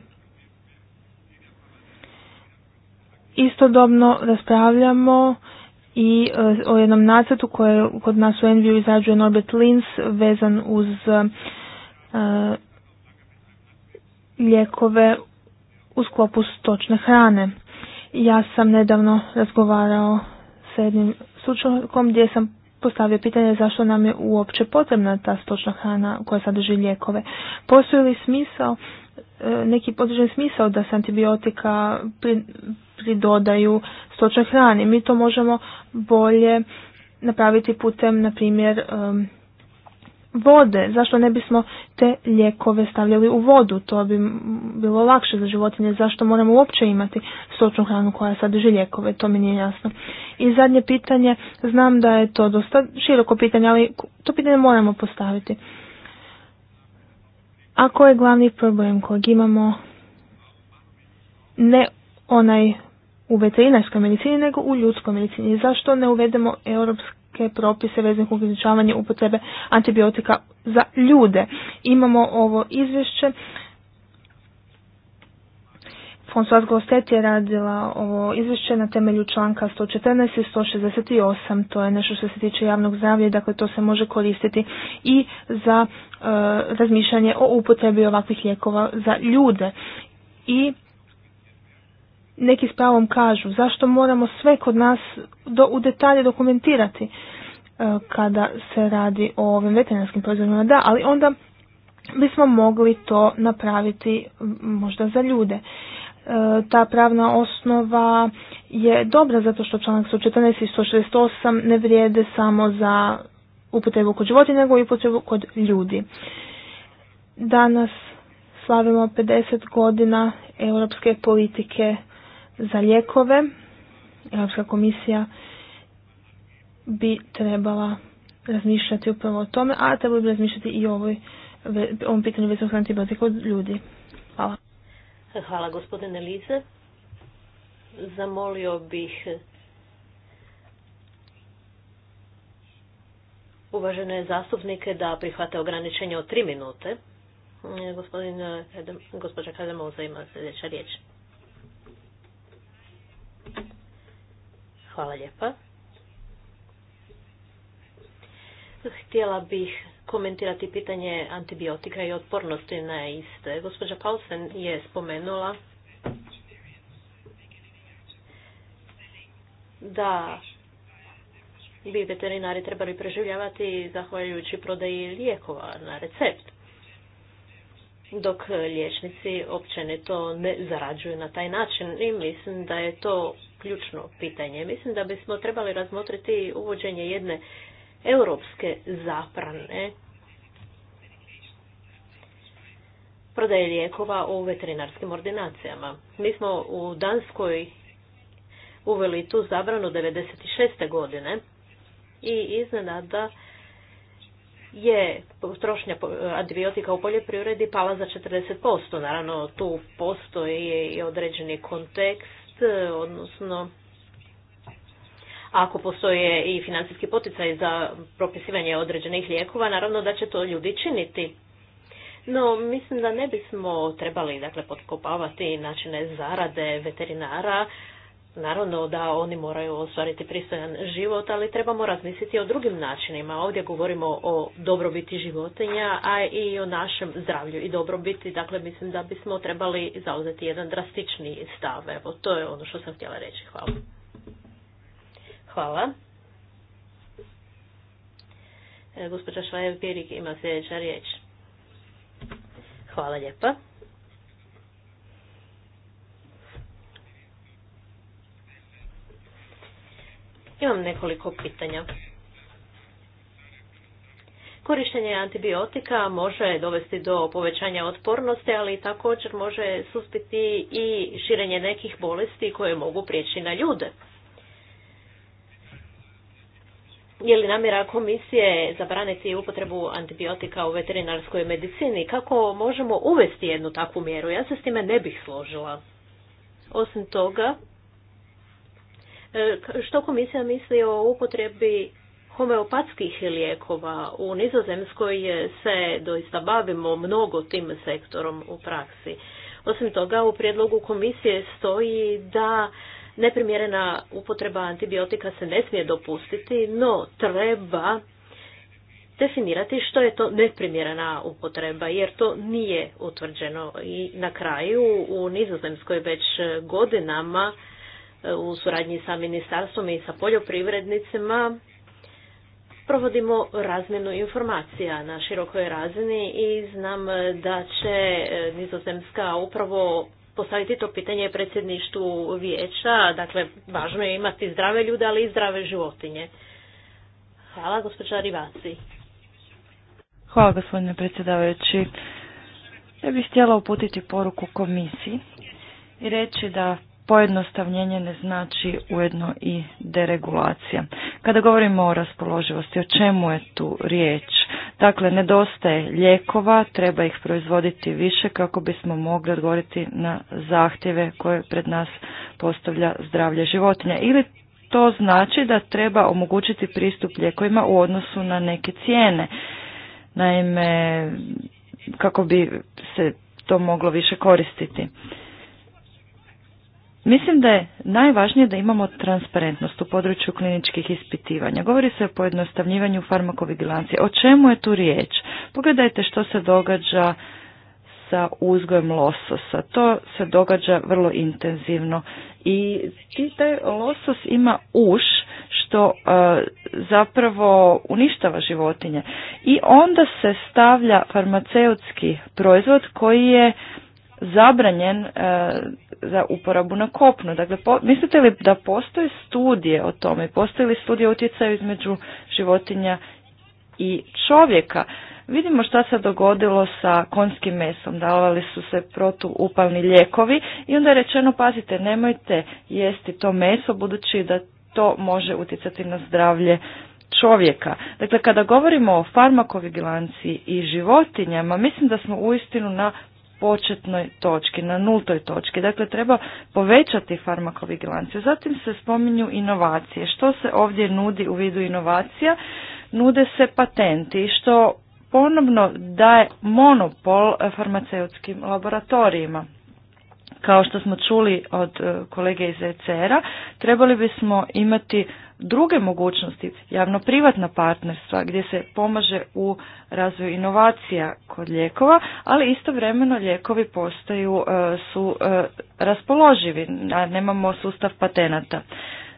Istodobno raspravljamo i e, o jednom nacrtu koje kod nas u Enviju izrađuje Norbert Lins vezan uz e, ljekove u sklopu stočne hrane. Ja sam nedavno razgovarao s jednim slučajkom gdje sam postavio pitanje zašto nam je uopće potrebna ta stočna hrana koja sadrži lijekove. Postoji li smisao, e, neki određen smisao da se antibiotika pridodaju stočnoj hrani? Mi to možemo bolje napraviti putem, na primjer, vode. Zašto ne bismo te lijekove stavljali u vodu? To bi bilo lakše za životinje. Zašto moramo uopće imati stočnu hranu koja sadrži ljekove? To mi nije jasno. I zadnje pitanje, znam da je to dosta široko pitanje, ali to pitanje moramo postaviti. Ako je glavni problem kojeg imamo ne onaj u veterinarskoj medicini, nego u ljudskoj medicini. Zašto ne uvedemo europski neke propise vezanih kog izničavanje upotrebe antibiotika za ljude. Imamo ovo izvješće. François Gostet je radila ovo izvješće na temelju članka 114 i 168. To je nešto što se tiče javnog zdravlja i dakle to se može koristiti i za e, razmišljanje o upotrebi ovakvih lijekova za ljude. I neki s pravom kažu, zašto moramo sve kod nas do, u detalje dokumentirati e, kada se radi o ovim veterinarskim proizvodima, da, ali onda bismo mogli to napraviti možda za ljude. E, ta pravna osnova je dobra zato što članak 114 i 168 ne vrijede samo za upotrebu kod životinja, nego i upotrebu kod ljudi. Danas slavimo 50 godina europske politike za lijekove, Europska komisija bi trebala razmišljati upravo o tome, a trebali bi razmišljati i o ovoj, ovom pitanju vezanog antibiotika od ljudi. Hvala. Hvala gospodine Lize. Zamolio bih uvažene zastupnike da prihvate ograničenje od tri minute. E, gospodin, gospođa Kademoza ima sljedeća riječ. Hvala lijepa. Htjela bih komentirati pitanje antibiotika i otpornosti na iste. Gospođa Paulsen je spomenula da bi veterinari trebali preživljavati zahvaljujući prodaji lijekova na recept dok liječnici to ne zarađuju na taj način i mislim da je to ključno pitanje. Mislim da bismo trebali razmotriti uvođenje jedne europske zaprane prodaje lijekova u veterinarskim ordinacijama. Mi smo u Danskoj uveli tu zabranu 96. godine i iznenada je potrošnja antibiotika u poljoprivredi pala za 40%. Naravno, tu postoji i određeni kontekst, odnosno ako postoje i financijski poticaj za propisivanje određenih lijekova, naravno da će to ljudi činiti. No, mislim da ne bismo trebali dakle, potkopavati načine zarade veterinara, Naravno da oni moraju ostvariti pristojan život, ali trebamo razmisliti o drugim načinima. Ovdje govorimo o dobrobiti životinja, a i o našem zdravlju i dobrobiti. Dakle, mislim da bismo trebali zauzeti jedan drastični stav. Evo, to je ono što sam htjela reći. Hvala. Hvala. E, Švajev-Pirik ima sljedeća riječ. Hvala lijepa. Imam nekoliko pitanja. Korištenje antibiotika može dovesti do povećanja otpornosti, ali također može suspiti i širenje nekih bolesti koje mogu prijeći na ljude. Je li namjera komisije zabraniti upotrebu antibiotika u veterinarskoj medicini? Kako možemo uvesti jednu takvu mjeru? Ja se s time ne bih složila. Osim toga, E, što komisija misli o upotrebi homeopatskih lijekova. U Nizozemskoj se doista bavimo mnogo tim sektorom u praksi. Osim toga, u prijedlogu komisije stoji da neprimjerena upotreba antibiotika se ne smije dopustiti, no treba definirati što je to neprimjerena upotreba, jer to nije utvrđeno. I na kraju u Nizozemskoj već godinama u suradnji sa ministarstvom i sa poljoprivrednicima provodimo razmjenu informacija na širokoj razini i znam da će e, nizozemska upravo postaviti to pitanje predsjedništvu vijeća. Dakle, važno je imati zdrave ljude, ali i zdrave životinje. Hvala, gospođa Rivaci. Hvala, gospodine predsjedavajući. Ja bih htjela uputiti poruku komisiji i reći da pojednostavljenje ne znači ujedno i deregulacija. Kada govorimo o raspoloživosti, o čemu je tu riječ? Dakle, nedostaje ljekova, treba ih proizvoditi više kako bismo mogli odgovoriti na zahtjeve koje pred nas postavlja zdravlje životinja. Ili to znači da treba omogućiti pristup lijekovima u odnosu na neke cijene. Naime, kako bi se to moglo više koristiti. Mislim da je najvažnije da imamo transparentnost u području kliničkih ispitivanja. Govori se o pojednostavljivanju farmakovigilancije. O čemu je tu riječ? Pogledajte što se događa sa uzgojem lososa. To se događa vrlo intenzivno i taj losos ima uš što e, zapravo uništava životinje i onda se stavlja farmaceutski proizvod koji je zabranjen e, za uporabu na kopnu. Dakle, mislite li da postoje studije o tome, postoje li studije utjecaju između životinja i čovjeka? Vidimo šta se dogodilo sa konskim mesom, davali su se protuupalni lijekovi i onda je rečeno pazite nemojte jesti to meso budući da to može utjecati na zdravlje čovjeka. Dakle, kada govorimo o farmakovigilanciji i životinjama, mislim da smo uistinu na početnoj točki, na nultoj točki. Dakle, treba povećati farmakovigilanciju. Zatim se spominju inovacije. Što se ovdje nudi u vidu inovacija? Nude se patenti, što ponovno daje monopol farmaceutskim laboratorijima. Kao što smo čuli od e, kolege iz ECR-a, trebali bismo imati druge mogućnosti, javno-privatna partnerstva gdje se pomaže u razvoju inovacija kod lijekova, ali istovremeno lijekovi postaju e, su e, raspoloživi, a nemamo sustav patenata.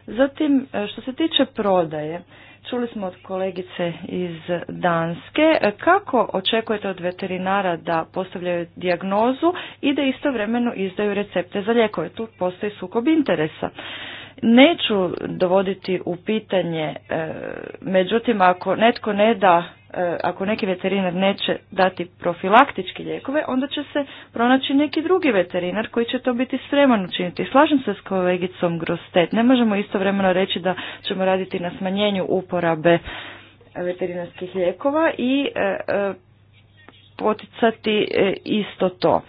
Zatim, e, što se tiče prodaje, čuli smo od kolegice iz Danske, kako očekujete od veterinara da postavljaju dijagnozu i da istovremeno izdaju recepte za lijekove? Tu postoji sukob interesa neću dovoditi u pitanje, e, međutim ako netko ne da, e, ako neki veterinar neće dati profilaktički lijekove, onda će se pronaći neki drugi veterinar koji će to biti spreman učiniti. Slažem se s kolegicom Grostet, ne možemo istovremeno reći da ćemo raditi na smanjenju uporabe veterinarskih lijekova i e, poticati isto to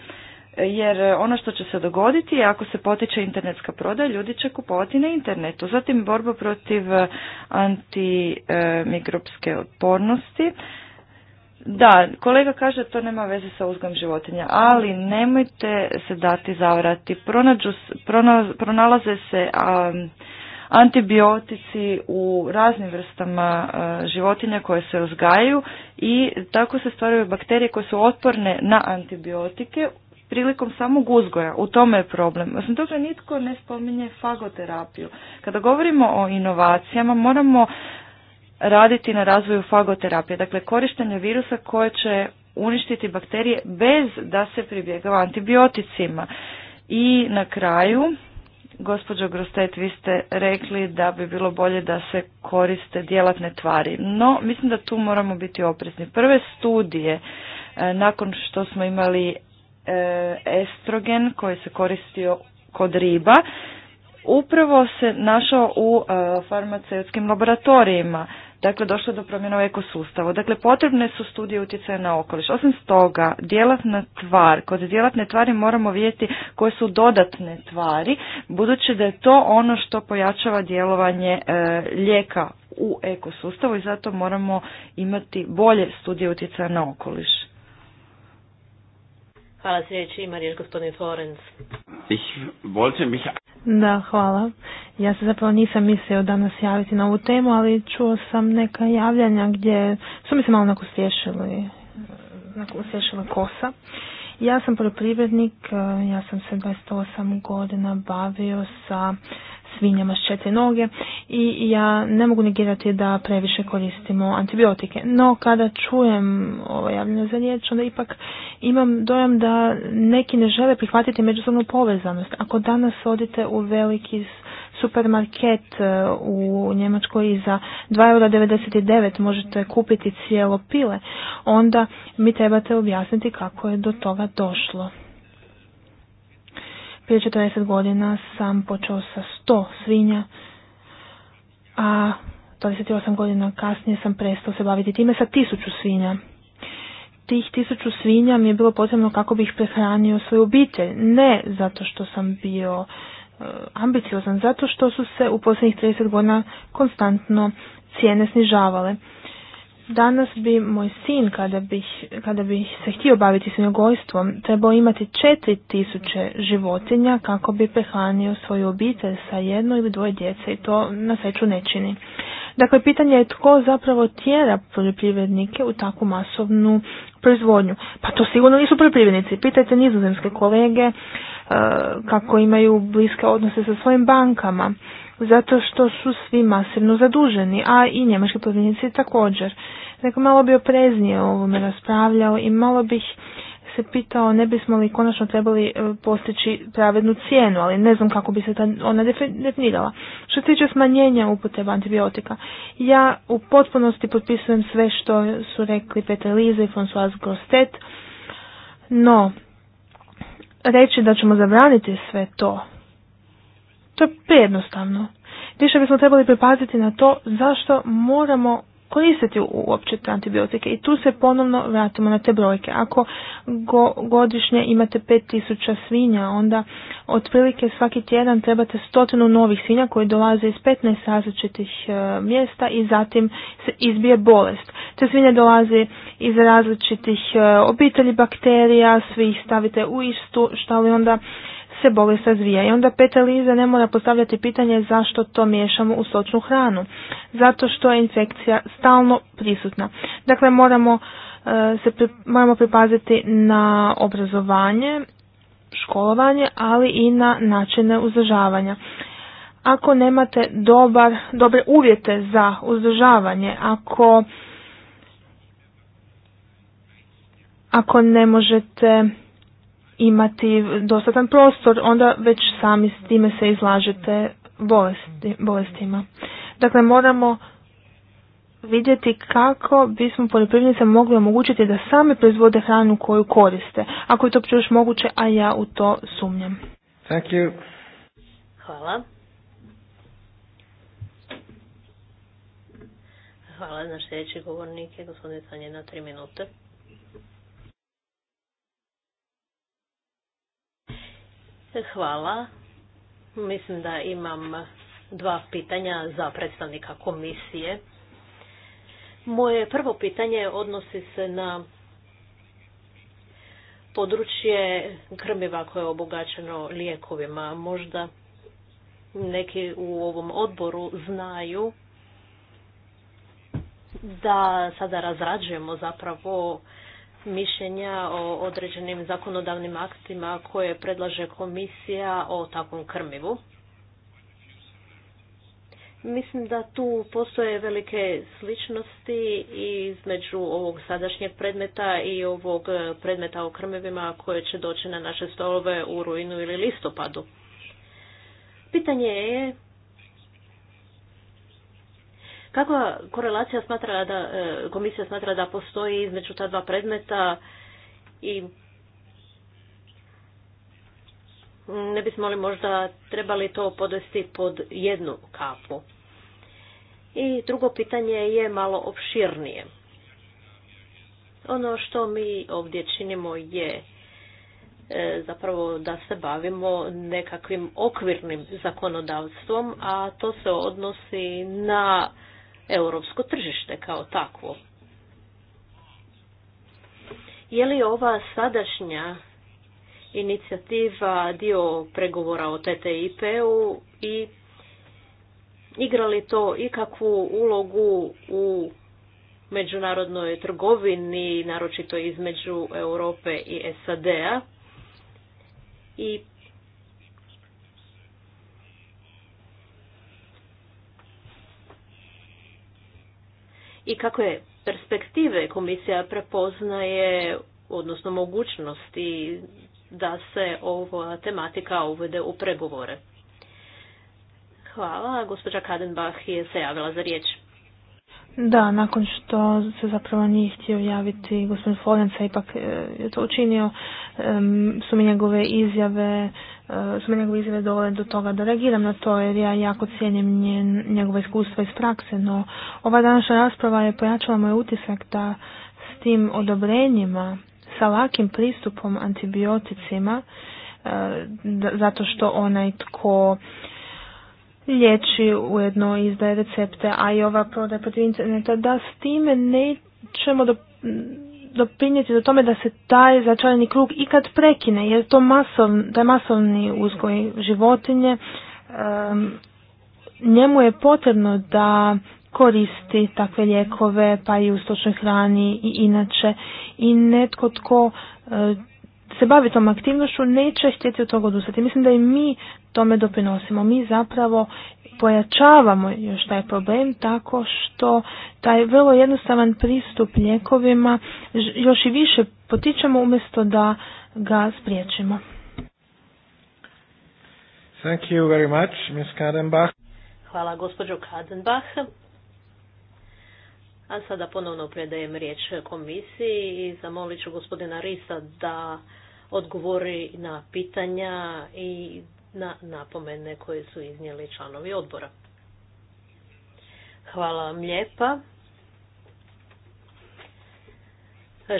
jer ono što će se dogoditi je ako se potiče internetska prodaja, ljudi će kupovati na internetu. Zatim borba protiv eh, antimikropske otpornosti. Da, kolega kaže to nema veze sa uzgom životinja, ali nemojte se dati zavrati. pronalaze se antibiotici u raznim vrstama eh, životinja koje se uzgajaju i tako se stvaraju bakterije koje su otporne na antibiotike prilikom samog uzgoja. U tome je problem. Osim toga nitko ne spominje fagoterapiju. Kada govorimo o inovacijama moramo raditi na razvoju fagoterapije, dakle korištenje virusa koje će uništiti bakterije bez da se pribjegava antibioticima. I na kraju, gospođo Grostet, vi ste rekli da bi bilo bolje da se koriste djelatne tvari. No, mislim da tu moramo biti oprezni. Prve studije, e, nakon što smo imali E, estrogen koji se koristio kod riba upravo se našao u e, farmaceutskim laboratorijima. Dakle, došlo je do promjena u ekosustavu. Dakle, potrebne su studije utjecaja na okoliš. Osim stoga, djelatna tvar, kod djelatne tvari moramo vidjeti koje su dodatne tvari, budući da je to ono što pojačava djelovanje e, lijeka u ekosustavu i zato moramo imati bolje studije utjecaja na okoliš. Hvala, sljedeći ima riječ gospodin Florenc. Da, hvala. Ja se zapravo nisam mislio danas javiti na ovu temu, ali čuo sam neka javljanja gdje su mi se malo nako stješili, nako kosa. Ja sam poljoprivrednik, e, ja sam se 28 godina bavio sa svinjama s četiri noge i ja ne mogu negirati da previše koristimo antibiotike. No kada čujem ovo javljeno za riječ, onda ipak imam dojam da neki ne žele prihvatiti međusobnu povezanost. Ako danas odite u veliki supermarket e, u Njemačkoj i za 2,99 eura možete kupiti cijelo pile, onda mi trebate objasniti kako je do toga došlo. Prije 40 godina sam počeo sa 100 svinja, a 28 godina kasnije sam prestao se baviti time sa 1000 svinja. Tih 1000 svinja mi je bilo potrebno kako bih prehranio svoju obitelj. Ne zato što sam bio e, ambiciozan, zato što su se u posljednjih 30 godina konstantno cijene snižavale. Danas bi moj sin, kada bi, kada bih se htio baviti svinjogojstvom, trebao imati 4000 životinja kako bi prehranio svoju obitelj sa jedno ili dvoje djece i to na sreću ne čini. Dakle, pitanje je tko zapravo tjera poljoprivrednike u takvu masovnu proizvodnju. Pa to sigurno nisu poljoprivrednici. Pitajte nizozemske kolege eh, kako imaju bliske odnose sa svojim bankama zato što su svi masivno zaduženi, a i njemački povjednici također. Dakle, malo bi opreznije o ovome raspravljao i malo bih se pitao ne bismo li konačno trebali e, postići pravednu cijenu, ali ne znam kako bi se ta ona definirala. Što se tiče smanjenja upotreba antibiotika, ja u potpunosti potpisujem sve što su rekli Petra Liza i François Grostet, no reći da ćemo zabraniti sve to to je prejednostavno. Više bismo trebali pripaziti na to zašto moramo koristiti uopće te antibiotike i tu se ponovno vratimo na te brojke. Ako go, godišnje imate 5000 svinja, onda otprilike svaki tjedan trebate stotinu novih svinja koji dolaze iz 15 različitih e, mjesta i zatim se izbije bolest. Te svinje dolaze iz različitih e, obitelji bakterija, svi ih stavite u istu što li onda se bolest razvija. I onda petaliza liza ne mora postavljati pitanje zašto to miješamo u sočnu hranu. Zato što je infekcija stalno prisutna. Dakle, moramo e, se moramo pripaziti na obrazovanje, školovanje, ali i na načine uzdržavanja. Ako nemate dobar, dobre uvjete za uzdržavanje, ako ako ne možete imati dostatan prostor, onda već sami s time se izlažete bolestima. Dakle, moramo vidjeti kako bismo poljoprivrednice mogli omogućiti da same proizvode hranu koju koriste. Ako je to još moguće, a ja u to sumnjam. Thank you. Hvala. Hvala. sljedeći govornik je gospodin tri minute. Hvala. Mislim da imam dva pitanja za predstavnika komisije. Moje prvo pitanje odnosi se na područje krmiva koje je obogaćeno lijekovima. Možda neki u ovom odboru znaju da sada razrađujemo zapravo mišljenja o određenim zakonodavnim aktima koje predlaže komisija o takvom krmivu. Mislim da tu postoje velike sličnosti između ovog sadašnjeg predmeta i ovog predmeta o krmivima koje će doći na naše stolove u rujnu ili listopadu. Pitanje je Kakva korelacija smatra da, e, komisija smatra da postoji između ta dva predmeta i ne bismo li možda trebali to podvesti pod jednu kapu? I drugo pitanje je malo opširnije. Ono što mi ovdje činimo je e, zapravo da se bavimo nekakvim okvirnim zakonodavstvom, a to se odnosi na europsko tržište kao takvo. Je li ova sadašnja inicijativa dio pregovora o TTIP-u i igra li to ikakvu ulogu u međunarodnoj trgovini, naročito između Europe i SAD-a? I i kakve perspektive komisija prepoznaje, odnosno mogućnosti da se ova tematika uvede u pregovore. Hvala. Gospođa Kadenbach je se javila za riječ. Da, nakon što se zapravo nije htio javiti gospodin Florenca, ipak e, je to učinio su mi njegove izjave e, su njegove izjave dovele do toga da reagiram na to jer ja jako cijenim njegove iskustva iz prakse, no ova današnja rasprava je pojačala moj utisak da s tim odobrenjima, sa lakim pristupom antibioticima, e, zato što onaj tko liječi ujedno izdaje recepte, a i ova prodaja protiv interneta, da s time nećemo do, doprinijeti do tome da se taj začarani krug ikad prekine, jer to da masovni uzgoj životinje, njemu je potrebno da koristi takve lijekove pa i u stočnoj hrani i inače i netko tko e, se bavi tom aktivnošću neće htjeti od toga odustati. Mislim da i mi tome doprinosimo. Mi zapravo pojačavamo još taj problem tako što taj vrlo jednostavan pristup lijekovima još i više potičemo umjesto da ga spriječimo. Thank you very much, Ms. Kadenbach. Hvala gospođo Kadenbach. A sada ponovno predajem riječ komisiji i zamolit ću gospodina Risa da odgovori na pitanja i na napomene koje su iznijeli članovi odbora. Hvala vam lijepa.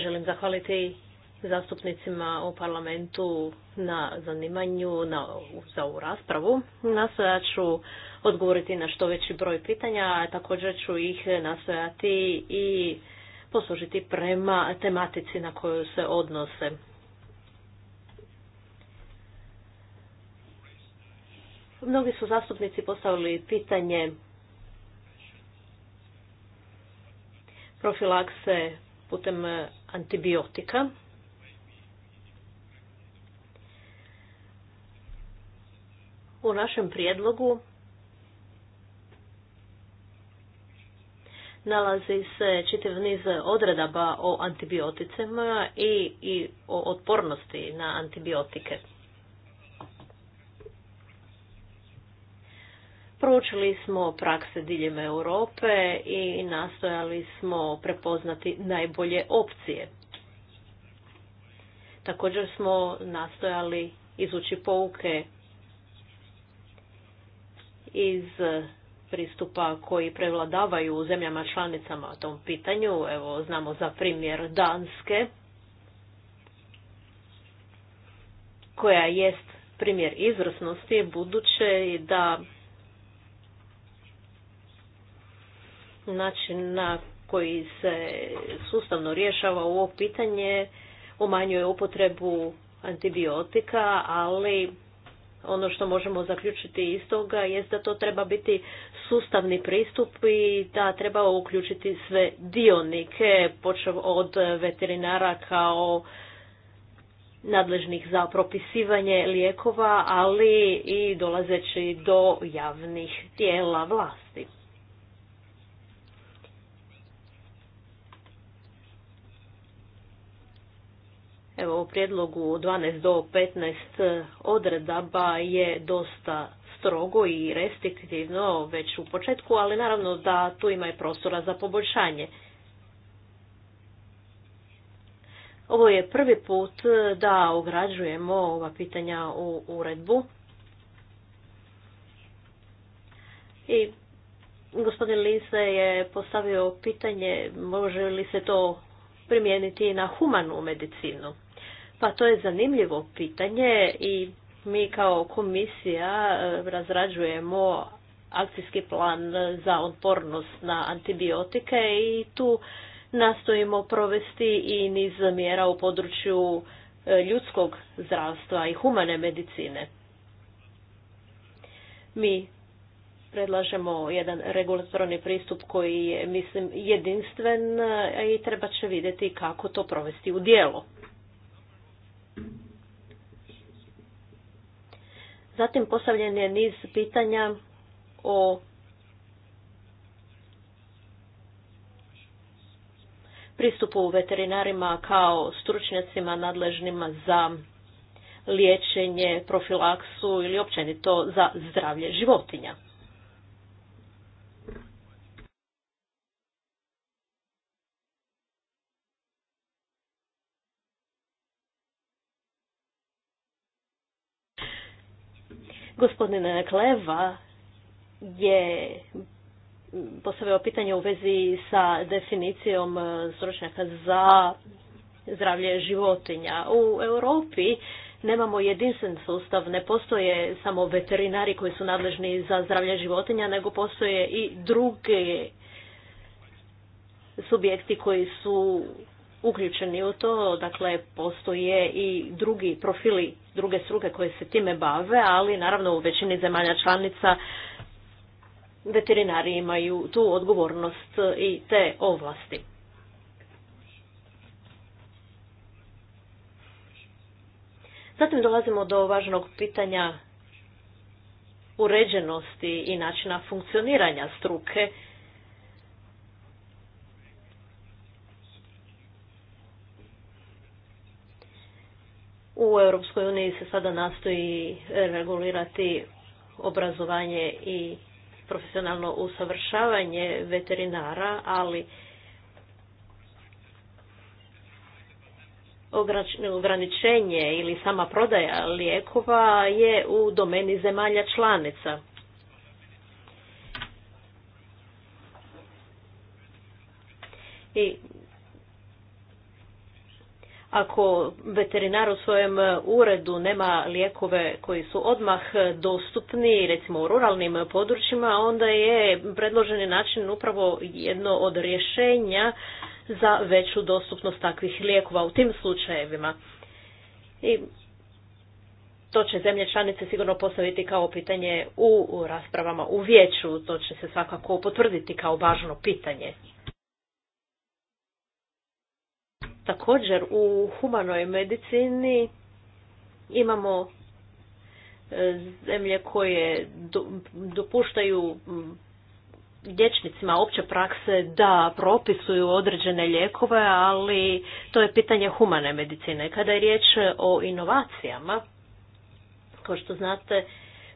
Želim zahvaliti zastupnicima u parlamentu na zanimanju na, za ovu raspravu. Nastojat ću odgovoriti na što veći broj pitanja, a također ću ih nastojati i poslužiti prema tematici na koju se odnose. Mnogi su zastupnici postavili pitanje profilakse putem antibiotika. U našem prijedlogu nalazi se čitav niz odredaba o antibioticima i, i o otpornosti na antibiotike. Proučili smo prakse diljem Europe i nastojali smo prepoznati najbolje opcije. Također smo nastojali izući pouke iz pristupa koji prevladavaju u zemljama članicama o tom pitanju. Evo, znamo za primjer Danske, koja jest primjer izvrsnosti, buduće da način na koji se sustavno rješava ovo pitanje umanjuje upotrebu antibiotika, ali ono što možemo zaključiti iz toga je da to treba biti sustavni pristup i da treba uključiti sve dionike, počev od veterinara kao nadležnih za propisivanje lijekova, ali i dolazeći do javnih tijela vlasti. Evo, u prijedlogu 12 do 15 eh, odredaba je dosta strogo i restriktivno već u početku, ali naravno da tu ima i prostora za poboljšanje. Ovo je prvi put eh, da ugrađujemo ova pitanja u uredbu. I gospodin Lise je postavio pitanje može li se to primijeniti na humanu medicinu. Pa to je zanimljivo pitanje i mi kao komisija e, razrađujemo akcijski plan za otpornost na antibiotike i tu nastojimo provesti i niz mjera u području e, ljudskog zdravstva i humane medicine. Mi predlažemo jedan regulatorni pristup koji je, mislim, jedinstven e, i treba će vidjeti kako to provesti u djelo. Zatim postavljen je niz pitanja o pristupu veterinarima kao stručnjacima nadležnima za liječenje, profilaksu ili općenito za zdravlje životinja. Gospodine Kleva je postavio pitanje u vezi sa definicijom stručnjaka za zdravlje životinja. U Europi nemamo jedinstven sustav, ne postoje samo veterinari koji su nadležni za zdravlje životinja, nego postoje i druge subjekti koji su uključeni u to, dakle postoje i drugi profili, druge struke koje se time bave, ali naravno u većini zemalja članica veterinari imaju tu odgovornost i te ovlasti. Zatim dolazimo do važnog pitanja uređenosti i načina funkcioniranja struke U EU se sada nastoji e, regulirati obrazovanje i profesionalno usavršavanje veterinara, ali ograničenje ili sama prodaja lijekova je u domeni zemalja članica. I ako veterinar u svojem uredu nema lijekove koji su odmah dostupni, recimo u ruralnim područjima, onda je predloženi način upravo jedno od rješenja za veću dostupnost takvih lijekova u tim slučajevima. I to će zemlje članice sigurno postaviti kao pitanje u raspravama u vijeću, to će se svakako potvrditi kao važno pitanje. Također u humanoj medicini imamo e, zemlje koje dopuštaju liječnicima opće prakse da propisuju određene lijekove, ali to je pitanje humane medicine. Kada je riječ o inovacijama, kao što znate,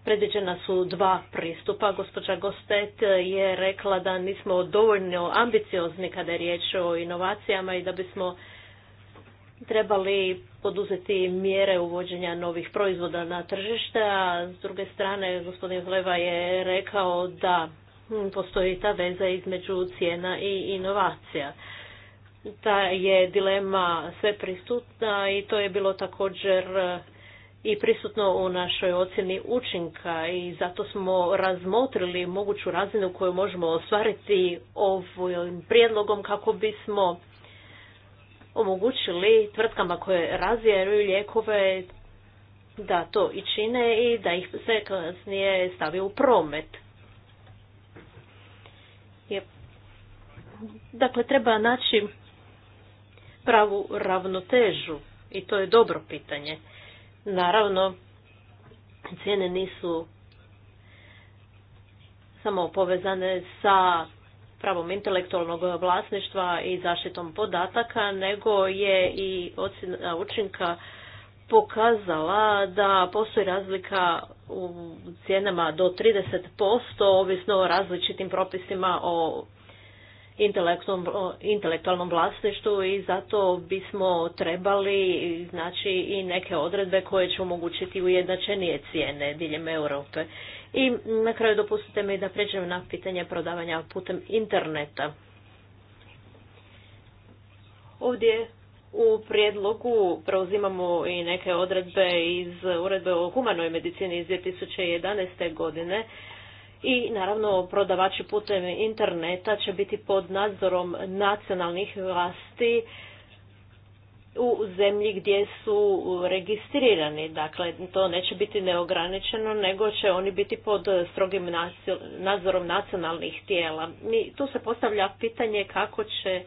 predviđena su dva pristupa. Gospođa Gostet je rekla da nismo dovoljno ambiciozni kada je riječ o inovacijama i da bismo trebali poduzeti mjere uvođenja novih proizvoda na tržište, a s druge strane gospodin Hleva je rekao da postoji ta veza između cijena i inovacija. Ta je dilema sve prisutna i to je bilo također i prisutno u našoj ocjeni učinka i zato smo razmotrili moguću razinu koju možemo ostvariti ovim prijedlogom kako bismo omogućili tvrtkama koje razvijaju lijekove da to i čine i da ih se kasnije stavi u promet. Dakle, treba naći pravu ravnotežu i to je dobro pitanje. Naravno, cijene nisu samo povezane sa pravom intelektualnog vlasništva i zaštitom podataka, nego je i ocjena učinka pokazala da postoji razlika u cijenama do 30%, ovisno o različitim propisima o intelektualnom vlasništvu i zato bismo trebali znači i neke odredbe koje će omogućiti ujednačenije cijene diljem Europe. I na kraju dopustite mi da pređem na pitanje prodavanja putem interneta. Ovdje u prijedlogu preuzimamo i neke odredbe iz uredbe o humanoj medicini iz 2011. godine i naravno prodavači putem interneta će biti pod nadzorom nacionalnih vlasti u zemlji gdje su registrirani. Dakle, to neće biti neograničeno, nego će oni biti pod strogim nadzorom nacionalnih tijela. tu se postavlja pitanje kako će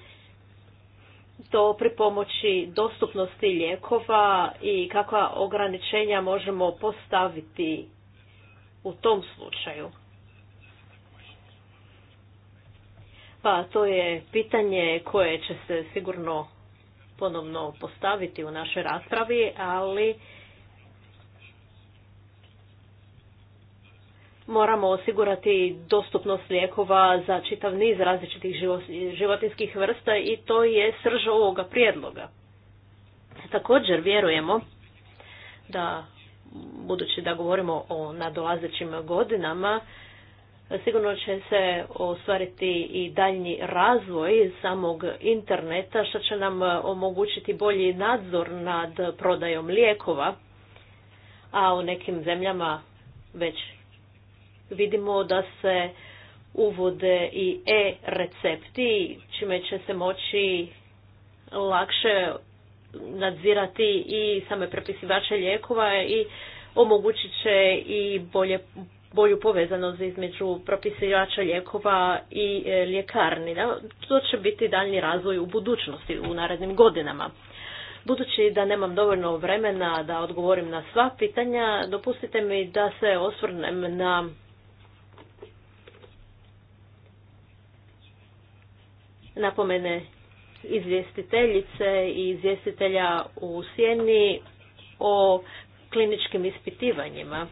to pripomoći dostupnosti lijekova i kakva ograničenja možemo postaviti u tom slučaju. Pa to je pitanje koje će se sigurno ponovno postaviti u našoj raspravi, ali moramo osigurati dostupnost lijekova za čitav niz različitih životinskih vrsta i to je srž ovoga prijedloga. Također vjerujemo da, budući da govorimo o nadolazećim godinama, sigurno će se ostvariti i daljnji razvoj samog interneta što će nam omogućiti bolji nadzor nad prodajom lijekova, a u nekim zemljama već vidimo da se uvode i e-recepti, čime će se moći lakše nadzirati i same prepisivače lijekova i omogućit će i bolje bolju povezanost između propisivača lijekova i e, ljekarni. To će biti daljni razvoj u budućnosti, u narednim godinama. Budući da nemam dovoljno vremena da odgovorim na sva pitanja, dopustite mi da se osvrnem na napomene izvjestiteljice i izvjestitelja u sjeni o kliničkim ispitivanjima.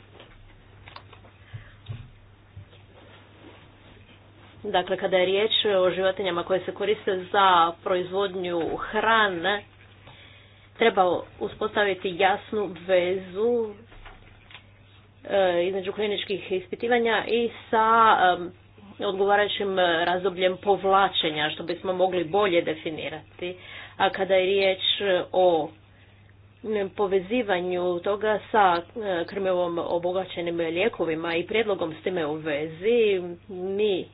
Dakle, kada je riječ o životinjama koje se koriste za proizvodnju hrane, treba uspostaviti jasnu vezu e, između kliničkih ispitivanja i sa e, odgovarajućim razdobljem povlačenja, što bismo mogli bolje definirati. A kada je riječ o povezivanju toga sa e, krmivom obogaćenim lijekovima i prijedlogom s time u vezi, mi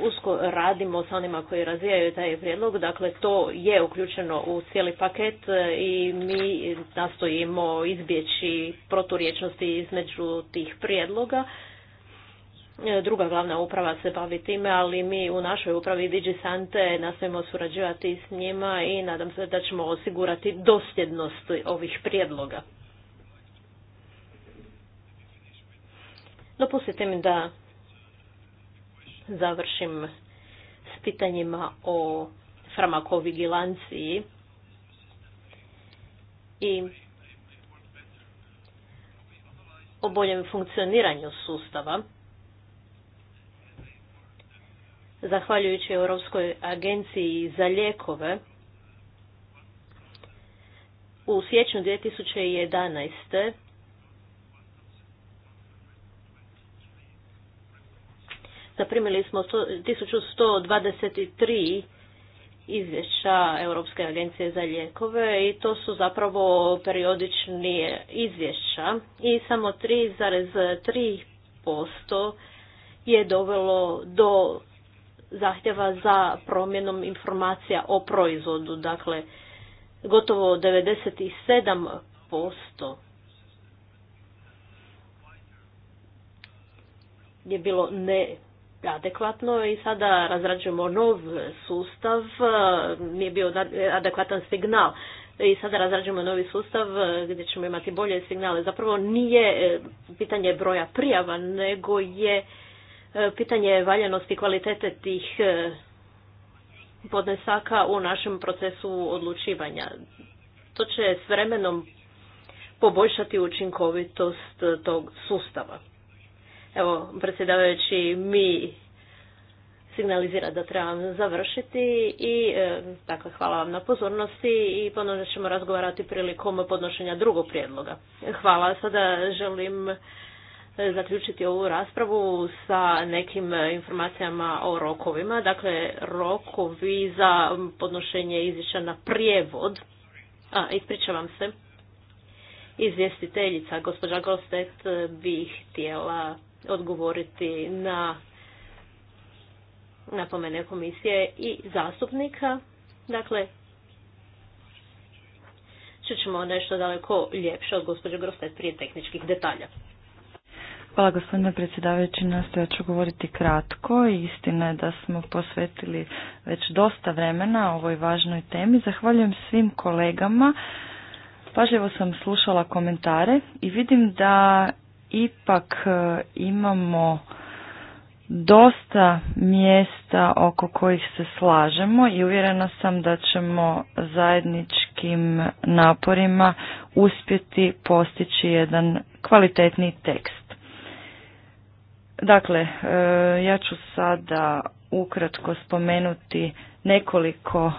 usko radimo sa onima koji razvijaju taj prijedlog. Dakle, to je uključeno u cijeli paket e, i mi nastojimo izbjeći proturječnosti između tih prijedloga. E, druga glavna uprava se bavi time, ali mi u našoj upravi DigiSante nastojimo surađivati s njima i nadam se da ćemo osigurati dosljednost ovih prijedloga. Dopustite mi da završim s pitanjima o farmakovigilanciji i o boljem funkcioniranju sustava. Zahvaljujući Europskoj agenciji za lijekove, u siječnju 2011. zaprimili smo 1123 izvješća Europske agencije za lijekove i to su zapravo periodični izvješća i samo 3,3% je dovelo do zahtjeva za promjenom informacija o proizvodu, dakle gotovo 97%. je bilo ne adekvatno i sada razrađujemo nov sustav, e, nije bio adekvatan signal i sada razrađujemo novi sustav e, gdje ćemo imati bolje signale. Zapravo nije e, pitanje broja prijava, nego je pitanje valjanosti kvalitete tih podnesaka u našem procesu odlučivanja. To će s vremenom poboljšati učinkovitost tog sustava. Evo, predsjedavajući, mi signalizira da trebam završiti i e, dakle, hvala vam na pozornosti i ponovno ćemo razgovarati prilikom podnošenja drugog prijedloga. Hvala. Sada želim e, zaključiti ovu raspravu sa nekim informacijama o rokovima. Dakle, rokovi za podnošenje izvješća na prijevod. A, ispričavam se. Izvjestiteljica, gospođa Gostet, bi htjela odgovoriti na napomene komisije i zastupnika. Dakle, ćemo nešto daleko ljepše od gospođe Grostet prije tehničkih detalja. Hvala gospodine predsjedavajući, nastoja ću govoriti kratko. Istina je da smo posvetili već dosta vremena ovoj važnoj temi. Zahvaljujem svim kolegama. Pažljivo sam slušala komentare i vidim da ipak e, imamo dosta mjesta oko kojih se slažemo i uvjerena sam da ćemo zajedničkim naporima uspjeti postići jedan kvalitetni tekst. Dakle, e, ja ću sada ukratko spomenuti nekoliko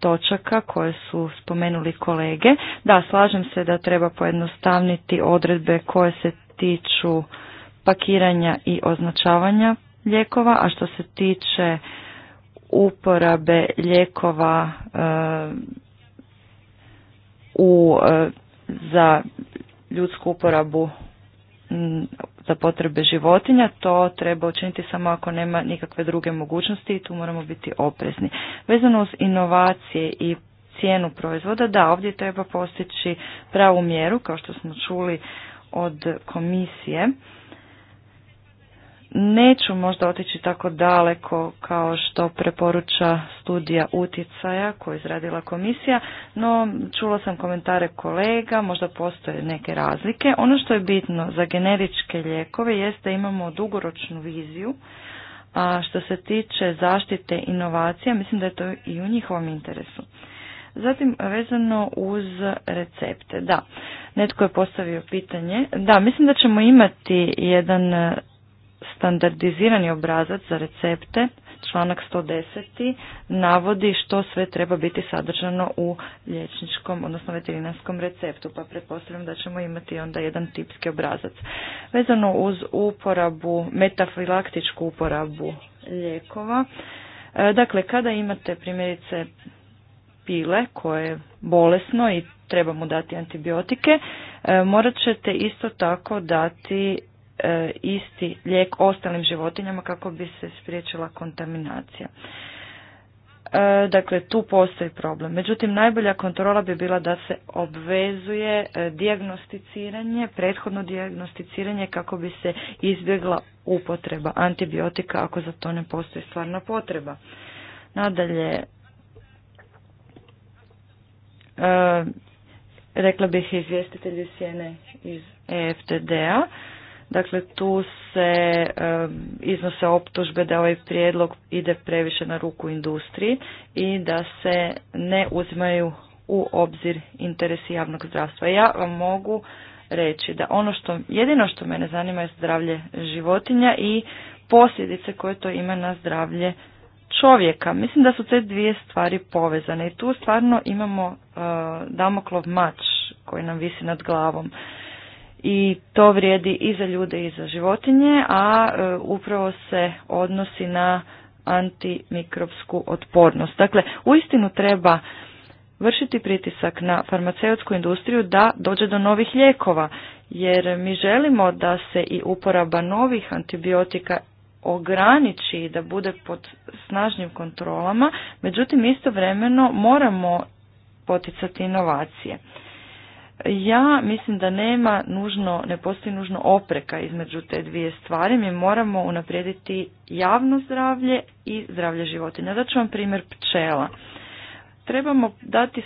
točaka koje su spomenuli kolege. Da, slažem se da treba pojednostavniti odredbe koje se tiču pakiranja i označavanja lijekova, a što se tiče uporabe lijekova eh, u eh, za ljudsku uporabu mm, za potrebe životinja, to treba učiniti samo ako nema nikakve druge mogućnosti i tu moramo biti oprezni. Vezano uz inovacije i cijenu proizvoda, da, ovdje treba postići pravu mjeru, kao što smo čuli od komisije. Neću možda otići tako daleko kao što preporuča studija utjecaja koju je izradila komisija, no čula sam komentare kolega, možda postoje neke razlike. Ono što je bitno za generičke lijekove jeste da imamo dugoročnu viziju, a što se tiče zaštite inovacija, mislim da je to i u njihovom interesu. Zatim, vezano uz recepte. Da, Netko je postavio pitanje. Da, mislim da ćemo imati jedan e, standardizirani obrazac za recepte, članak 110. navodi što sve treba biti sadržano u liječničkom, odnosno veterinarskom receptu, pa pretpostavljam da ćemo imati onda jedan tipski obrazac. Vezano uz uporabu, metafilaktičku uporabu lijekova, e, Dakle, kada imate primjerice pile koje je bolesno i treba mu dati antibiotike, e, morat ćete isto tako dati e, isti lijek ostalim životinjama kako bi se spriječila kontaminacija. E, dakle, tu postoji problem. Međutim, najbolja kontrola bi bila da se obvezuje dijagnosticiranje, prethodno dijagnosticiranje kako bi se izbjegla upotreba antibiotika ako za to ne postoji stvarna potreba. Nadalje, E, rekla bih izvjestitelji sjene iz EFTD-a. Dakle, tu se e, iznose optužbe da ovaj prijedlog ide previše na ruku industriji i da se ne uzimaju u obzir interesi javnog zdravstva. Ja vam mogu reći da ono što, jedino što mene zanima je zdravlje životinja i posljedice koje to ima na zdravlje čovjeka. Mislim da su te dvije stvari povezane i tu stvarno imamo uh, damoklov mač koji nam visi nad glavom. I to vrijedi i za ljude i za životinje, a uh, upravo se odnosi na antimikrobsku otpornost. Dakle, uistinu treba vršiti pritisak na farmaceutsku industriju da dođe do novih lijekova, jer mi želimo da se i uporaba novih antibiotika ograniči da bude pod snažnim kontrolama, međutim istovremeno moramo poticati inovacije. Ja mislim da nema nužno, ne postoji nužno opreka između te dvije stvari. Mi moramo unaprijediti javno zdravlje i zdravlje životinja. Dat ću vam primjer pčela. Trebamo dati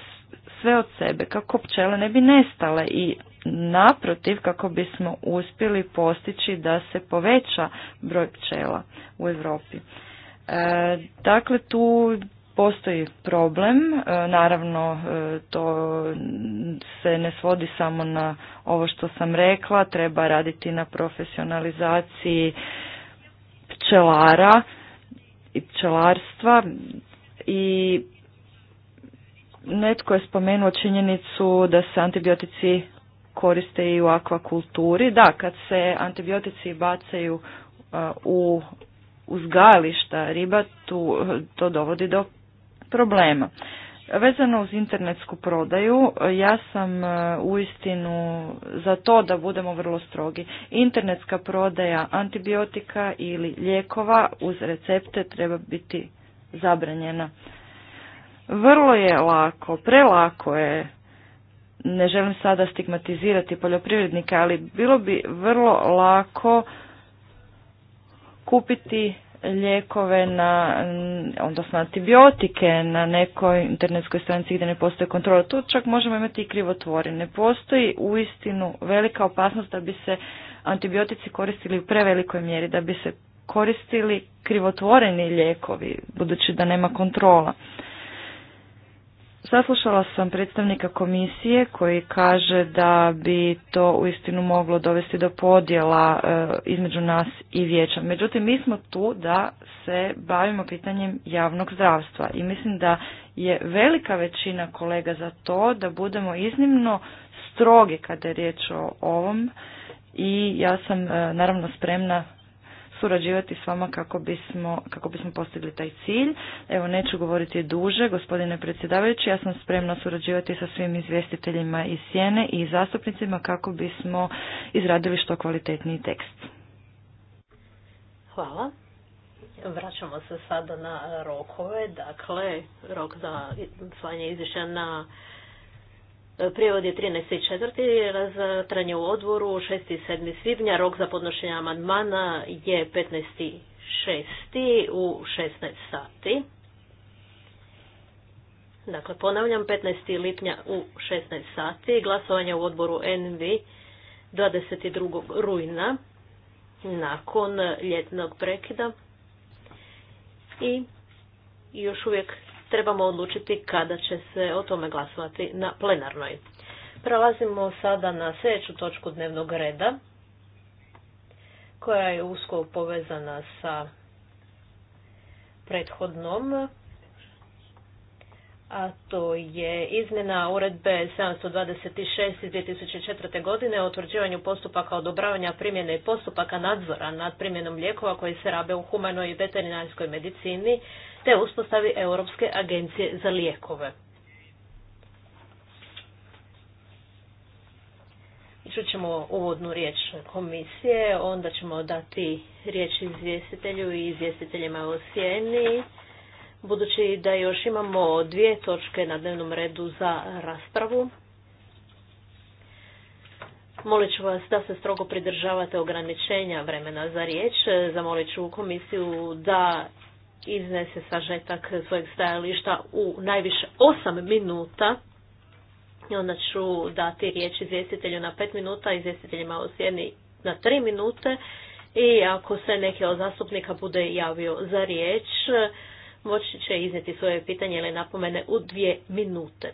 sve od sebe kako pčele ne bi nestale i naprotiv kako bismo uspjeli postići da se poveća broj pčela u Europi. E, dakle, tu postoji problem, e, naravno e, to se ne svodi samo na ovo što sam rekla, treba raditi na profesionalizaciji pčelara i pčelarstva i netko je spomenuo činjenicu da se antibiotici koriste i u akvakulturi. Da, kad se antibiotici bacaju uh, u uzgajališta riba, tu to dovodi do problema. Vezano uz internetsku prodaju, ja sam uistinu uh, za to da budemo vrlo strogi. Internetska prodaja antibiotika ili lijekova uz recepte treba biti zabranjena. Vrlo je lako, prelako je ne želim sada stigmatizirati poljoprivrednike, ali bilo bi vrlo lako kupiti lijekove na, odnosno antibiotike na nekoj internetskoj stranici gdje ne postoji kontrola. Tu čak možemo imati i krivotvori. Ne postoji uistinu velika opasnost da bi se antibiotici koristili u prevelikoj mjeri, da bi se koristili krivotvoreni lijekovi, budući da nema kontrola. Saslušala sam predstavnika komisije koji kaže da bi to uistinu moglo dovesti do podjela e, između nas i vijeća. Međutim, mi smo tu da se bavimo pitanjem javnog zdravstva i mislim da je velika većina kolega za to da budemo iznimno strogi kada je riječ o ovom i ja sam e, naravno spremna surađivati s vama kako bismo, kako bismo postigli taj cilj. Evo, neću govoriti duže, gospodine predsjedavajući, ja sam spremna surađivati sa svim izvjestiteljima iz Sjene i zastupnicima kako bismo izradili što kvalitetniji tekst. Hvala. Vraćamo se sada na rokove. Dakle, rok za slanje izvješća na Prijevod je 13.4. razatranje u odvoru 6. i 7. svibnja. Rok za podnošenje amandmana je 15.6. u 16 sati. Dakle, ponavljam, 15. lipnja u 16 sati. Glasovanje u odboru NV 22. rujna nakon ljetnog prekida. I još uvijek trebamo odlučiti kada će se o tome glasovati na plenarnoj. Prelazimo sada na sljedeću točku dnevnog reda koja je usko povezana sa prethodnom, a to je izmjena uredbe 726 iz 2004. godine o utvrđivanju postupaka odobravanja primjene i postupaka nadzora nad primjenom lijekova koji se rabe u humanoj i veterinarskoj medicini te uspostavi Europske agencije za lijekove. ćemo uvodnu riječ komisije, onda ćemo dati riječ izvjestitelju i izvjestiteljima o sjeni. Budući da još imamo dvije točke na dnevnom redu za raspravu, Molit ću vas da se strogo pridržavate ograničenja vremena za riječ. Zamolit ću komisiju da iznese sažetak svojeg stajališta u najviše 8 minuta. I onda ću dati riječ izvjestitelju na 5 minuta, izvjestiteljima u sjedni na 3 minute. I ako se neki od zastupnika bude javio za riječ, moći će izneti svoje pitanje ili napomene u dvije minute.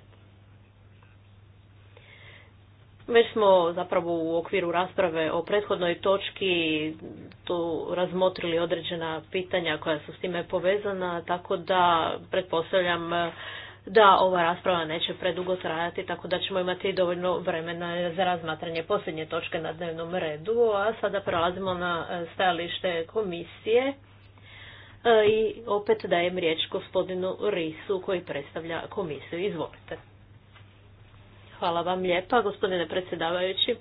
Već smo zapravo u okviru rasprave o prethodnoj točki tu razmotrili određena pitanja koja su s time povezana, tako da pretpostavljam da ova rasprava neće predugo trajati, tako da ćemo imati dovoljno vremena za razmatranje posljednje točke na dnevnom redu, a sada prelazimo na e, stajalište komisije e, i opet dajem riječ gospodinu Risu koji predstavlja komisiju. Izvolite. Hvala vam lijepa, gospodine predsjedavajući.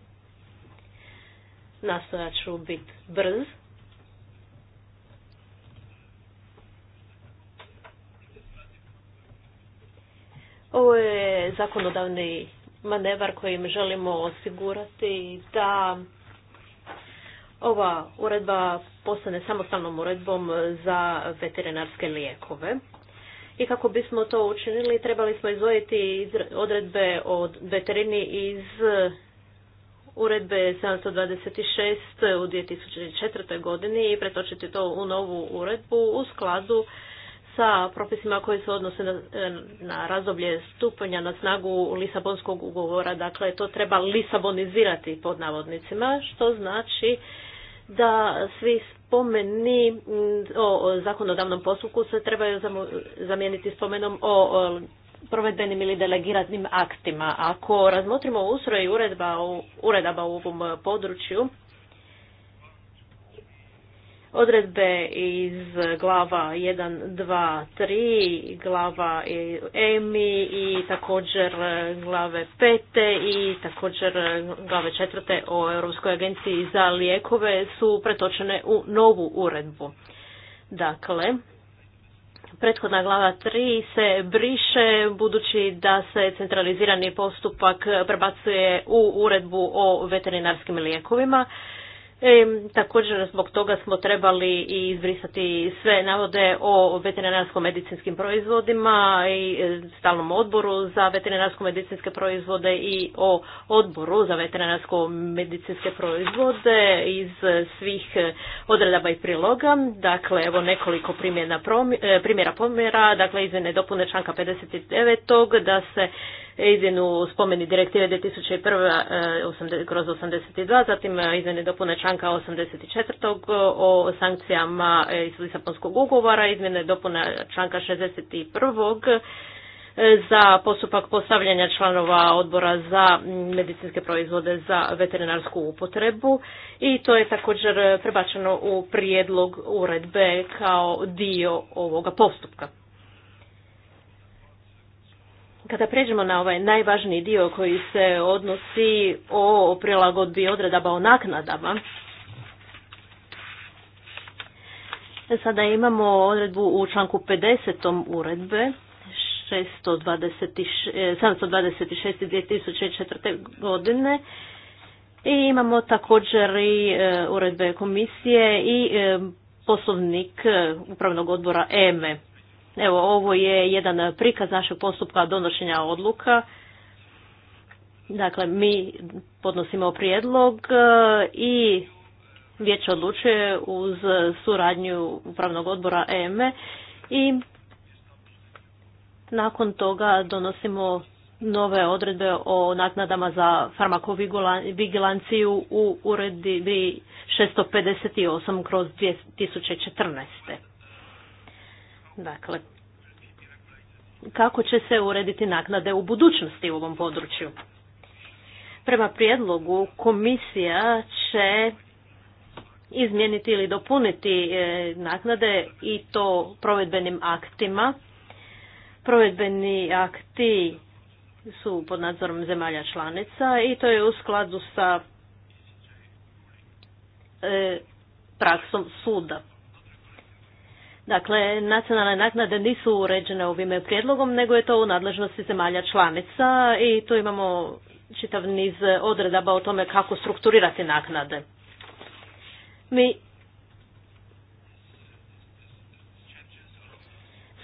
Nastojat ću biti brz. Ovo je zakonodavni manevar kojim želimo osigurati da ova uredba postane samostalnom uredbom za veterinarske lijekove i kako bismo to učinili trebali smo izvojiti odredbe od veterini iz uh, uredbe 726 u 2004. godini i pretočiti to u novu uredbu u skladu sa propisima koji se odnose na, na razdoblje stupanja na snagu Lisabonskog ugovora. Dakle, to treba lisabonizirati pod navodnicima, što znači da svi spomeni o zakonodavnom postupku se trebaju zamijeniti spomenom o provedbenim ili delegiranim aktima. Ako razmotrimo ustroj uredba, uredaba u ovom području, odredbe iz glava 1, 2, 3, glava EMI i također glave 5 i također glave 4 o Europskoj agenciji za lijekove su pretočene u novu uredbu. Dakle, prethodna glava 3 se briše budući da se centralizirani postupak prebacuje u uredbu o veterinarskim lijekovima E, također zbog toga smo trebali i izbrisati sve navode o veterinarsko-medicinskim proizvodima i e, stalnom odboru za veterinarsko-medicinske proizvode i o odboru za veterinarsko-medicinske proizvode iz svih odredaba i priloga. Dakle, evo nekoliko primjera e, primjera pomjera, dakle izmjene dopune članka 59. da se izmjenu spomeni direktive 2001 eh, kroz 82, zatim eh, izmjene dopune članka 84. Eh, o sankcijama iz Lisabonskog ugovora, izmjene dopune članka 61 za postupak postavljanja članova odbora za medicinske proizvode za veterinarsku upotrebu i to je također prebačeno u prijedlog uredbe kao dio ovoga postupka. Kada pređemo na ovaj najvažniji dio koji se odnosi o prilagodbi odredaba o naknadama, sada imamo odredbu u članku 50. uredbe 626, 726 2004. godine i imamo također i eh, uredbe komisije i eh, poslovnik eh, upravnog odbora EME. Evo, ovo je jedan prikaz našeg postupka donošenja odluka. Dakle, mi podnosimo prijedlog e, i vijeće odlučuje uz suradnju upravnog odbora EME e i nakon toga donosimo nove odredbe o naknadama za farmakovigilanciju u uredbi 658 kroz 2014. Dakle, kako će se urediti naknade u budućnosti u ovom području? Prema prijedlogu komisija će izmijeniti ili dopuniti e, naknade i to provedbenim aktima. Provedbeni akti su pod nadzorom zemalja članica i to je u skladu sa e, praksom suda. Dakle, nacionalne naknade nisu uređene ovim prijedlogom, nego je to u nadležnosti zemalja članica i tu imamo čitav niz odredaba o tome kako strukturirati naknade. Mi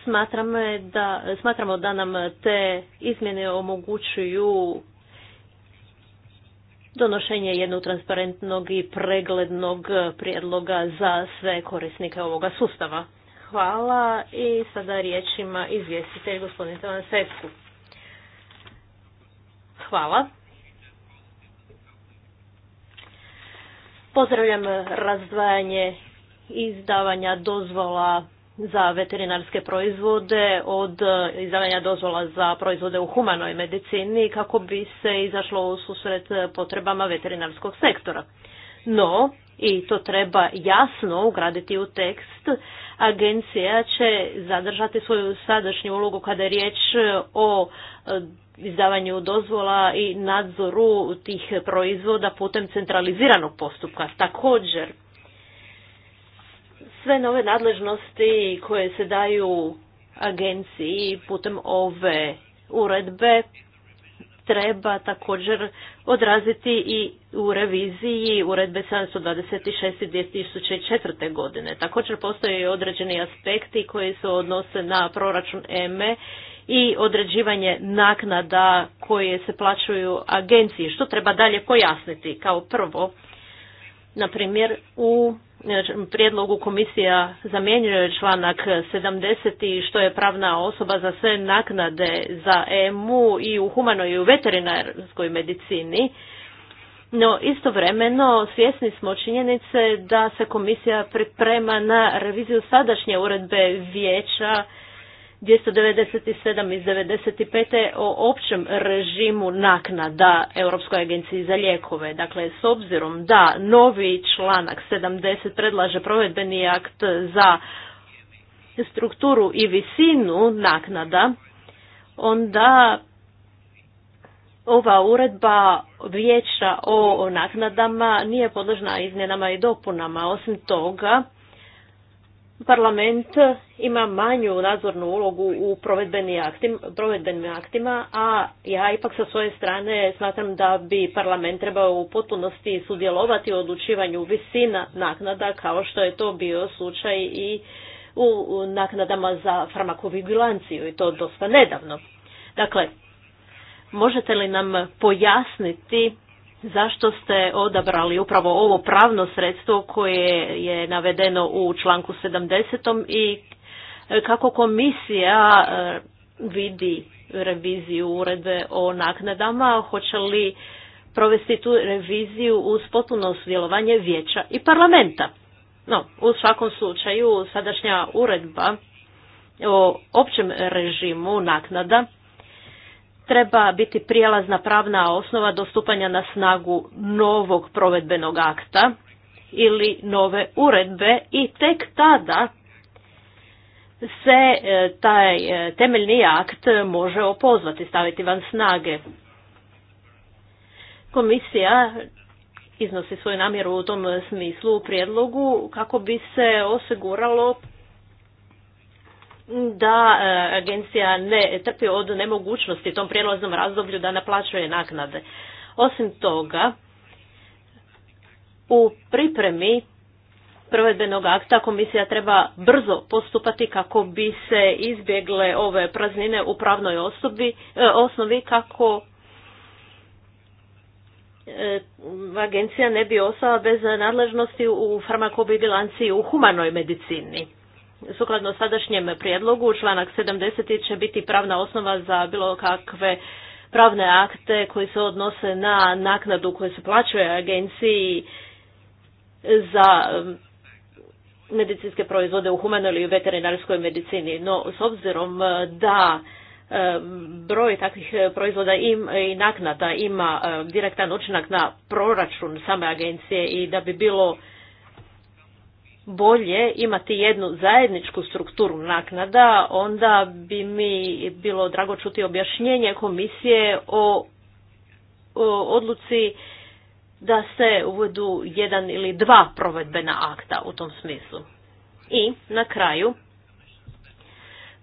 smatramo da, smatramo da nam te izmjene omogućuju donošenje jednog transparentnog i preglednog prijedloga za sve korisnike ovoga sustava. Hvala i sada ima izvjestitelj gospodin Tevan Sesku. Hvala. Pozdravljam razdvajanje izdavanja dozvola za veterinarske proizvode od izdavanja dozvola za proizvode u humanoj medicini kako bi se izašlo u susret potrebama veterinarskog sektora. No, i to treba jasno ugraditi u tekst, agencija će zadržati svoju sadašnju ulogu kada je riječ o e, izdavanju dozvola i nadzoru tih proizvoda putem centraliziranog postupka. Također, sve nove nadležnosti koje se daju agenciji putem ove uredbe treba također odraziti i u reviziji uredbe 726 2004. godine. Također postoje i određeni aspekti koji se odnose na proračun EME i određivanje naknada koje se plaćaju agenciji, što treba dalje pojasniti. Kao prvo, na primjer, u prijedlogu komisija zamjenjuje članak 70. što je pravna osoba za sve naknade za EMU i u humanoj i u veterinarskoj medicini. No istovremeno svjesni smo činjenice da se komisija priprema na reviziju sadašnje uredbe vijeća 297 iz 95. o općem režimu naknada Europskoj agenciji za lijekove. Dakle, s obzirom da novi članak 70 predlaže provedbeni akt za strukturu i visinu naknada, onda ova uredba vijeća o naknadama nije podložna izmjenama i dopunama. Osim toga, parlament ima manju nadzornu ulogu u provedbenim aktima, a ja ipak sa svoje strane smatram da bi parlament trebao u potpunosti sudjelovati u odlučivanju visina naknada kao što je to bio slučaj i u naknadama za farmakovigilanciju i to dosta nedavno. Dakle, možete li nam pojasniti Zašto ste odabrali upravo ovo pravno sredstvo koje je navedeno u članku 70. i e, kako komisija e, vidi reviziju uredbe o naknadama, hoće li provesti tu reviziju uz potpuno sudjelovanje vijeća i parlamenta. No, u svakom slučaju sadašnja uredba o općem režimu naknada treba biti prijelazna pravna osnova dostupanja na snagu novog provedbenog akta ili nove uredbe i tek tada se e, taj e, temeljni akt može opozvati, staviti van snage. Komisija iznosi svoju namjeru u tom smislu u prijedlogu kako bi se osiguralo da e, agencija ne trpi od nemogućnosti tom prijelaznom razdoblju da naplaćuje naknade. Osim toga, u pripremi provedbenog akta komisija treba brzo postupati kako bi se izbjegle ove praznine u pravnoj osobi, e, osnovi kako e, agencija ne bi ostala bez nadležnosti u farmakobilanci u humanoj medicini sukladno sadašnjem prijedlogu članak 70. će biti pravna osnova za bilo kakve pravne akte koji se odnose na naknadu koju se plaćuje agenciji za um, medicinske proizvode u humanoj ili veterinarskoj medicini. No, s obzirom uh, da um, broj takvih uh, proizvoda uh, i naknada ima direktan učinak na proračun same agencije i da bi bilo bolje imati jednu zajedničku strukturu naknada, onda bi mi bilo drago čuti objašnjenje komisije o, o odluci da se uvedu jedan ili dva provedbena akta u tom smislu. I na kraju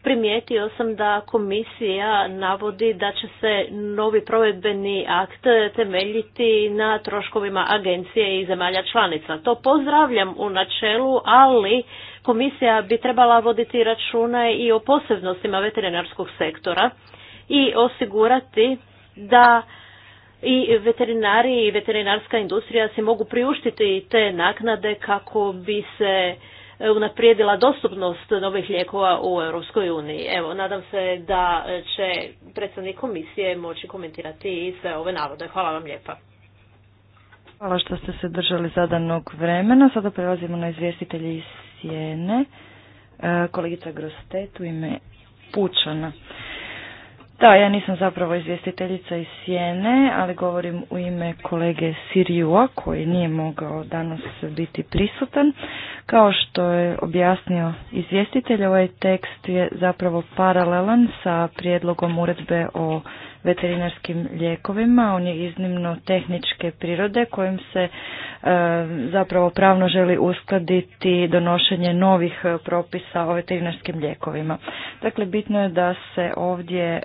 primijetio sam da komisija navodi da će se novi provedbeni akt temeljiti na troškovima agencije i zemalja članica. To pozdravljam u načelu, ali komisija bi trebala voditi računa i o posebnostima veterinarskog sektora i osigurati da i veterinari i veterinarska industrija si mogu priuštiti te naknade kako bi se E, unaprijedila dostupnost novih lijekova u Europskoj uniji. Evo, nadam se da će predstavnik komisije moći komentirati i sve ove navode. Hvala vam lijepa. Hvala što ste se držali zadanog vremena. Sada prelazimo na izvjestitelji iz Sjene. E, kolegica Grostet u ime Pučana. Da, ja nisam zapravo izvjestiteljica iz Sjene, ali govorim u ime kolege Sirijua koji nije mogao danas biti prisutan. Kao što je objasnio izvjestitelj, ovaj tekst je zapravo paralelan sa prijedlogom uredbe o veterinarskim lijekovima. On je iznimno tehničke prirode kojim se e, zapravo pravno želi uskladiti donošenje novih propisa o veterinarskim lijekovima. Dakle, bitno je da se ovdje e,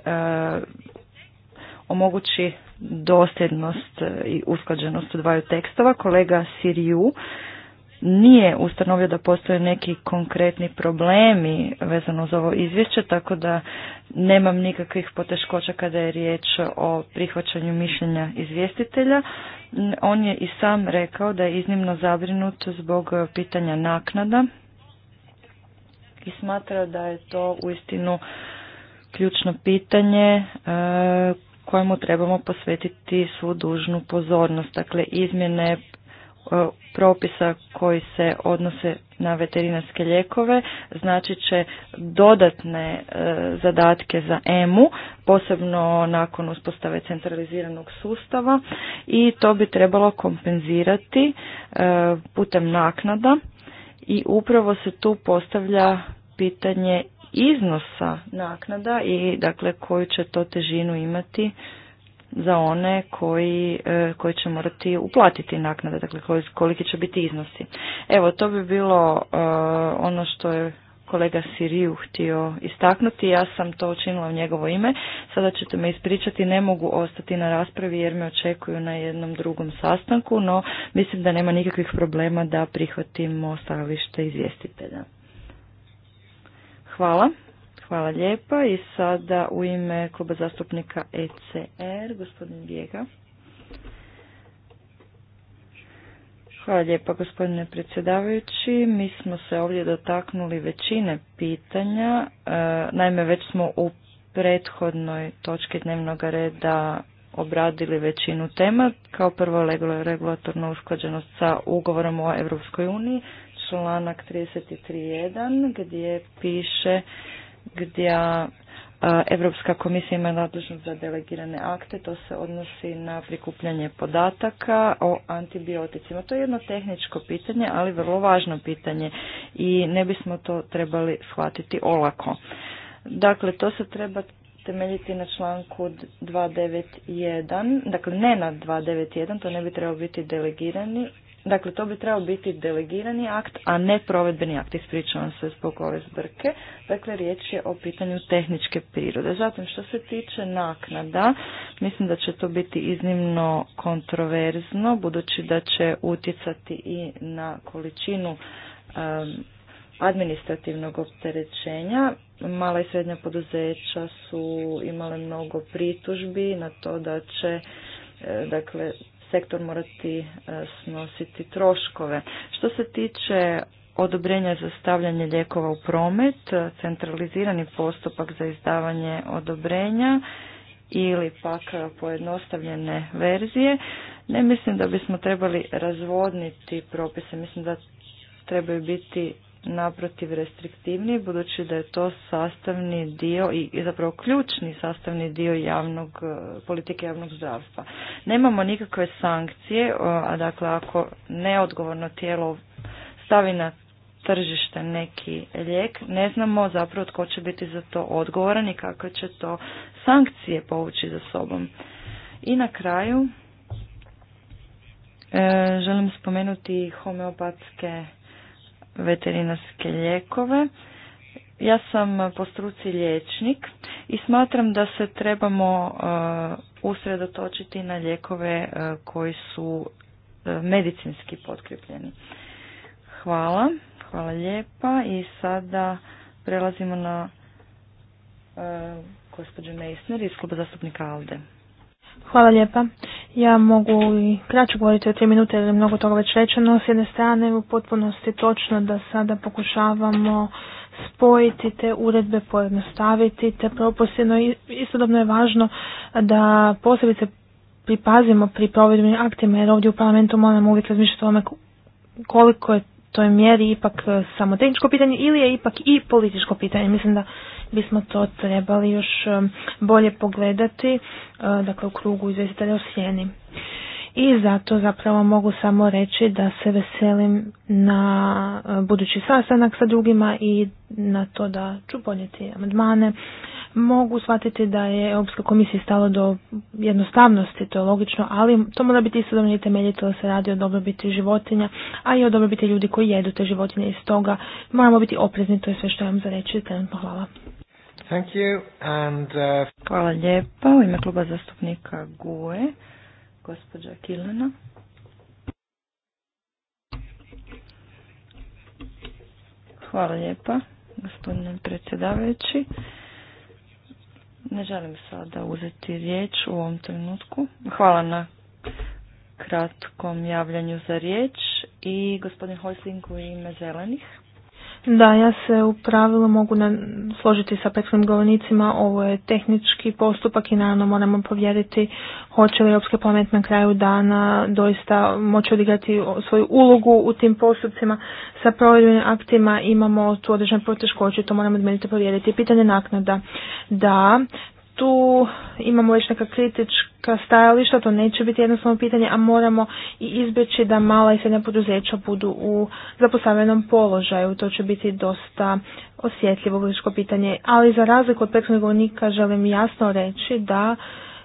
omogući dosljednost i usklađenost dvaju tekstova. Kolega Siriju nije ustanovio da postoje neki konkretni problemi vezano uz ovo izvješće, tako da nemam nikakvih poteškoća kada je riječ o prihvaćanju mišljenja izvjestitelja. On je i sam rekao da je iznimno zabrinut zbog pitanja naknada i smatra da je to uistinu ključno pitanje e, kojemu trebamo posvetiti svu dužnu pozornost. Dakle, izmjene E, propisa koji se odnose na veterinarske lijekove znači će dodatne e, zadatke za EMU, posebno nakon uspostave centraliziranog sustava i to bi trebalo kompenzirati e, putem naknada i upravo se tu postavlja pitanje iznosa naknada i dakle koju će to težinu imati za one koji, e, koji će morati uplatiti naknade, dakle koliki će biti iznosi. Evo, to bi bilo e, ono što je kolega Siriju htio istaknuti, ja sam to učinila u njegovo ime, sada ćete me ispričati, ne mogu ostati na raspravi jer me očekuju na jednom drugom sastanku, no mislim da nema nikakvih problema da prihvatimo stavište izvjestitelja. Hvala. Hvala lijepa i sada u ime kluba zastupnika ECR, gospodin Vijega. Hvala lijepa gospodine predsjedavajući. Mi smo se ovdje dotaknuli većine pitanja. E, naime, već smo u prethodnoj točki dnevnog reda obradili većinu tema. Kao prvo regulatorna usklađenost sa ugovorom o Europskoj uniji, članak 33.1 gdje piše gdje Europska komisija ima nadležnost za delegirane akte, to se odnosi na prikupljanje podataka o antibioticima. To je jedno tehničko pitanje, ali vrlo važno pitanje i ne bismo to trebali shvatiti olako. Dakle, to se treba temeljiti na članku 291, dakle ne na 291, to ne bi trebao biti delegirani Dakle, to bi trebao biti delegirani akt, a ne provedbeni akt. Ispričavam se zbog ove zbrke. Dakle, riječ je o pitanju tehničke prirode. Zatim, što se tiče naknada, mislim da će to biti iznimno kontroverzno, budući da će utjecati i na količinu administrativnog opterećenja. Mala i srednja poduzeća su imale mnogo pritužbi na to da će e, dakle sektor morati e, snositi troškove. Što se tiče odobrenja za stavljanje lijekova u promet, centralizirani postupak za izdavanje odobrenja ili pak pojednostavljene verzije, ne mislim da bismo trebali razvodniti propise, mislim da trebaju biti naprotiv restriktivniji budući da je to sastavni dio i zapravo ključni sastavni dio javnog e, politike javnog zdravstva. Nemamo nikakve sankcije, e, a dakle ako neodgovorno tijelo stavi na tržište neki lijek, ne znamo zapravo tko će biti za to odgovoran i kakve će to sankcije povući za sobom. I na kraju e, želim spomenuti homeopatske veterinarske lijekove. Ja sam po struci liječnik i smatram da se trebamo uh, usredotočiti na lijekove uh, koji su uh, medicinski potkripljeni. Hvala, hvala lijepa i sada prelazimo na gospođu Meissner iz kluba zastupnika ALDE. Hvala lijepa. Ja mogu i kraće govoriti o tri minute jer je mnogo toga već rečeno. S jedne strane u potpunosti točno da sada pokušavamo spojiti te uredbe, pojednostaviti te i Istodobno je važno da posebice pripazimo pri provedbenim aktima jer ovdje u parlamentu moramo uvijek razmišljati o tome koliko je toj mjeri ipak e, samo tehničko pitanje ili je ipak i političko pitanje. Mislim da bismo to trebali još um, bolje pogledati uh, dakle, u krugu izvjestitelja u sjeni. I zato zapravo mogu samo reći da se veselim na uh, budući sastanak sa drugima i na to da ću podnijeti amandmane. Mogu shvatiti da je Europska komisija stalo do jednostavnosti, to je logično, ali to mora biti isto i temeljito da se radi o dobrobiti životinja, a i o dobrobiti ljudi koji jedu te životinje iz toga. Moramo biti oprezni, to je sve što vam za reći. hvala. Thank you and, uh, Hvala lijepa. U ime kluba zastupnika GUE, gospođa Kilena. Hvala lijepa, gospodine predsjedavajući. Ne želim sada uzeti riječ u ovom trenutku. Hvala na kratkom javljanju za riječ i gospodin Hosinku u ime zelenih. Da, ja se u pravilu mogu na, složiti sa prethodnim govornicima. Ovo je tehnički postupak i naravno moramo povjeriti hoće li Europski parlament na kraju dana doista moći odigrati svoju ulogu u tim postupcima. Sa provedbenim aktima imamo tu određene poteškoće, to moramo odmeniti povjeriti. Pitanje naknada. Da, tu imamo već neka kritička stajališta, to neće biti jednostavno pitanje, a moramo i izbjeći da mala i srednja poduzeća budu u zapostavljenom položaju. To će biti dosta osjetljivo političko pitanje, ali za razliku od prethodnog govornika želim jasno reći da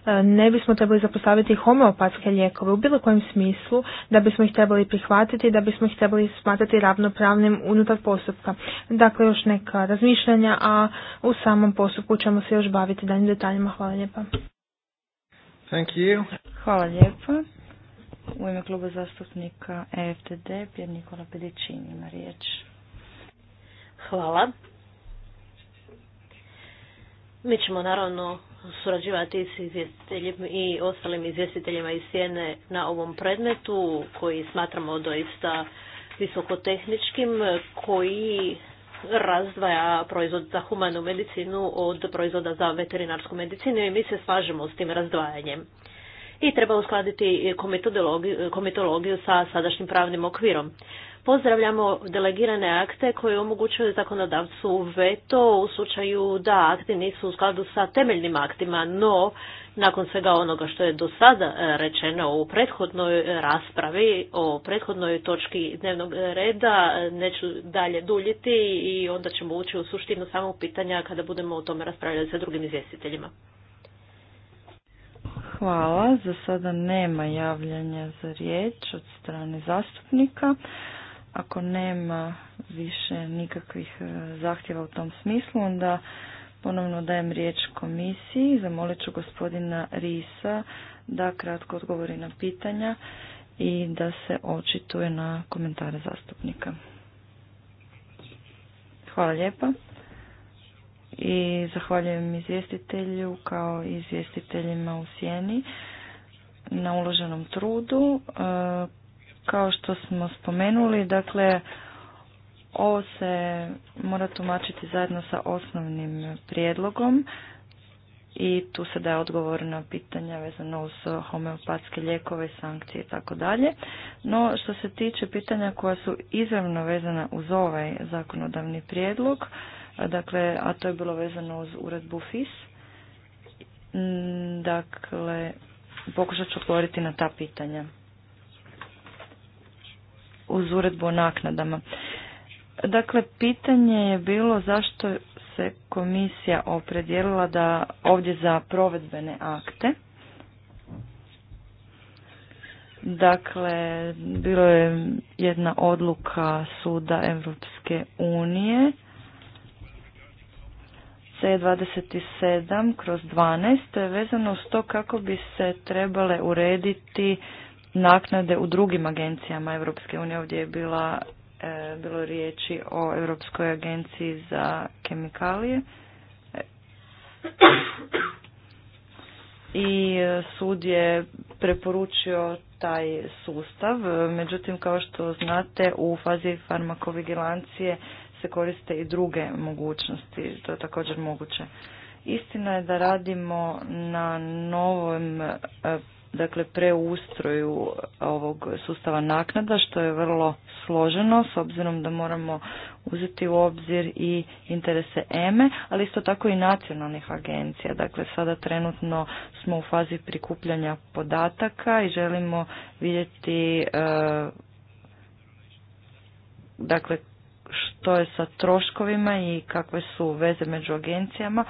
E, ne bismo trebali zapostaviti homeopatske lijekove u bilo kojem smislu, da bismo ih trebali prihvatiti, da bismo ih trebali smatrati ravnopravnim unutar postupka. Dakle, još neka razmišljanja, a u samom postupku ćemo se još baviti danim detaljima. Hvala lijepa. Thank you. Hvala lijepa. U ime kluba zastupnika EFTD, Pjer Nikola Pedićin ima riječ. Hvala. Mi ćemo naravno surađivati s izvjestiteljima i ostalim izvjestiteljima iz Sjene na ovom predmetu koji smatramo doista visokotehničkim, koji razdvaja proizvod za humanu medicinu od proizvoda za veterinarsku medicinu i mi se slažemo s tim razdvajanjem. I treba uskladiti komitologiju sa sadašnjim pravnim okvirom. Pozdravljamo delegirane akte koje omogućuju zakonodavcu veto u slučaju da akti nisu u skladu sa temeljnim aktima, no nakon svega onoga što je do sada e, rečeno u prethodnoj raspravi o prethodnoj točki dnevnog reda, e, neću dalje duljiti i onda ćemo ući u suštinu samog pitanja kada budemo o tome raspravljali sa drugim izvjestiteljima. Hvala. Za sada nema javljanja za riječ od strane zastupnika. Ako nema više nikakvih e, zahtjeva u tom smislu, onda ponovno dajem riječ komisiji. Zamolit ću gospodina Risa da kratko odgovori na pitanja i da se očituje na komentare zastupnika. Hvala lijepa i zahvaljujem izvjestitelju kao i izvjestiteljima u Sjeni na uloženom trudu e, kao što smo spomenuli, dakle, ovo se mora tumačiti zajedno sa osnovnim prijedlogom i tu se daje odgovor na pitanja vezano uz homeopatske lijekove, sankcije i tako dalje. No što se tiče pitanja koja su izravno vezana uz ovaj zakonodavni prijedlog, dakle, a to je bilo vezano uz uredbu FIS, dakle, pokušat ću odgovoriti na ta pitanja uz uredbu o naknadama. Dakle, pitanje je bilo zašto se komisija opredijelila da ovdje za provedbene akte. Dakle, bilo je jedna odluka Suda Europske unije C27 kroz 12 vezano uz to kako bi se trebale urediti naknade u drugim agencijama Europske unije. Ovdje je bila, e, bilo riječi o Europskoj agenciji za kemikalije. I e, sud je preporučio taj sustav. Međutim, kao što znate, u fazi farmakovigilancije se koriste i druge mogućnosti, to je također moguće. Istina je da radimo na novom e, dakle preustroju ovog sustava naknada što je vrlo složeno s obzirom da moramo uzeti u obzir i interese EME, e, ali isto tako i nacionalnih agencija. Dakle, sada trenutno smo u fazi prikupljanja podataka i želimo vidjeti e, dakle što je sa troškovima i kakve su veze među agencijama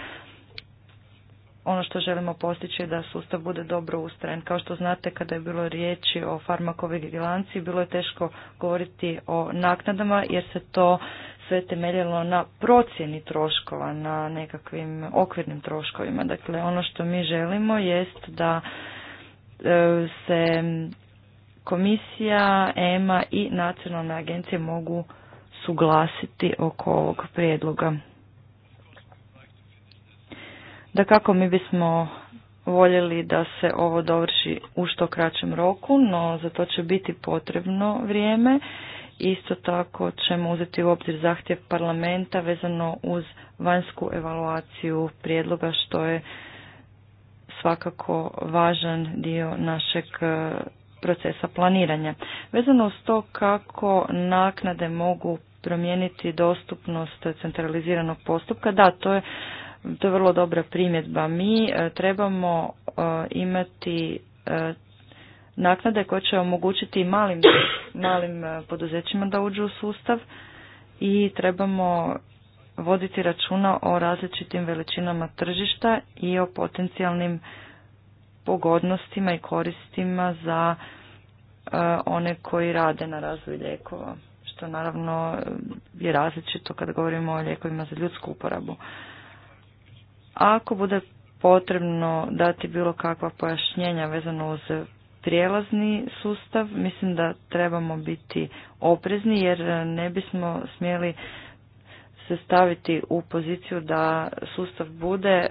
ono što želimo postići je da sustav bude dobro ustrajen. Kao što znate, kada je bilo riječi o farmakovigilanciji, bilo je teško govoriti o naknadama jer se to sve temeljilo na procjeni troškova, na nekakvim okvirnim troškovima. Dakle, ono što mi želimo jest da e, se komisija, EMA i nacionalne agencije mogu suglasiti oko ovog prijedloga. Da kako mi bismo voljeli da se ovo dovrši u što kraćem roku, no za to će biti potrebno vrijeme. Isto tako ćemo uzeti u obzir zahtjev parlamenta vezano uz vanjsku evaluaciju prijedloga što je svakako važan dio našeg e, procesa planiranja. Vezano s to kako naknade mogu promijeniti dostupnost centraliziranog postupka, da, to je to je vrlo dobra primjedba. Mi e, trebamo e, imati e, naknade koje će omogućiti malim, malim poduzećima da uđu u sustav i trebamo voditi računa o različitim veličinama tržišta i o potencijalnim pogodnostima i koristima za one koji rade na razvoju lijekova, što naravno je različito kad govorimo o lijekovima za ljudsku uporabu. Ako bude potrebno dati bilo kakva pojašnjenja vezano uz prijelazni sustav, mislim da trebamo biti oprezni jer ne bismo smjeli se staviti u poziciju da sustav bude e,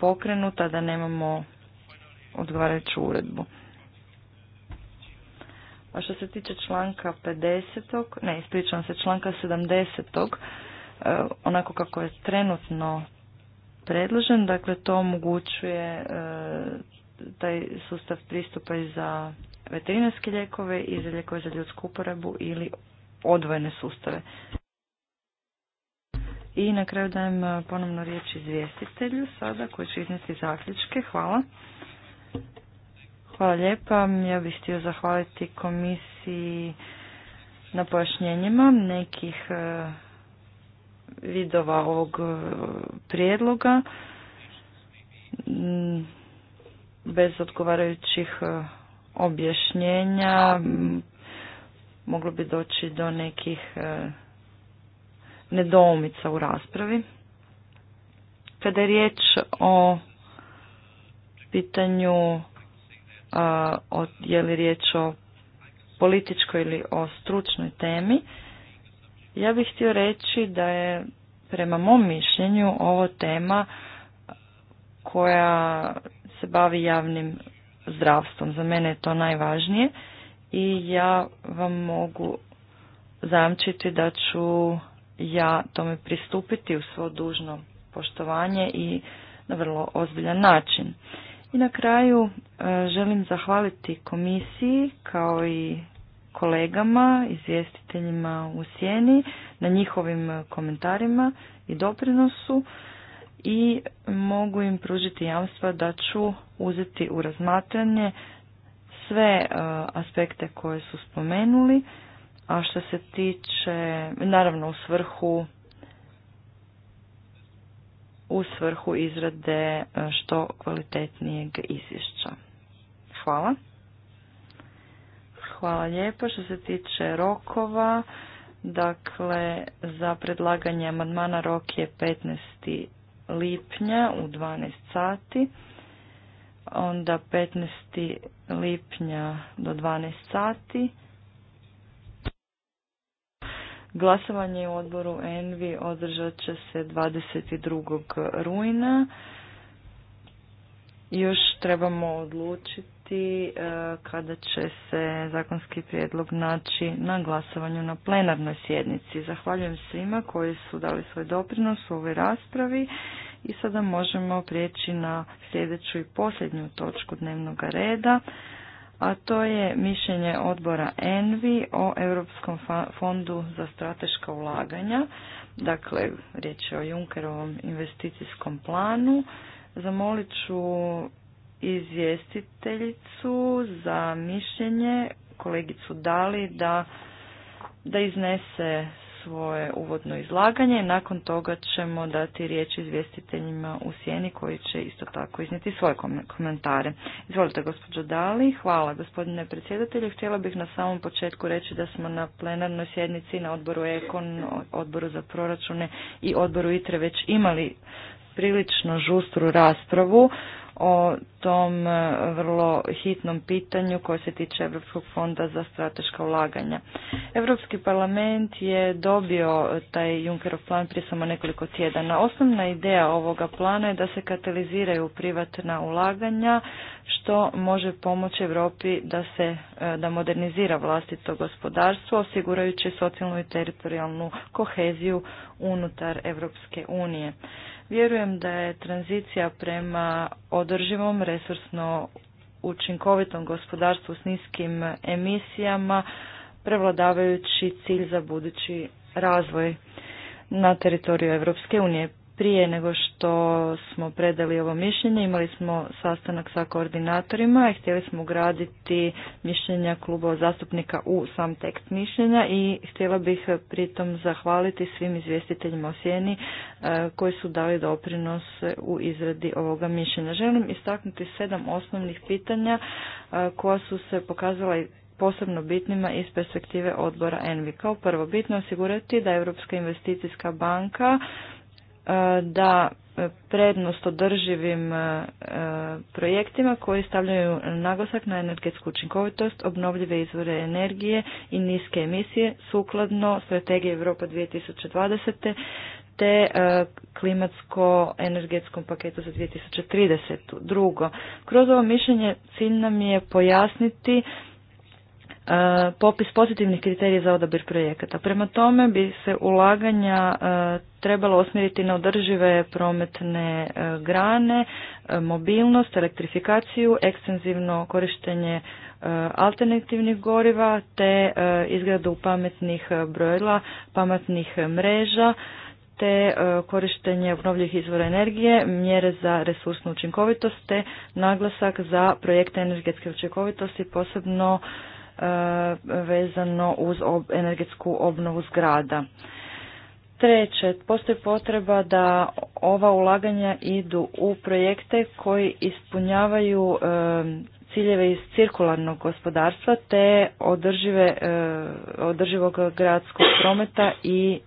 pokrenut, a da nemamo odgovarajuću uredbu. A što se tiče članka 50. ne, ispričavam se, članka 70. E, onako kako je trenutno predložen, dakle to omogućuje e, taj sustav pristupa i za veterinarske lijekove i za lijekove za ljudsku uporabu ili odvojene sustave. I na kraju dajem e, ponovno riječ izvjestitelju sada koji će iznesti zaključke. Hvala. Hvala lijepa. Ja bih htio zahvaliti komisiji na pojašnjenjima nekih e, vidova ovog e, prijedloga mm, bez odgovarajućih e, objašnjenja moglo bi doći do nekih e, nedoumica u raspravi. Kada je riječ o pitanju je li riječ o političkoj ili o stručnoj temi, ja bih htio reći da je prema mom mišljenju ovo tema koja se bavi javnim zdravstvom. Za mene je to najvažnije i ja vam mogu zamčiti da ću ja tome pristupiti u svo dužno poštovanje i na vrlo ozbiljan način. I na kraju e, želim zahvaliti komisiji kao i kolegama, izvjestiteljima u sjeni, na njihovim komentarima i doprinosu i mogu im pružiti jamstva da ću uzeti u razmatranje sve e, aspekte koje su spomenuli, a što se tiče, naravno u svrhu u svrhu izrade e, što kvalitetnijeg izvješća. Hvala. Hvala lijepo. Što se tiče rokova, dakle za predlaganje amandmana rok je 15. lipnja u 12 sati. Onda 15. lipnja do 12 sati. Glasovanje u odboru Envi održat će se 22. rujna. Još trebamo odlučiti E, kada će se zakonski prijedlog naći na glasovanju na plenarnoj sjednici. Zahvaljujem svima koji su dali svoj doprinos u ovoj raspravi i sada možemo prijeći na sljedeću i posljednju točku dnevnog reda, a to je mišljenje odbora ENVI o Europskom fondu za strateška ulaganja. Dakle, riječ je o Junkerovom investicijskom planu. Zamolit ću izvjestiteljicu za mišljenje, kolegicu Dali, da, da iznese svoje uvodno izlaganje. Nakon toga ćemo dati riječ izvjestiteljima u sjeni koji će isto tako iznijeti svoje komentare. Izvolite gospođo Dali. Hvala gospodine predsjedatelju. Htjela bih na samom početku reći da smo na plenarnoj sjednici na odboru Ekon, odboru za proračune i odboru ITRE već imali prilično žustru raspravu o tom e, vrlo hitnom pitanju koje se tiče Europskog fonda za strateška ulaganja. Europski parlament je dobio taj Junckerov plan prije samo nekoliko tjedana. Osnovna ideja ovoga plana je da se kataliziraju privatna ulaganja što može pomoći Europi da se e, da modernizira vlastito gospodarstvo osigurajući socijalnu i teritorijalnu koheziju unutar Europske unije. Vjerujem da je tranzicija prema održivom, resursno učinkovitom gospodarstvu s niskim emisijama prevladavajući cilj za budući razvoj na teritoriju Europske unije prije nego što smo predali ovo mišljenje, imali smo sastanak sa koordinatorima i htjeli smo ugraditi mišljenja kluba zastupnika u sam tekst mišljenja i htjela bih pritom zahvaliti svim izvjestiteljima o sjeni e, koji su dali doprinos u izradi ovoga mišljenja. Želim istaknuti sedam osnovnih pitanja e, koja su se pokazala posebno bitnima iz perspektive odbora ENVI. prvo, bitno je osigurati da Europska investicijska banka E, da prednost održivim e, projektima koji stavljaju naglasak na energetsku učinkovitost, obnovljive izvore energije i niske emisije sukladno strategiji Europa 2020 te e, klimatsko-energetskom paketu za 2030. Drugo, kroz ovo mišljenje cilj nam je pojasniti E, popis pozitivnih kriterija za odabir projekata. Prema tome bi se ulaganja e, trebalo usmjeriti na održive prometne e, grane, mobilnost, elektrifikaciju, ekstenzivno korištenje alternativnih goriva te izgradu pametnih brojila, pametnih mreža te korištenje obnovljivih izvora energije, mjere za resursnu učinkovitost te naglasak za projekte energetske učinkovitosti, posebno E, vezano uz energetsku obnovu zgrada. Treće, postoji potreba da ova ulaganja idu u projekte koji ispunjavaju e, ciljeve iz cirkularnog gospodarstva te održive, e, održivog gradskog prometa i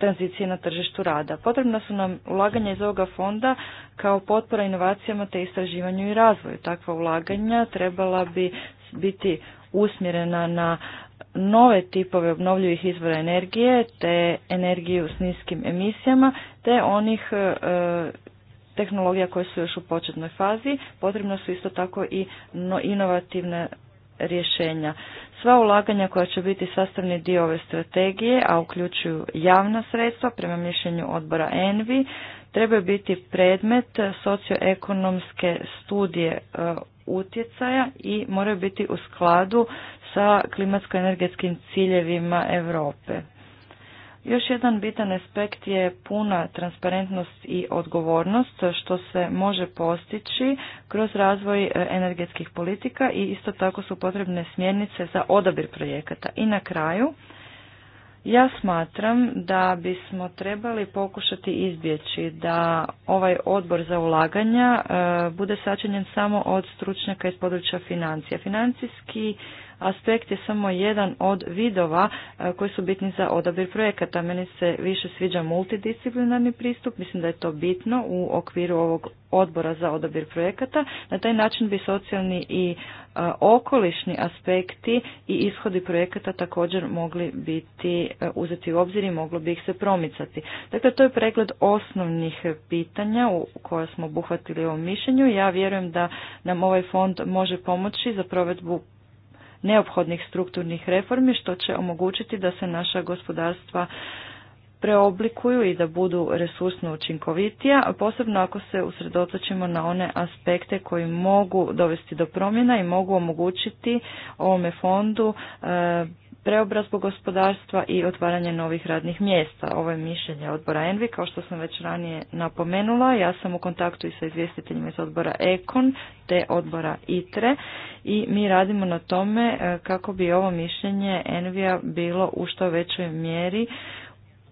tranzicije na tržištu rada. Potrebna su nam ulaganja iz ovoga fonda kao potpora inovacijama te istraživanju i razvoju. Takva ulaganja trebala bi biti usmjerena na nove tipove obnovljivih izvora energije, te energiju s niskim emisijama, te onih e, tehnologija koje su još u početnoj fazi. Potrebno su isto tako i no, inovativne rješenja. Sva ulaganja koja će biti sastavni dio ove strategije, a uključuju javna sredstva prema mišljenju odbora ENVI, trebaju biti predmet socioekonomske studije e, utjecaja i moraju biti u skladu sa klimatsko-energetskim ciljevima Europe. Još jedan bitan aspekt je puna transparentnost i odgovornost što se može postići kroz razvoj e, energetskih politika i isto tako su potrebne smjernice za odabir projekata. I na kraju, ja smatram da bismo trebali pokušati izbjeći da ovaj odbor za ulaganja e, bude sačinjen samo od stručnjaka iz područja financija. Financijski aspekt je samo jedan od vidova e, koji su bitni za odabir projekata. Meni se više sviđa multidisciplinarni pristup, mislim da je to bitno u okviru ovog odbora za odabir projekata. Na taj način bi socijalni i e, okolišni aspekti i ishodi projekata također mogli biti e, uzeti u obzir i moglo bi ih se promicati. Dakle, to je pregled osnovnih pitanja u koja smo obuhvatili u ovom mišljenju. Ja vjerujem da nam ovaj fond može pomoći za provedbu neophodnih strukturnih reformi što će omogućiti da se naša gospodarstva preoblikuju i da budu resursno učinkovitija, posebno ako se usredotočimo na one aspekte koji mogu dovesti do promjena i mogu omogućiti ovome fondu e, preobrazbu gospodarstva i otvaranje novih radnih mjesta. Ovo je mišljenje odbora Envi, kao što sam već ranije napomenula. Ja sam u kontaktu i sa izvjestiteljima iz odbora Ekon te odbora ITRE i mi radimo na tome e, kako bi ovo mišljenje Envija bilo u što većoj mjeri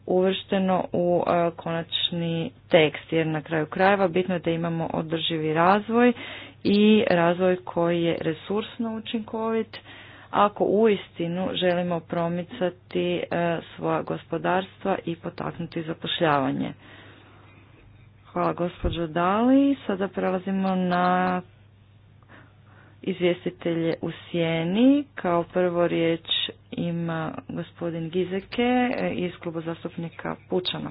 uvršteno u e, konačni tekst, jer na kraju krajeva bitno je da imamo održivi razvoj i razvoj koji je resursno učinkovit, ako uistinu želimo promicati e, svoja gospodarstva i potaknuti zapošljavanje. Hvala gospođo Dali. Sada prelazimo na izvjestitelje u sjeni. Kao prvo riječ ima gospodin Gizeke e, iz kluba zastupnika Pučana.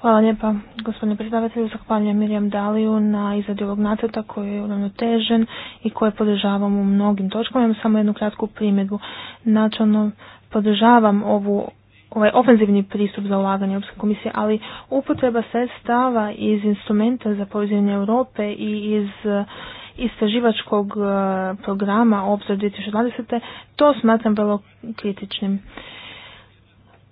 Hvala lijepa, gospodine predsjedavatelju. Zahvaljujem Mirjam Daliju na izradi ovog nacrta koji je uravnotežen i koje podržavam u mnogim točkama. Imam samo jednu kratku primjedbu. Načalno podržavam ovu ovaj ofenzivni pristup za ulaganje Europske komisije, ali upotreba sredstava iz instrumenta za povezivanje Europe i iz eh, istraživačkog eh, programa Obzor 2020. to smatram vrlo kritičnim.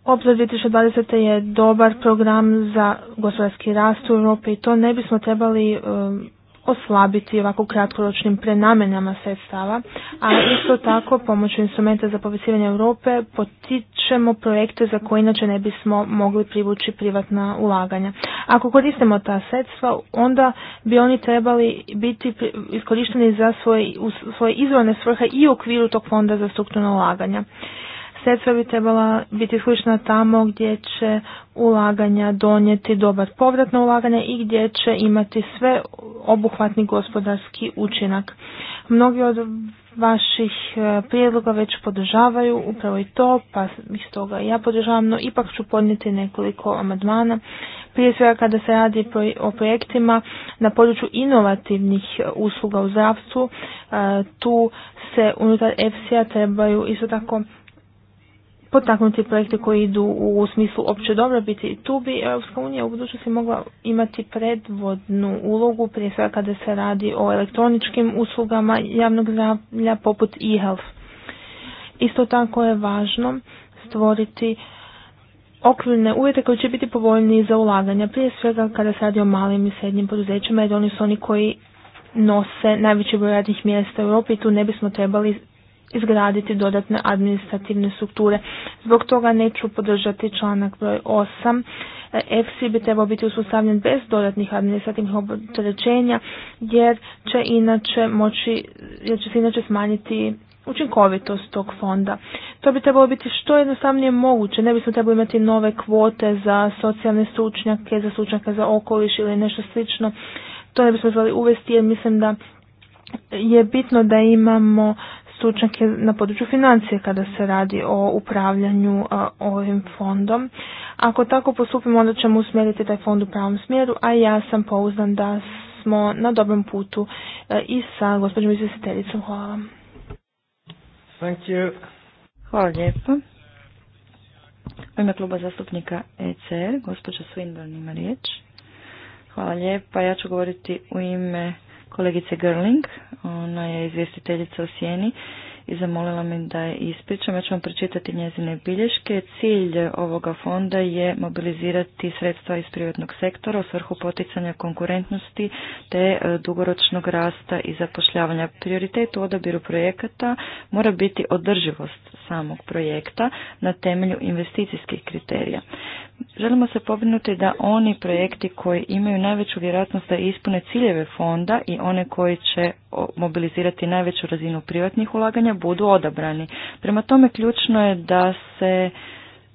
Obzor 2020. je dobar program za gospodarski rast u Europi i to ne bismo trebali um, oslabiti ovako kratkoročnim prenamenama sredstava, a isto tako pomoću instrumenta za povisivanje Europe potičemo projekte za koje inače ne bismo mogli privući privatna ulaganja. Ako koristimo ta sredstva, onda bi oni trebali biti iskorišteni za svoje, izvorne svrhe i u okviru tog fonda za strukturno ulaganja sredstva bi trebala biti isključena tamo gdje će ulaganja donijeti dobar povrat ulaganja ulaganje i gdje će imati sve obuhvatni gospodarski učinak. Mnogi od vaših e, prijedloga već podržavaju upravo i to, pa iz toga ja podržavam, no ipak ću podnijeti nekoliko amandmana. Prije svega kada se radi o projektima na području inovativnih e, usluga u zdravstvu, e, tu se unutar EFSI-a trebaju isto tako potaknuti projekte koji idu u smislu opće dobrobiti. tu bi Europska unija u budućnosti mogla imati predvodnu ulogu, prije svega kada se radi o elektroničkim uslugama javnog zdravlja poput e-health. Isto tako je važno stvoriti okvirne uvjete koji će biti povoljni za ulaganja, prije svega kada se radi o malim i srednjim poduzećima, jer oni su oni koji nose najveći broj radnih mjesta u Europi i tu ne bismo trebali izgraditi dodatne administrativne strukture. Zbog toga neću podržati članak broj 8. EFSI bi trebao biti uspostavljen bez dodatnih administrativnih opterećenja jer će inače moći, jer će se inače smanjiti učinkovitost tog fonda. To bi trebalo biti što jednostavnije moguće. Ne bismo trebali imati nove kvote za socijalne stručnjake, za stručnjake za okoliš ili nešto slično. To ne bismo zvali uvesti jer mislim da je bitno da imamo stručnjake na području financije kada se radi o upravljanju ovim fondom. Ako tako postupimo onda ćemo usmjeriti taj fond u pravom smjeru, a ja sam pouzdan da smo na dobrom putu i sa gospođom izvjestiteljicom. Hvala Hvala lijepo. U ime kluba zastupnika ECR, gospođa Swindon ima riječ. Hvala lijepa, ja ću govoriti u ime kolegice Gerling, ona je izvjestiteljica u Sjeni i zamolila me da je ispričam. Ja ću vam pročitati njezine bilješke. Cilj ovoga fonda je mobilizirati sredstva iz privatnog sektora u svrhu poticanja konkurentnosti te e, dugoročnog rasta i zapošljavanja. Prioritet u odabiru projekata mora biti održivost samog projekta na temelju investicijskih kriterija. Želimo se pobrinuti da oni projekti koji imaju najveću vjerojatnost da ispune ciljeve fonda i one koji će mobilizirati najveću razinu privatnih ulaganja budu odabrani. Prema tome ključno je da se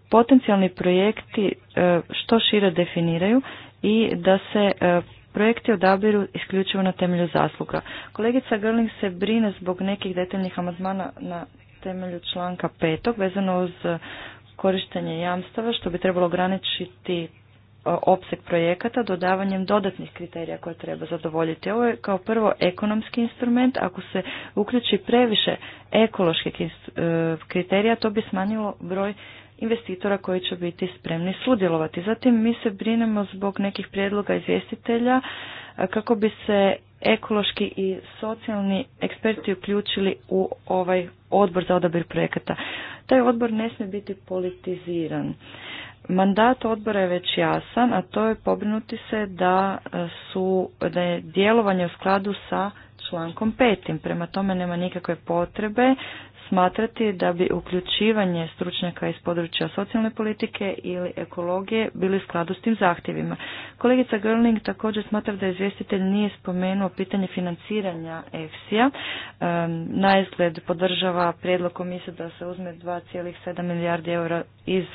potencijalni projekti e, što šire definiraju i da se e, projekti odabiru isključivo na temelju zasluga. Kolegica Grling se brine zbog nekih detaljnih amandmana na temelju članka petog vezano uz korištenje jamstava što bi trebalo ograničiti opseg projekata dodavanjem dodatnih kriterija koje treba zadovoljiti. Ovo je kao prvo ekonomski instrument, ako se uključi previše ekoloških e, kriterija, to bi smanjilo broj investitora koji će biti spremni sudjelovati. Zatim mi se brinemo zbog nekih prijedloga izvjestitelja e, kako bi se ekološki i socijalni eksperti uključili u ovaj odbor za odabir projekata. Taj odbor ne smije biti politiziran. Mandat odbora je već jasan, a to je pobrinuti se da, e, su, da je djelovanje u skladu sa člankom petim. Prema tome nema nikakve potrebe smatrati da bi uključivanje stručnjaka iz područja socijalne politike ili ekologije bili u skladu s tim zahtjevima. Kolegica Grling također smatra da izvjestitelj nije spomenuo pitanje financiranja EFSI-a. Na izgled podržava prijedlog komisije da se uzme 2,7 milijardi eura iz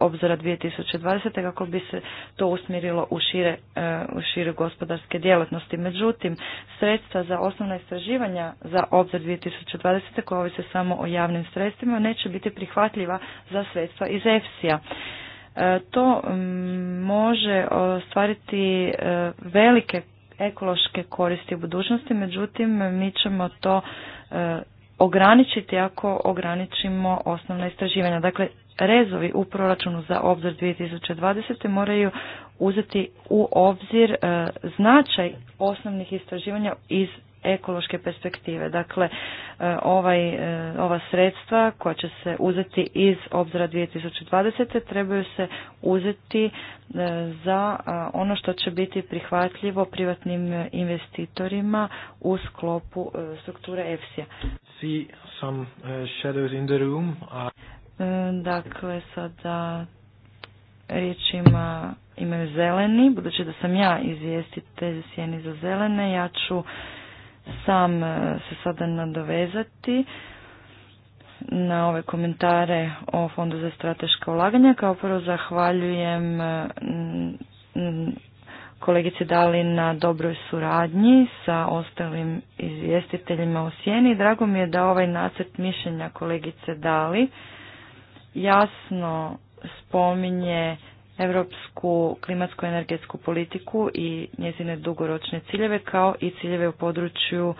obzora 2020. kako bi se to usmjerilo u šire, e, u šire gospodarske djelatnosti. Međutim, sredstva za osnovna istraživanja za obzor 2020. koja ovise samo o javnim sredstvima neće biti prihvatljiva za sredstva iz EFSI-a. E, to mm, može ostvariti e, e, velike ekološke koristi u budućnosti, međutim mi ćemo to ograničiti ako ograničimo osnovna istraživanja. Dakle, rezovi u proračunu za obzir 2020. moraju uzeti u obzir značaj osnovnih istraživanja iz ekološke perspektive. Dakle, e, ovaj, e, ova sredstva koja će se uzeti iz obzira 2020. trebaju se uzeti e, za ono što će biti prihvatljivo privatnim investitorima u sklopu strukture EFSI-a. Dakle, sada ima imaju zeleni, budući da sam ja izvijestitelj sjeni za zelene, ja ću sam e, se sada nadovezati na ove komentare o Fondu za strateška ulaganja. Kao prvo zahvaljujem e, kolegici Dali na dobroj suradnji sa ostalim izvjestiteljima u Sjeni. Drago mi je da ovaj nacrt mišljenja kolegice Dali jasno spominje europsku klimatsko energetsku politiku i njezine dugoročne ciljeve kao i ciljeve u području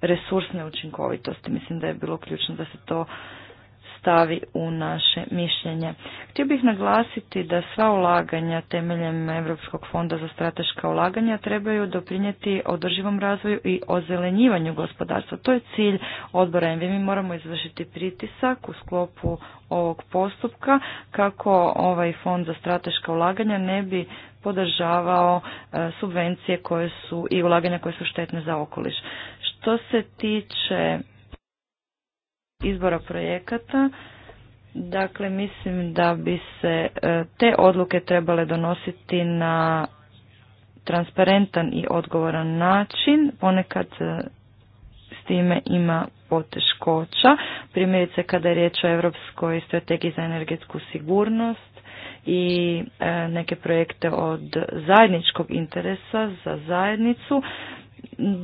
resursne učinkovitosti. Mislim da je bilo ključno da se to stavi u naše mišljenje. Htio bih naglasiti da sva ulaganja temeljem Europskog fonda za strateška ulaganja trebaju doprinijeti održivom razvoju i ozelenjivanju gospodarstva. To je cilj odbora MV. Mi moramo izvršiti pritisak u sklopu ovog postupka kako ovaj fond za strateška ulaganja ne bi podržavao e, subvencije koje su i ulaganja koje su štetne za okoliš. Što se tiče izbora projekata. Dakle, mislim da bi se e, te odluke trebale donositi na transparentan i odgovoran način. Ponekad e, s time ima poteškoća. Primjerice kada je riječ o Europskoj strategiji za energetsku sigurnost, i e, neke projekte od zajedničkog interesa za zajednicu.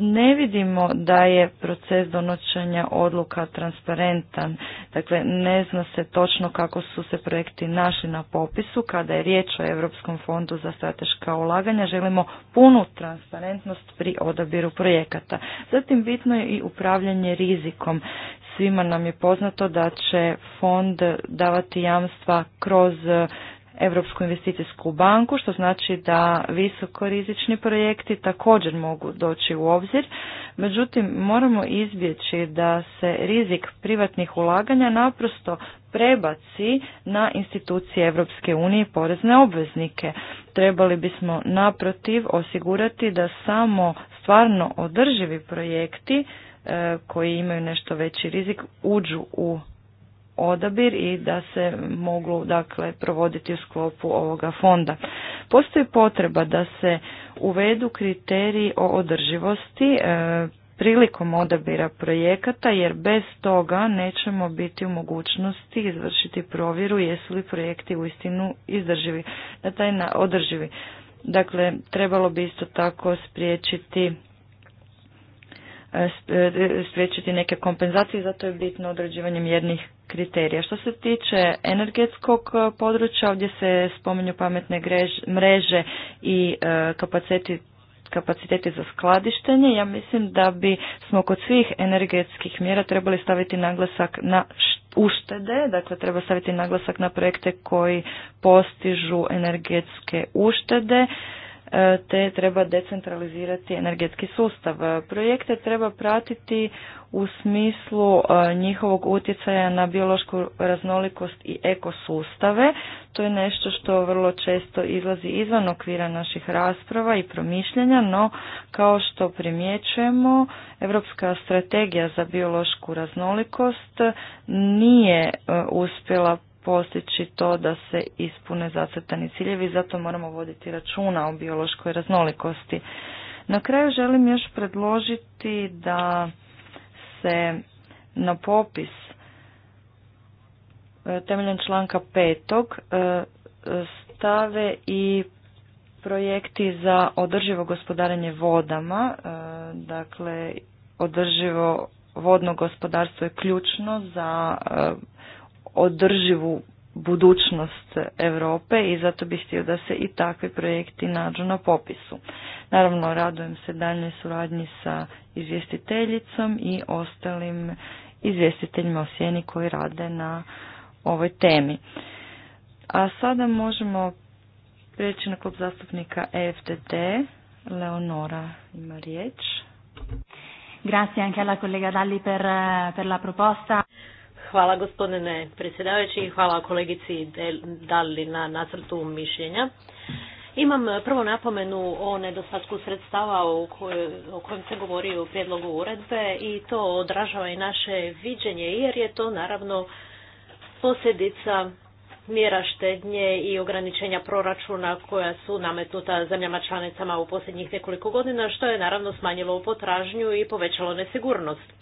Ne vidimo da je proces donošenja odluka transparentan, dakle ne zna se točno kako su se projekti našli na popisu. Kada je riječ o Europskom fondu za strateška ulaganja, želimo punu transparentnost pri odabiru projekata. Zatim bitno je i upravljanje rizikom. Svima nam je poznato da će fond davati jamstva kroz Europsku investicijsku banku, što znači da visokorizični projekti također mogu doći u obzir. Međutim, moramo izbjeći da se rizik privatnih ulaganja naprosto prebaci na institucije Europske unije i porezne obveznike. Trebali bismo naprotiv osigurati da samo stvarno održivi projekti e, koji imaju nešto veći rizik uđu u odabir i da se mogu dakle provoditi u sklopu ovoga fonda. Postoji potreba da se uvedu kriteriji o održivosti e, prilikom odabira projekata jer bez toga nećemo biti u mogućnosti izvršiti provjeru jesu li projekti uistinu izdrživi, na taj na, održivi. Dakle, trebalo bi isto tako spriječiti spriječiti neke kompenzacije, zato je bitno određivanjem jednih kriterija. Što se tiče energetskog e, područja, ovdje se spominju pametne mreže i e, kapaciteti kapaciteti za skladištenje. Ja mislim da bi smo kod svih energetskih mjera trebali staviti naglasak na uštede, dakle treba staviti naglasak na projekte koji postižu energetske uštede E, te treba decentralizirati energetski sustav. E, projekte treba pratiti u smislu e, njihovog utjecaja na biološku raznolikost i ekosustave. To je nešto što vrlo često izlazi izvan okvira naših rasprava i promišljanja, no kao što primjećujemo, Europska strategija za biološku raznolikost nije uspjela postići to da se ispune zacrtani ciljevi, zato moramo voditi računa o biološkoj raznolikosti. Na kraju želim još predložiti da se na popis e, temeljem članka petog e, stave i projekti za održivo gospodarenje vodama, e, dakle održivo vodno gospodarstvo je ključno za održivu budućnost Europe i zato bih htio da se i takvi projekti nađu na popisu. Naravno, radujem se daljnjoj suradnji sa izvjestiteljicom i ostalim izvjestiteljima o sjeni koji rade na ovoj temi. A sada možemo prijeći na klub zastupnika EFTT. Leonora ima riječ. Grazie anche alla collega Dalli per, eh, per la proposta. Hvala gospodine predsjedavajući i hvala kolegici Dali na nacrtu mišljenja. Imam prvo napomenu o nedostatku sredstava o kojem se govori u prijedlogu uredbe i to odražava i naše viđenje jer je to naravno posljedica mjera štednje i ograničenja proračuna koja su nametnuta zemljama članicama u posljednjih nekoliko godina što je naravno smanjilo potražnju i povećalo nesigurnost.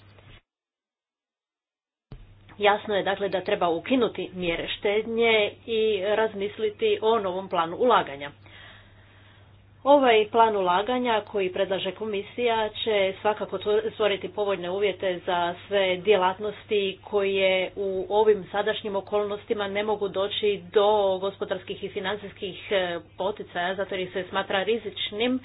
Jasno je dakle da treba ukinuti mjere štednje i razmisliti o novom planu ulaganja. Ovaj plan ulaganja koji predlaže komisija će svakako stvoriti povoljne uvjete za sve djelatnosti koje u ovim sadašnjim okolnostima ne mogu doći do gospodarskih i financijskih e, poticaja zato jer se smatra rizičnim,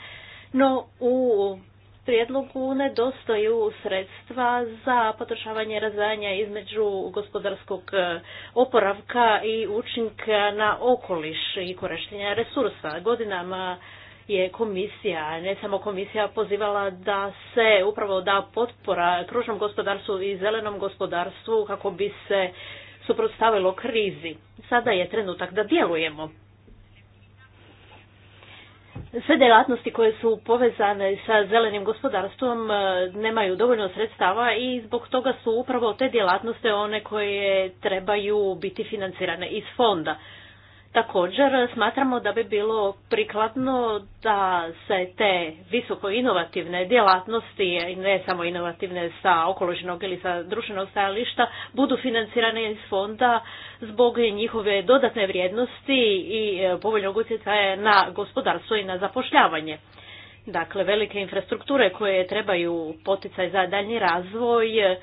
no u prijedlogu nedostaju sredstva za potrošavanje razvajanja između gospodarskog e, oporavka i učinka na okoliš i korištenja resursa. Godinama je komisija, ne samo komisija, pozivala da se upravo da potpora kružnom gospodarstvu i zelenom gospodarstvu kako bi se suprotstavilo krizi. Sada je trenutak da djelujemo sve djelatnosti koje su povezane sa zelenim gospodarstvom e, nemaju dovoljno sredstava i zbog toga su upravo te djelatnosti one koje trebaju biti financirane iz fonda. Također smatramo da bi bilo prikladno da se te visoko inovativne djelatnosti, ne samo inovativne sa okolišnog ili sa društvenog stajališta, budu financirane iz fonda zbog njihove dodatne vrijednosti i e, povoljnog utjecaja na gospodarstvo i na zapošljavanje. Dakle, velike infrastrukture koje trebaju poticaj za daljnji razvoj, e,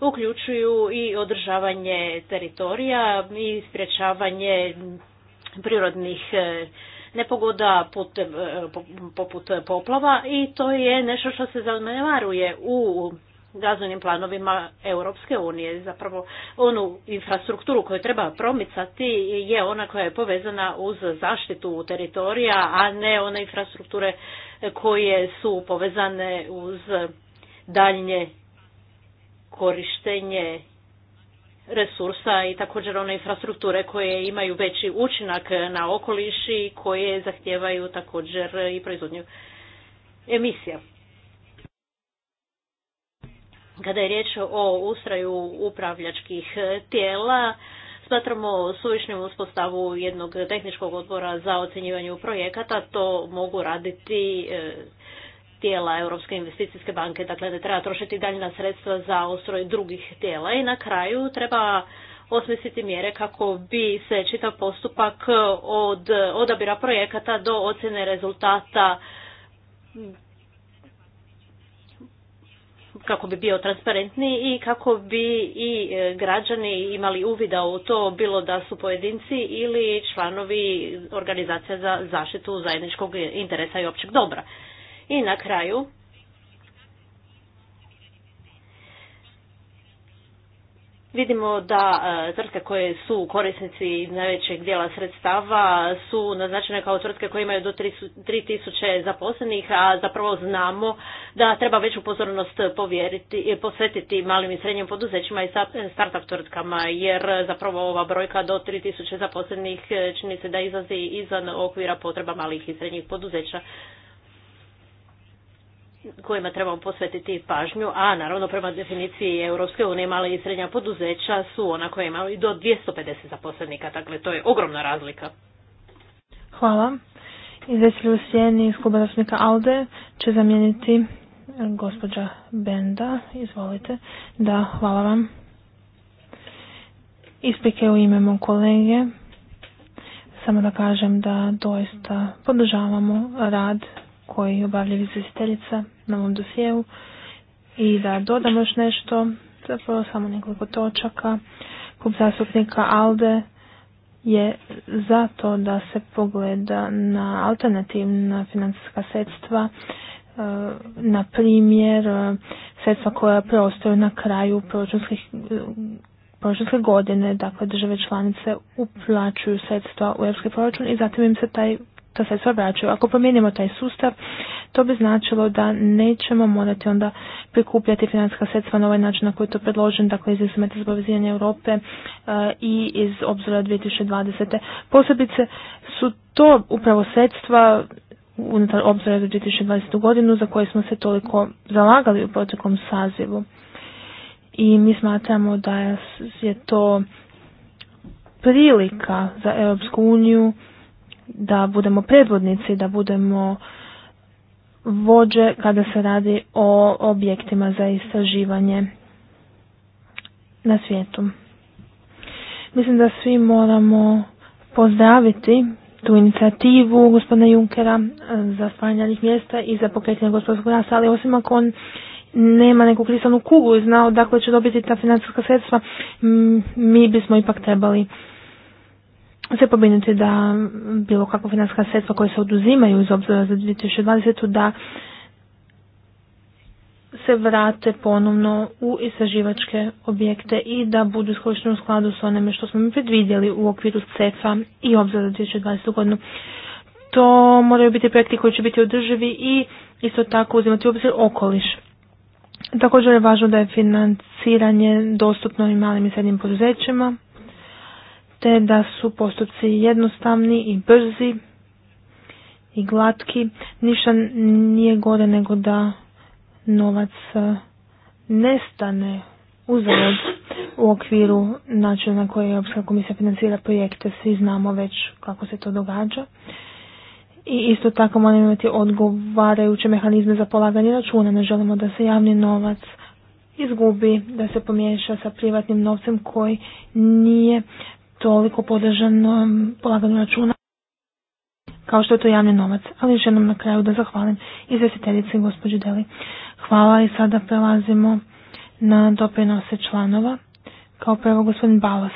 uključuju i održavanje teritorija i sprječavanje prirodnih e, nepogoda e, poput poplava i to je nešto što se zanemaruje u razvojnim planovima Europske unije. Zapravo onu infrastrukturu koju treba promicati je ona koja je povezana uz zaštitu teritorija, a ne one infrastrukture koje su povezane uz daljnje korištenje resursa i također one infrastrukture koje imaju veći učinak na okoliš i koje zahtijevaju također i proizvodnju emisija. Kada je riječ o ustraju upravljačkih tijela, smatramo suvišnim uspostavu jednog tehničkog odbora za ocjenjivanje projekata. To mogu raditi e, tijela Europske investicijske banke, dakle ne treba trošiti daljnja sredstva za ostroj drugih tijela i na kraju treba osmisliti mjere kako bi se čitav postupak od odabira projekata do ocjene rezultata kako bi bio transparentniji i kako bi i e, građani imali uvida u to bilo da su pojedinci ili članovi organizacija za zaštitu zajedničkog interesa i općeg dobra. I na kraju, Vidimo da e, tvrtke koje su korisnici najvećeg dijela sredstava su naznačene kao tvrtke koje imaju do 3000 zaposlenih, a zapravo znamo da treba veću pozornost povjeriti, posvetiti malim i srednjim poduzećima i startup tvrtkama, jer zapravo ova brojka do 3000 zaposlenih e, čini se da izlazi izvan okvira potreba malih i srednjih poduzeća kojima trebamo posvetiti pažnju, a naravno prema definiciji Europske unije male i srednja poduzeća su ona koja i do 250 zaposlenika, dakle to je ogromna razlika. Hvala. Izvestilj u sjeni iz kluba zastupnika Alde će zamijeniti e, gospođa Benda. Izvolite. Da, hvala vam. u ime mog kolege. Samo da kažem da doista podržavamo rad koji obavljaju izvjestiteljica na ovom dosijevu. i da dodamo još nešto, zapravo samo nekoliko točaka. Klub zastupnika ALDE je za to da se pogleda na alternativna financijska sredstva, e, na primjer e, sredstva koja preostaju na kraju e, proračunske godine, dakle države članice uplaćuju sredstva u europski proračun i zatim im se taj se sredstva vraćaju. Ako promijenimo taj sustav, to bi značilo da nećemo morati onda prikupljati financijska sredstva na ovaj način na koji je to predložen, dakle iz instrumenta za Europe e, i iz obzora 2020. Posebice su to upravo sredstva unutar obzora za 2020. godinu za koje smo se toliko zalagali u proteklom sazivu. I mi smatramo da je to prilika za Europsku uniju da budemo predvodnici, da budemo vođe kada se radi o objektima za istraživanje na svijetu. Mislim da svi moramo pozdraviti tu inicijativu gospodina Junkera eh, za stvaranje mjesta i za pokretanje gospodarskog rasta, ali osim ako on nema neku kristalnu kugu i znao dakle će dobiti ta financijska sredstva, mi bismo ipak trebali se pobrinuti da bilo kakva financijska sredstva koje se oduzimaju iz obzora za 2020. da se vrate ponovno u istraživačke objekte i da budu iskorišteni u skladu s onime što smo mi predvidjeli u okviru CEFA i obzora za 2020. godinu. To moraju biti projekti koji će biti održivi i isto tako uzimati u obzir okoliš. Također je važno da je financiranje dostupno i malim i srednjim poduzećima te da su postupci jednostavni i brzi i glatki. Ništa nije gore nego da novac e, nestane uzalud u okviru načina na koji Europska komisija financira projekte. Svi znamo već kako se to događa. I isto tako moramo imati odgovarajuće mehanizme za polaganje računa. Ne želimo da se javni novac izgubi, da se pomiješa sa privatnim novcem koji nije toliko podržan um, polaganju računa kao što je to javni novac. Ali želim na kraju da zahvalim izvjestiteljici gospođi Deli. Hvala i sada prelazimo na doprinose članova. Kao prvo gospodin Balas.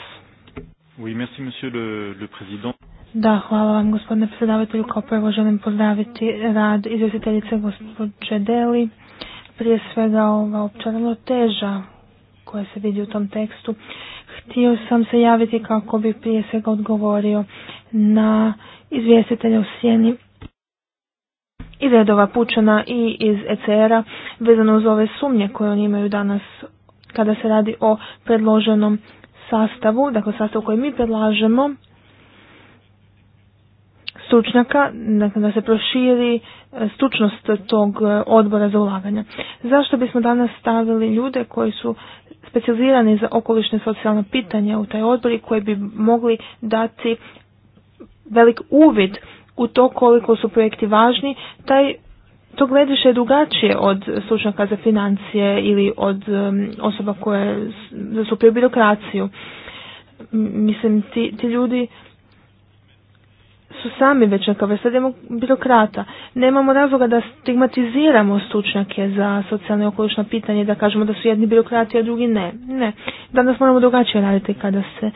Da, hvala vam gospodine predsjedavatelju. Kao prvo želim pozdraviti rad izvjestiteljice gospođe Deli. Prije svega ova opća teža koja se vidi u tom tekstu Htio sam se javiti kako bi prije svega odgovorio na izvjestitelja u sjeni i redova Pučana i iz ECR-a vezano uz ove sumnje koje oni imaju danas kada se radi o predloženom sastavu, dakle sastavu koji mi predlažemo stručnjaka, dakle da se proširi e, stručnost tog e, odbora za ulaganja. Zašto bismo danas stavili ljude koji su specijalizirani za okolišne socijalne pitanja u taj odbor i koji bi mogli dati velik uvid u to koliko su projekti važni, taj to gledeš je drugačije od stručnjaka za financije ili od um, osoba koje zastupaju birokraciju. Mislim, ti, ti ljudi su sami već neka vrsta birokrata. Nemamo razloga da stigmatiziramo stručnjake za socijalne okolišno pitanje, da kažemo da su jedni birokrati, a drugi ne. Ne. Danas moramo drugačije raditi kada se e,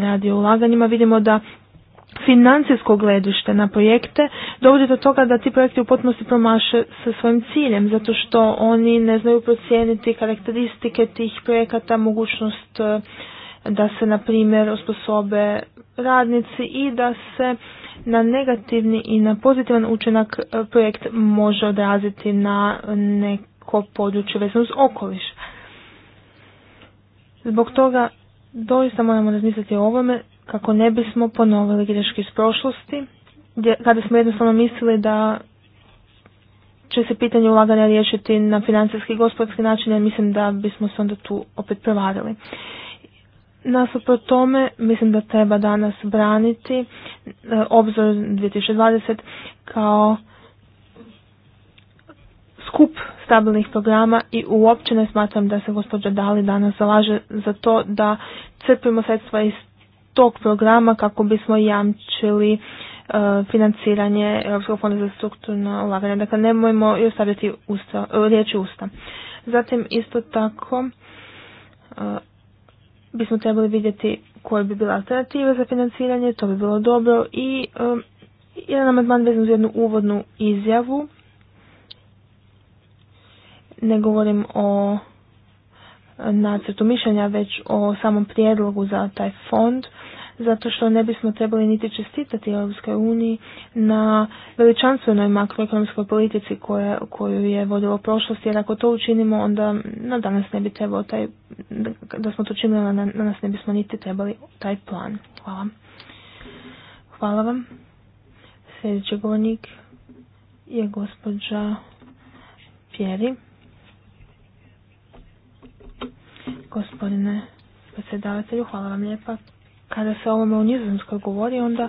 radi o ulaganjima. Vidimo da financijsko gledište na projekte dovodi do toga da ti projekti u potpunosti promaše sa svojim ciljem, zato što oni ne znaju procijeniti karakteristike tih projekata, mogućnost e, da se, na primjer, osposobe radnici i da se na negativni i na pozitivan učinak e, projekt može odraziti na neko područje vezano uz okoliš. Zbog toga doista moramo razmisliti o ovome kako ne bismo ponovili greške iz prošlosti, kada smo jednostavno mislili da će se pitanje ulaganja riješiti na financijski i gospodarski način, jer mislim da bismo se onda tu opet prevarili. Nasuprot tome, mislim da treba danas braniti e, obzor 2020 kao skup stabilnih programa i uopće ne smatram da se gospođa Dali danas zalaže za to da crpimo sredstva iz tog programa kako bismo jamčili e, financiranje Europskog fonda za strukturno ulaganje. Dakle, nemojmo i ostavljati usta, e, riječi usta. Zatim, isto tako, bismo trebali vidjeti koje bi bila alternativa za financiranje, to bi bilo dobro i um, jedan amandman vezan uz jednu uvodnu izjavu. Ne govorim o nacrtu mišljenja, već o samom prijedlogu za taj fond zato što ne bismo trebali niti čestitati Europskoj uniji na veličanstvenoj makroekonomskoj politici koje, koju je vodilo prošlost, jer ako to učinimo, onda na danas ne bi trebalo taj, da smo to učinili, na, nas ne bismo niti trebali taj plan. Hvala. Hvala vam. Sljedeći govornik je gospođa Pjeri. Gospodine predsjedavatelju, hvala vam lijepa kada se o ovome u Nizozemskoj govori, onda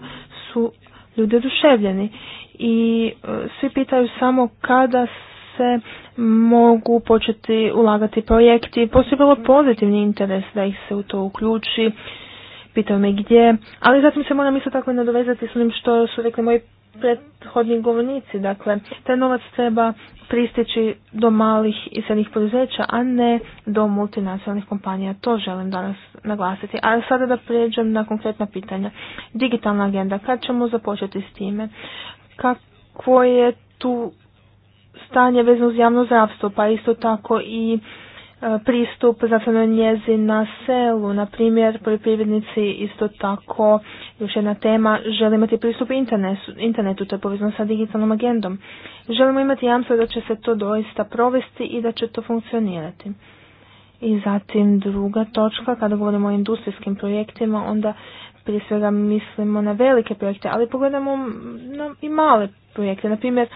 su ljudi oduševljeni i e, svi pitaju samo kada se mogu početi ulagati projekti. Postoji bilo pozitivni interes da ih se u to uključi, pitaju me gdje, ali zatim se moram isto tako nadovezati s onim što su rekli moji prethodni govornici. Dakle, taj novac treba pristići do malih i srednjih poduzeća, a ne do multinacionalnih kompanija. To želim danas naglasiti. A sada da pređem na konkretna pitanja. Digitalna agenda, kad ćemo započeti s time? Kako je tu stanje vezano uz javno zdravstvo, pa isto tako i pristup na njezi na selu. Na primjer, poljoprivrednici isto tako, još jedna tema, žele imati pristup internetu, internetu to je povezano sa digitalnom agendom. Želimo imati jamstvo da će se to doista provesti i da će to funkcionirati. I zatim druga točka, kada govorimo o industrijskim projektima, onda prije svega mislimo na velike projekte, ali pogledamo i male projekte, na primjer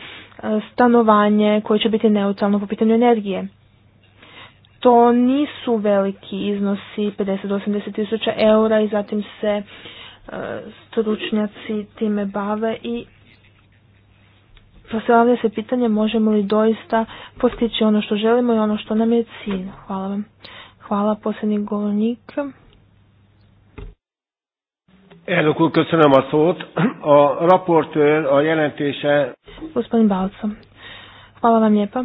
stanovanje koje će biti neutralno po pitanju energije to nisu veliki iznosi 50 80 tisuća eura i zatim se e, stručnjaci time bave i postavlja se pitanje možemo li doista postići ono što želimo i ono što nam je cilj. Hvala vam. Hvala posljednji govornik. Elnök köszönöm a szót. A raportőr a jelentése... Gospodin Balco, hvala vam lijepa.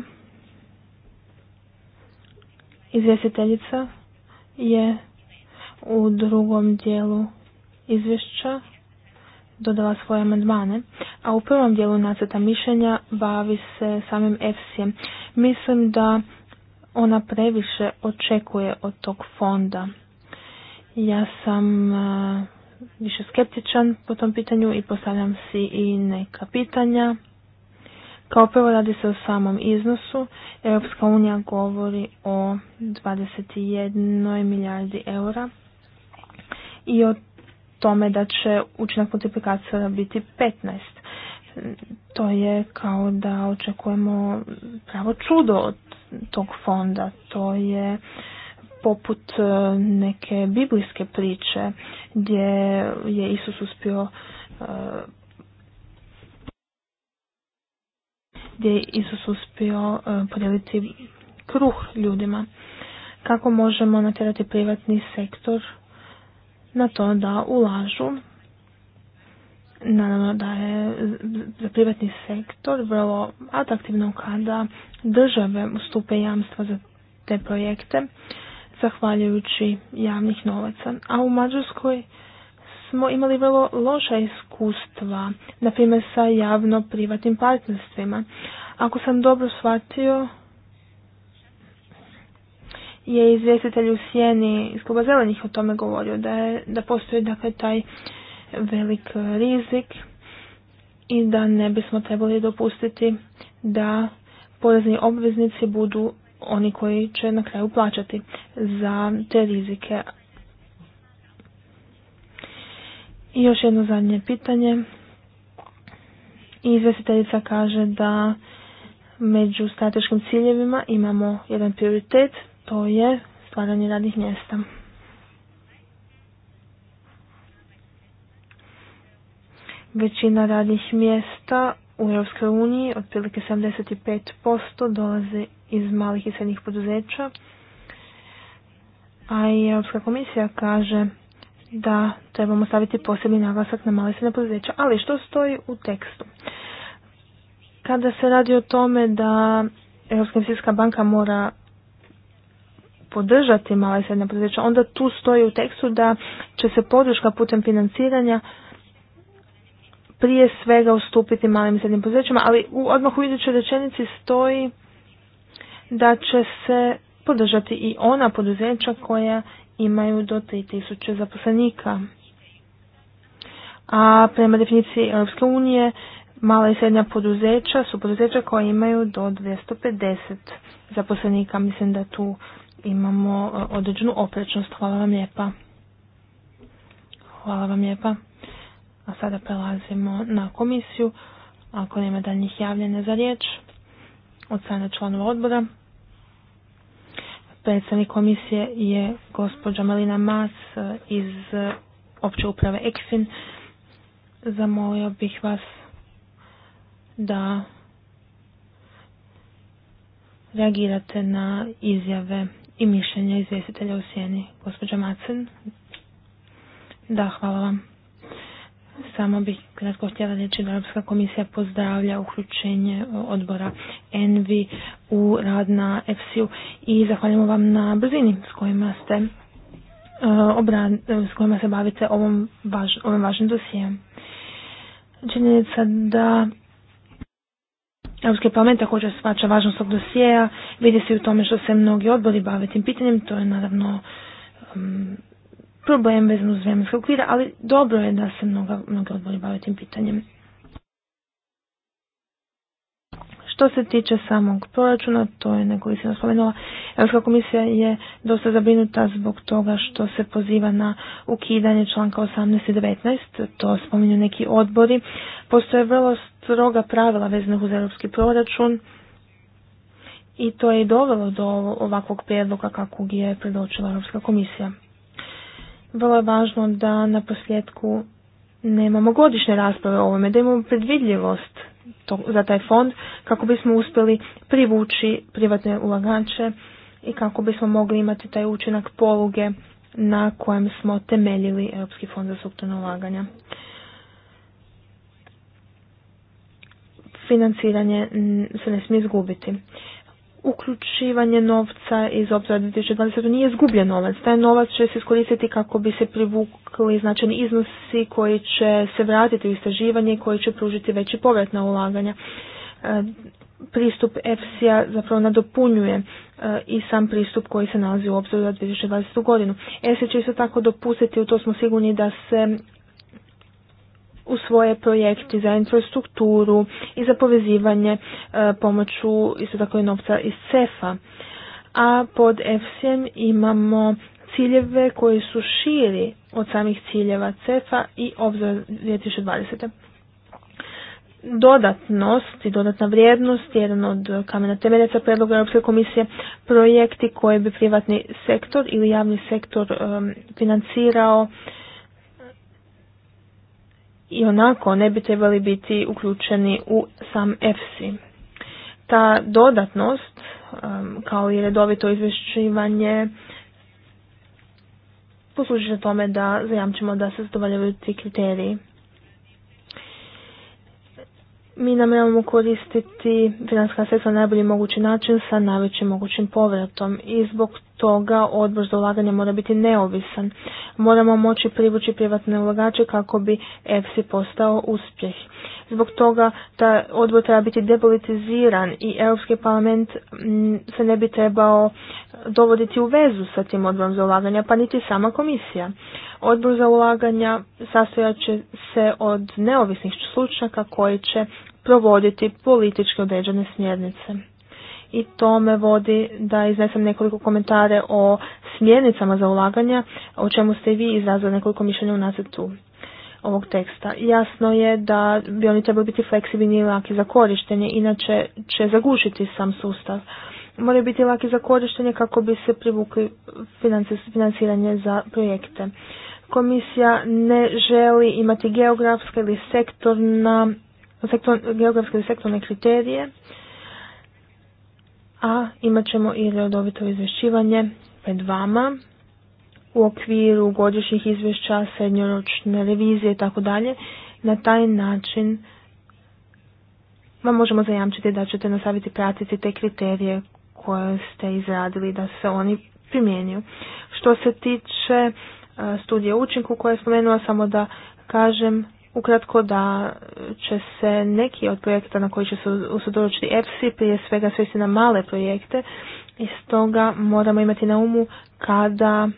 Izvjestiteljica je u drugom dijelu izvješća dodala svoje amandmane, a u prvom dijelu nacrta mišljenja bavi se samim efsi Mislim da ona previše očekuje od tog fonda. Ja sam e, više skeptičan po tom pitanju i postavljam si i neka pitanja kao prvo radi se o samom iznosu. Europska unija govori o 21 milijardi eura i o tome da će učinak multiplikacija biti 15. To je kao da očekujemo pravo čudo od tog fonda. To je poput e, neke biblijske priče gdje je Isus uspio e, gdje je Isus uspio e, podijeliti kruh ljudima. Kako možemo natjerati privatni sektor na to da ulažu? Naravno da je za privatni sektor vrlo atraktivno kada države ustupe jamstva za te projekte zahvaljujući javnih novaca. A u Mađarskoj smo imali vrlo loša iskustva, na primjer sa javno-privatnim partnerstvima. Ako sam dobro shvatio, je izvjestitelj u Sjeni iz Kluba Zelenih o tome govorio, da, da postoji dakle, taj velik rizik i da ne bismo trebali dopustiti da porezni obveznici budu oni koji će na kraju plaćati za te rizike I još jedno zadnje pitanje. Izvjestiteljica kaže da među strateškim ciljevima imamo jedan prioritet, to je stvaranje radnih mjesta. Većina radnih mjesta u Europskoj uniji, otprilike 75%, dolaze iz malih i srednjih poduzeća, a i Europska komisija kaže da trebamo staviti posebni naglasak na male srednje poduzeća. Ali što stoji u tekstu? Kada se radi o tome da Europska investicijska banka mora podržati mala i srednja poduzeća, onda tu stoji u tekstu da će se podrška putem financiranja prije svega ustupiti malim i srednjim poduzećima, ali u, odmah u idućoj rečenici stoji da će se podržati i ona poduzeća koja imaju do 3000 zaposlenika. A prema definiciji Europske unije, mala i srednja poduzeća su poduzeća koja imaju do 250 zaposlenika. Mislim da tu imamo e, određenu oprečnost. Hvala vam lijepa. Hvala vam lijepa. A sada prelazimo na komisiju. Ako nema daljnjih javljanja za riječ od strane članova odbora. Predstavnik komisije je gospođa Malina Mas e, iz e, opće uprave ECFIN. Zamolio bih vas da reagirate na izjave i mišljenja izvjestitelja u sjeni. Gospođa Macen. Da, hvala vam. Samo bih kratko htjela reći da Europska komisija pozdravlja uključenje odbora ENVI u rad na EFSI-u i zahvaljujemo vam na brzini s kojima ste e, s kojima se bavite ovom, važnim dosijem. Činjenica da Europski parlament također svača važnost tog dosijeja, vidi se i u tome što se mnogi odbori bave tim pitanjem, to je naravno problem vezan uz vremenske okvire, ali dobro je da se mnoga, mnoga odbori bave tim pitanjem. Što se tiče samog proračuna, to je nas spomenula, Europska komisija je dosta zabrinuta zbog toga što se poziva na ukidanje članka 18 i 19, to spominju neki odbori. Postoje vrlo stroga pravila vezanih uz europski proračun i to je i dovelo do ovakvog prijedloga kakvog je predočila Europska komisija. Vrlo je važno da na posljedku nemamo godišnje rasprave o ovome, da imamo predvidljivost to, za taj fond kako bismo uspjeli privući privatne ulagače i kako bismo mogli imati taj učinak poluge na kojem smo temeljili Europski fond za strukturno ulaganja. Financiranje se ne smije izgubiti uključivanje novca iz obzora 2020 nije izgubljen novac. Taj novac će se iskoristiti kako bi se privukli značajni iznosi koji će se vratiti u istraživanje i koji će pružiti veći povrat na ulaganja. E, pristup EFSI-a zapravo nadopunjuje e, i sam pristup koji se nalazi u obzoru za 2020. godinu. EFSI će isto tako dopustiti, u to smo sigurni, da se u svoje projekti za infrastrukturu i za povezivanje e, pomoću isto tako i novca iz CEFA. A pod EFSIM imamo ciljeve koji su širi od samih ciljeva CEFA i obzor 2020. Dodatnost i dodatna vrijednost, jedan od kamena temeljaca predloga Europske komisije, projekti koje bi privatni sektor ili javni sektor financirao i onako ne bi trebali biti uključeni u sam EFSI. Ta dodatnost, kao i redovito izvješćivanje, posluži će tome da zajamčimo da se zadovoljavaju ti kriteriji mi namjeravamo koristiti finanska sredstva na najbolji mogući način sa najvećim mogućim povratom i zbog toga odbor za ulaganje mora biti neovisan. Moramo moći privući privatne ulagače kako bi EFSI postao uspjeh. Zbog toga ta odbor treba biti depolitiziran i Europski parlament mm, se ne bi trebao dovoditi u vezu sa tim odborom za ulaganje pa niti sama komisija. Odbor za ulaganja sastojat će se od neovisnih slučnjaka koji će provoditi politički određene smjernice. I to me vodi da iznesem nekoliko komentare o smjernicama za ulaganja, o čemu ste i vi izrazili nekoliko mišljenja u nacrtu ovog teksta. Jasno je da bi oni trebali biti fleksibilni i laki za korištenje, inače će zagušiti sam sustav. Moraju biti laki za korištenje kako bi se privukli financiranje za projekte komisija ne želi imati geografske ili sektorna, geografske ili sektorne kriterije, a imat ćemo i redovito izvješćivanje pred vama u okviru godišnjih izvješća, srednjoročne revizije i tako dalje. Na taj način vam možemo zajamčiti da ćete nastaviti pratiti te kriterije koje ste izradili da se oni primjenju. Što se tiče studije učinku koje je spomenula, samo da kažem ukratko da će se neki od projekta na koji će se usudoročiti EPSI prije svega svesti na male projekte i stoga moramo imati na umu kada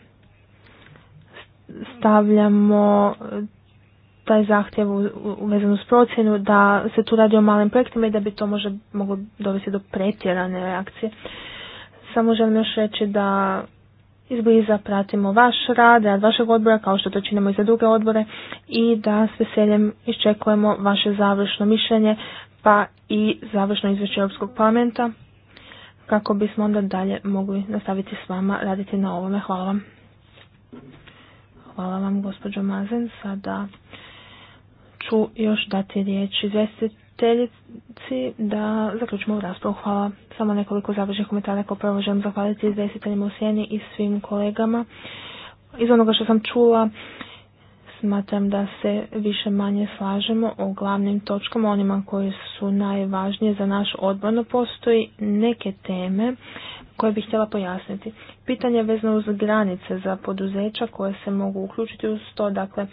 stavljamo taj zahtjev uvezan uz procjenu da se tu radi o malim projektima i da bi to može moglo dovesti do pretjerane reakcije. Samo želim još reći da izbliza pratimo vaš rad, rad vašeg odbora, kao što to činimo i za druge odbore i da s veseljem iščekujemo vaše završno mišljenje pa i završno izvješće Europskog parlamenta kako bismo onda dalje mogli nastaviti s vama raditi na ovome. Hvala vam. Hvala vam gospođo Mazen. Sada ću još dati riječ izvestiti izvjestiteljici da zaključimo u raspravu. Hvala samo nekoliko završnih komentara koje prvo želim zahvaliti izvjestiteljima u Sjeni i svim kolegama. Iz onoga što sam čula, smatram da se više manje slažemo o glavnim točkama, onima koje su najvažnije za naš odbor, no postoji neke teme koje bih htjela pojasniti. Pitanje je vezano uz granice za poduzeća koje se mogu uključiti uz to, dakle,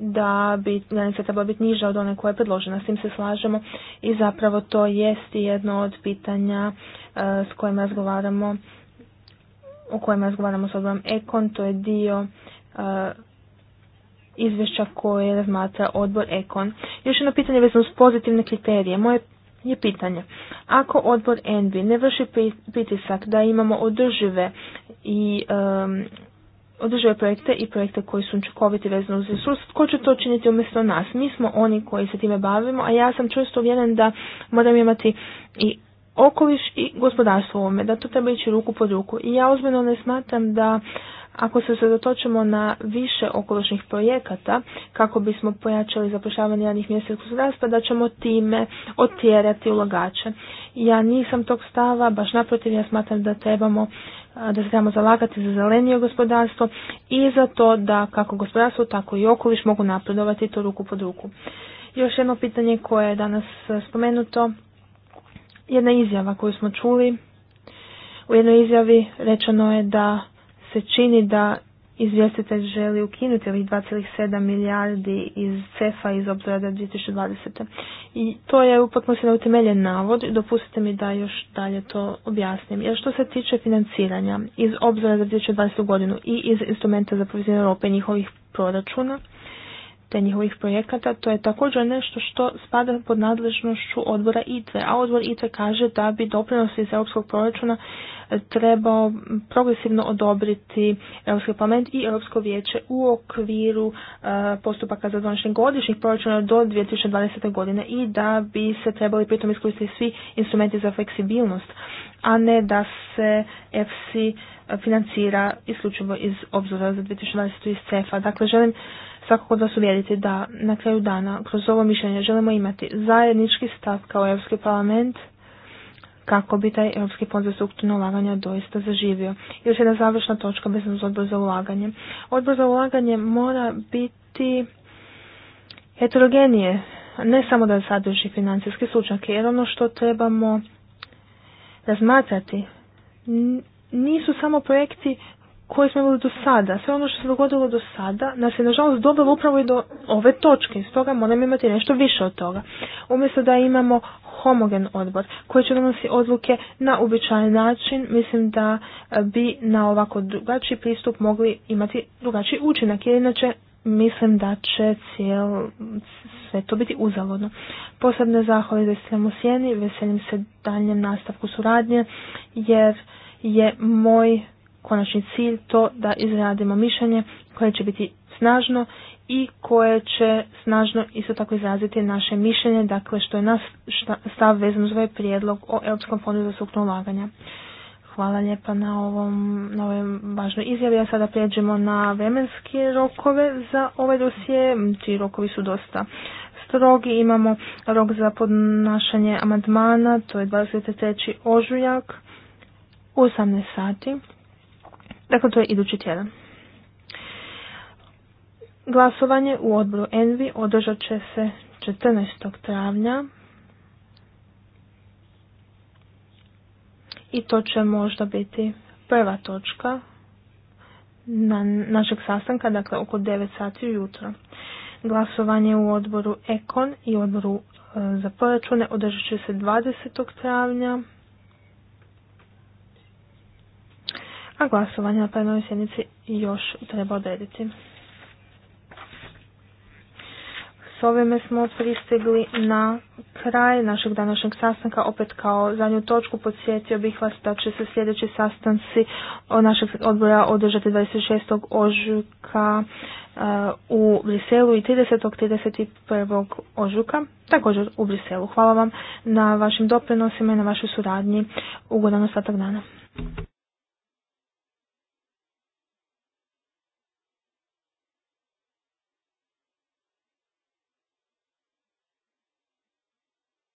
da bi granica trebala biti niža od one koja je predložena. S tim se slažemo i zapravo to jest jedno od pitanja e, s kojima razgovaramo o kojima razgovaramo s odborom Ekon, to je dio e, izvješća koje razmatra odbor Ekon. Još jedno pitanje vezano uz pozitivne kriterije. Moje je pitanje. Ako odbor Envi ne vrši pritisak da imamo održive i održive projekte i projekte koji su učinkoviti vezano uz resurs, tko će to činiti umjesto nas? Mi smo oni koji se time bavimo, a ja sam često uvjeren da moram imati i okoliš i gospodarstvo u ovome, da to treba ići ruku pod ruku. I ja ozbiljno ne smatram da ako se usredotočimo na više okolišnih projekata kako bismo pojačali zapošljavanje radnih mjesta gospodarstva, da ćemo time otjerati ulagače. Ja nisam tog stava, baš naprotiv, ja smatram da trebamo da se trebamo zalagati za zelenije gospodarstvo i za to da kako gospodarstvo tako i okoliš mogu napredovati to ruku pod ruku. Još jedno pitanje koje je danas e, spomenuto, jedna izjava koju smo čuli. U jednoj izjavi rečeno je da se čini da izvjestitelj želi ukinuti ovih 2,7 milijardi iz CEFA iz obzora 2020. I to je upotno se utemeljen navod, dopustite mi da još dalje to objasnim. Jer što se tiče financiranja iz obzora za 2020. godinu i iz instrumenta za proviziju Europe i njihovih proračuna, te njihovih projekata, to je također nešto što spada pod nadležnošću odbora ITRE, a odbor ITRE kaže da bi doprinos iz europskog proračuna trebao progresivno odobriti Europski parlament i Europsko vijeće u okviru e, postupaka za donošenje godišnjih proračuna do 2020. godine i da bi se trebali pritom iskoristiti svi instrumenti za fleksibilnost, a ne da se EFSI financira isključivo iz obzora za 2020. iz CEFA. Dakle, želim svakako da su da na kraju dana kroz ovo mišljenje želimo imati zajednički stav kao Europski parlament kako bi taj Europski fond za strukturno ulaganje doista zaživio. Još jedna završna točka bez uz odbor za ulaganje. Odbor za ulaganje mora biti heterogenije, ne samo da sadrži financijske stručnjake, jer ono što trebamo razmatrati nisu samo projekti koje smo imali do sada, sve ono što se dogodilo do sada, nas je nažalost dobilo upravo i do ove točke, stoga moramo imati nešto više od toga. Umjesto da imamo homogen odbor koji će donosi odluke na uobičajeni način, mislim da e, bi na ovako drugačiji pristup mogli imati drugačiji učinak, jer inače mislim da će cijel, sve to biti uzavodno. Posebne zahvale veselim u sjeni, veselim se daljem nastavku suradnje, jer je moj konačni cilj to da izradimo mišljenje koje će biti snažno i koje će snažno isto tako izraziti naše mišljenje, dakle što je naš stav vezan uz ovaj prijedlog o Europskom fondu za strukturno ulaganja. Hvala lijepa na ovom, na ovoj važnoj izjavi, a sada prijeđemo na vremenske rokove za ove ovaj dosije. Ti rokovi su dosta strogi, imamo rok za podnašanje amandmana, to je 23. ožujak u 18 sati. Dakle, to je idući tjedan. Glasovanje u odboru Envi održat će se 14. travnja i to će možda biti prva točka na našeg sastanka, dakle oko 9 sati ujutro. Glasovanje u odboru Ekon i odboru e, za proračune održat će se 20. travnja. a glasovanje na plenarnoj sjednici još treba odrediti. S ovime smo pristigli na kraj našeg današnjeg sastanka. Opet kao zadnju točku podsjetio bih vas da će se sljedeći sastanci od našeg odbora održati 26. ožujka uh, u Briselu i 30. 31. ožujka također u Briselu. Hvala vam na vašim doprinosima i na vašoj suradnji. Ugodan ostatak dana.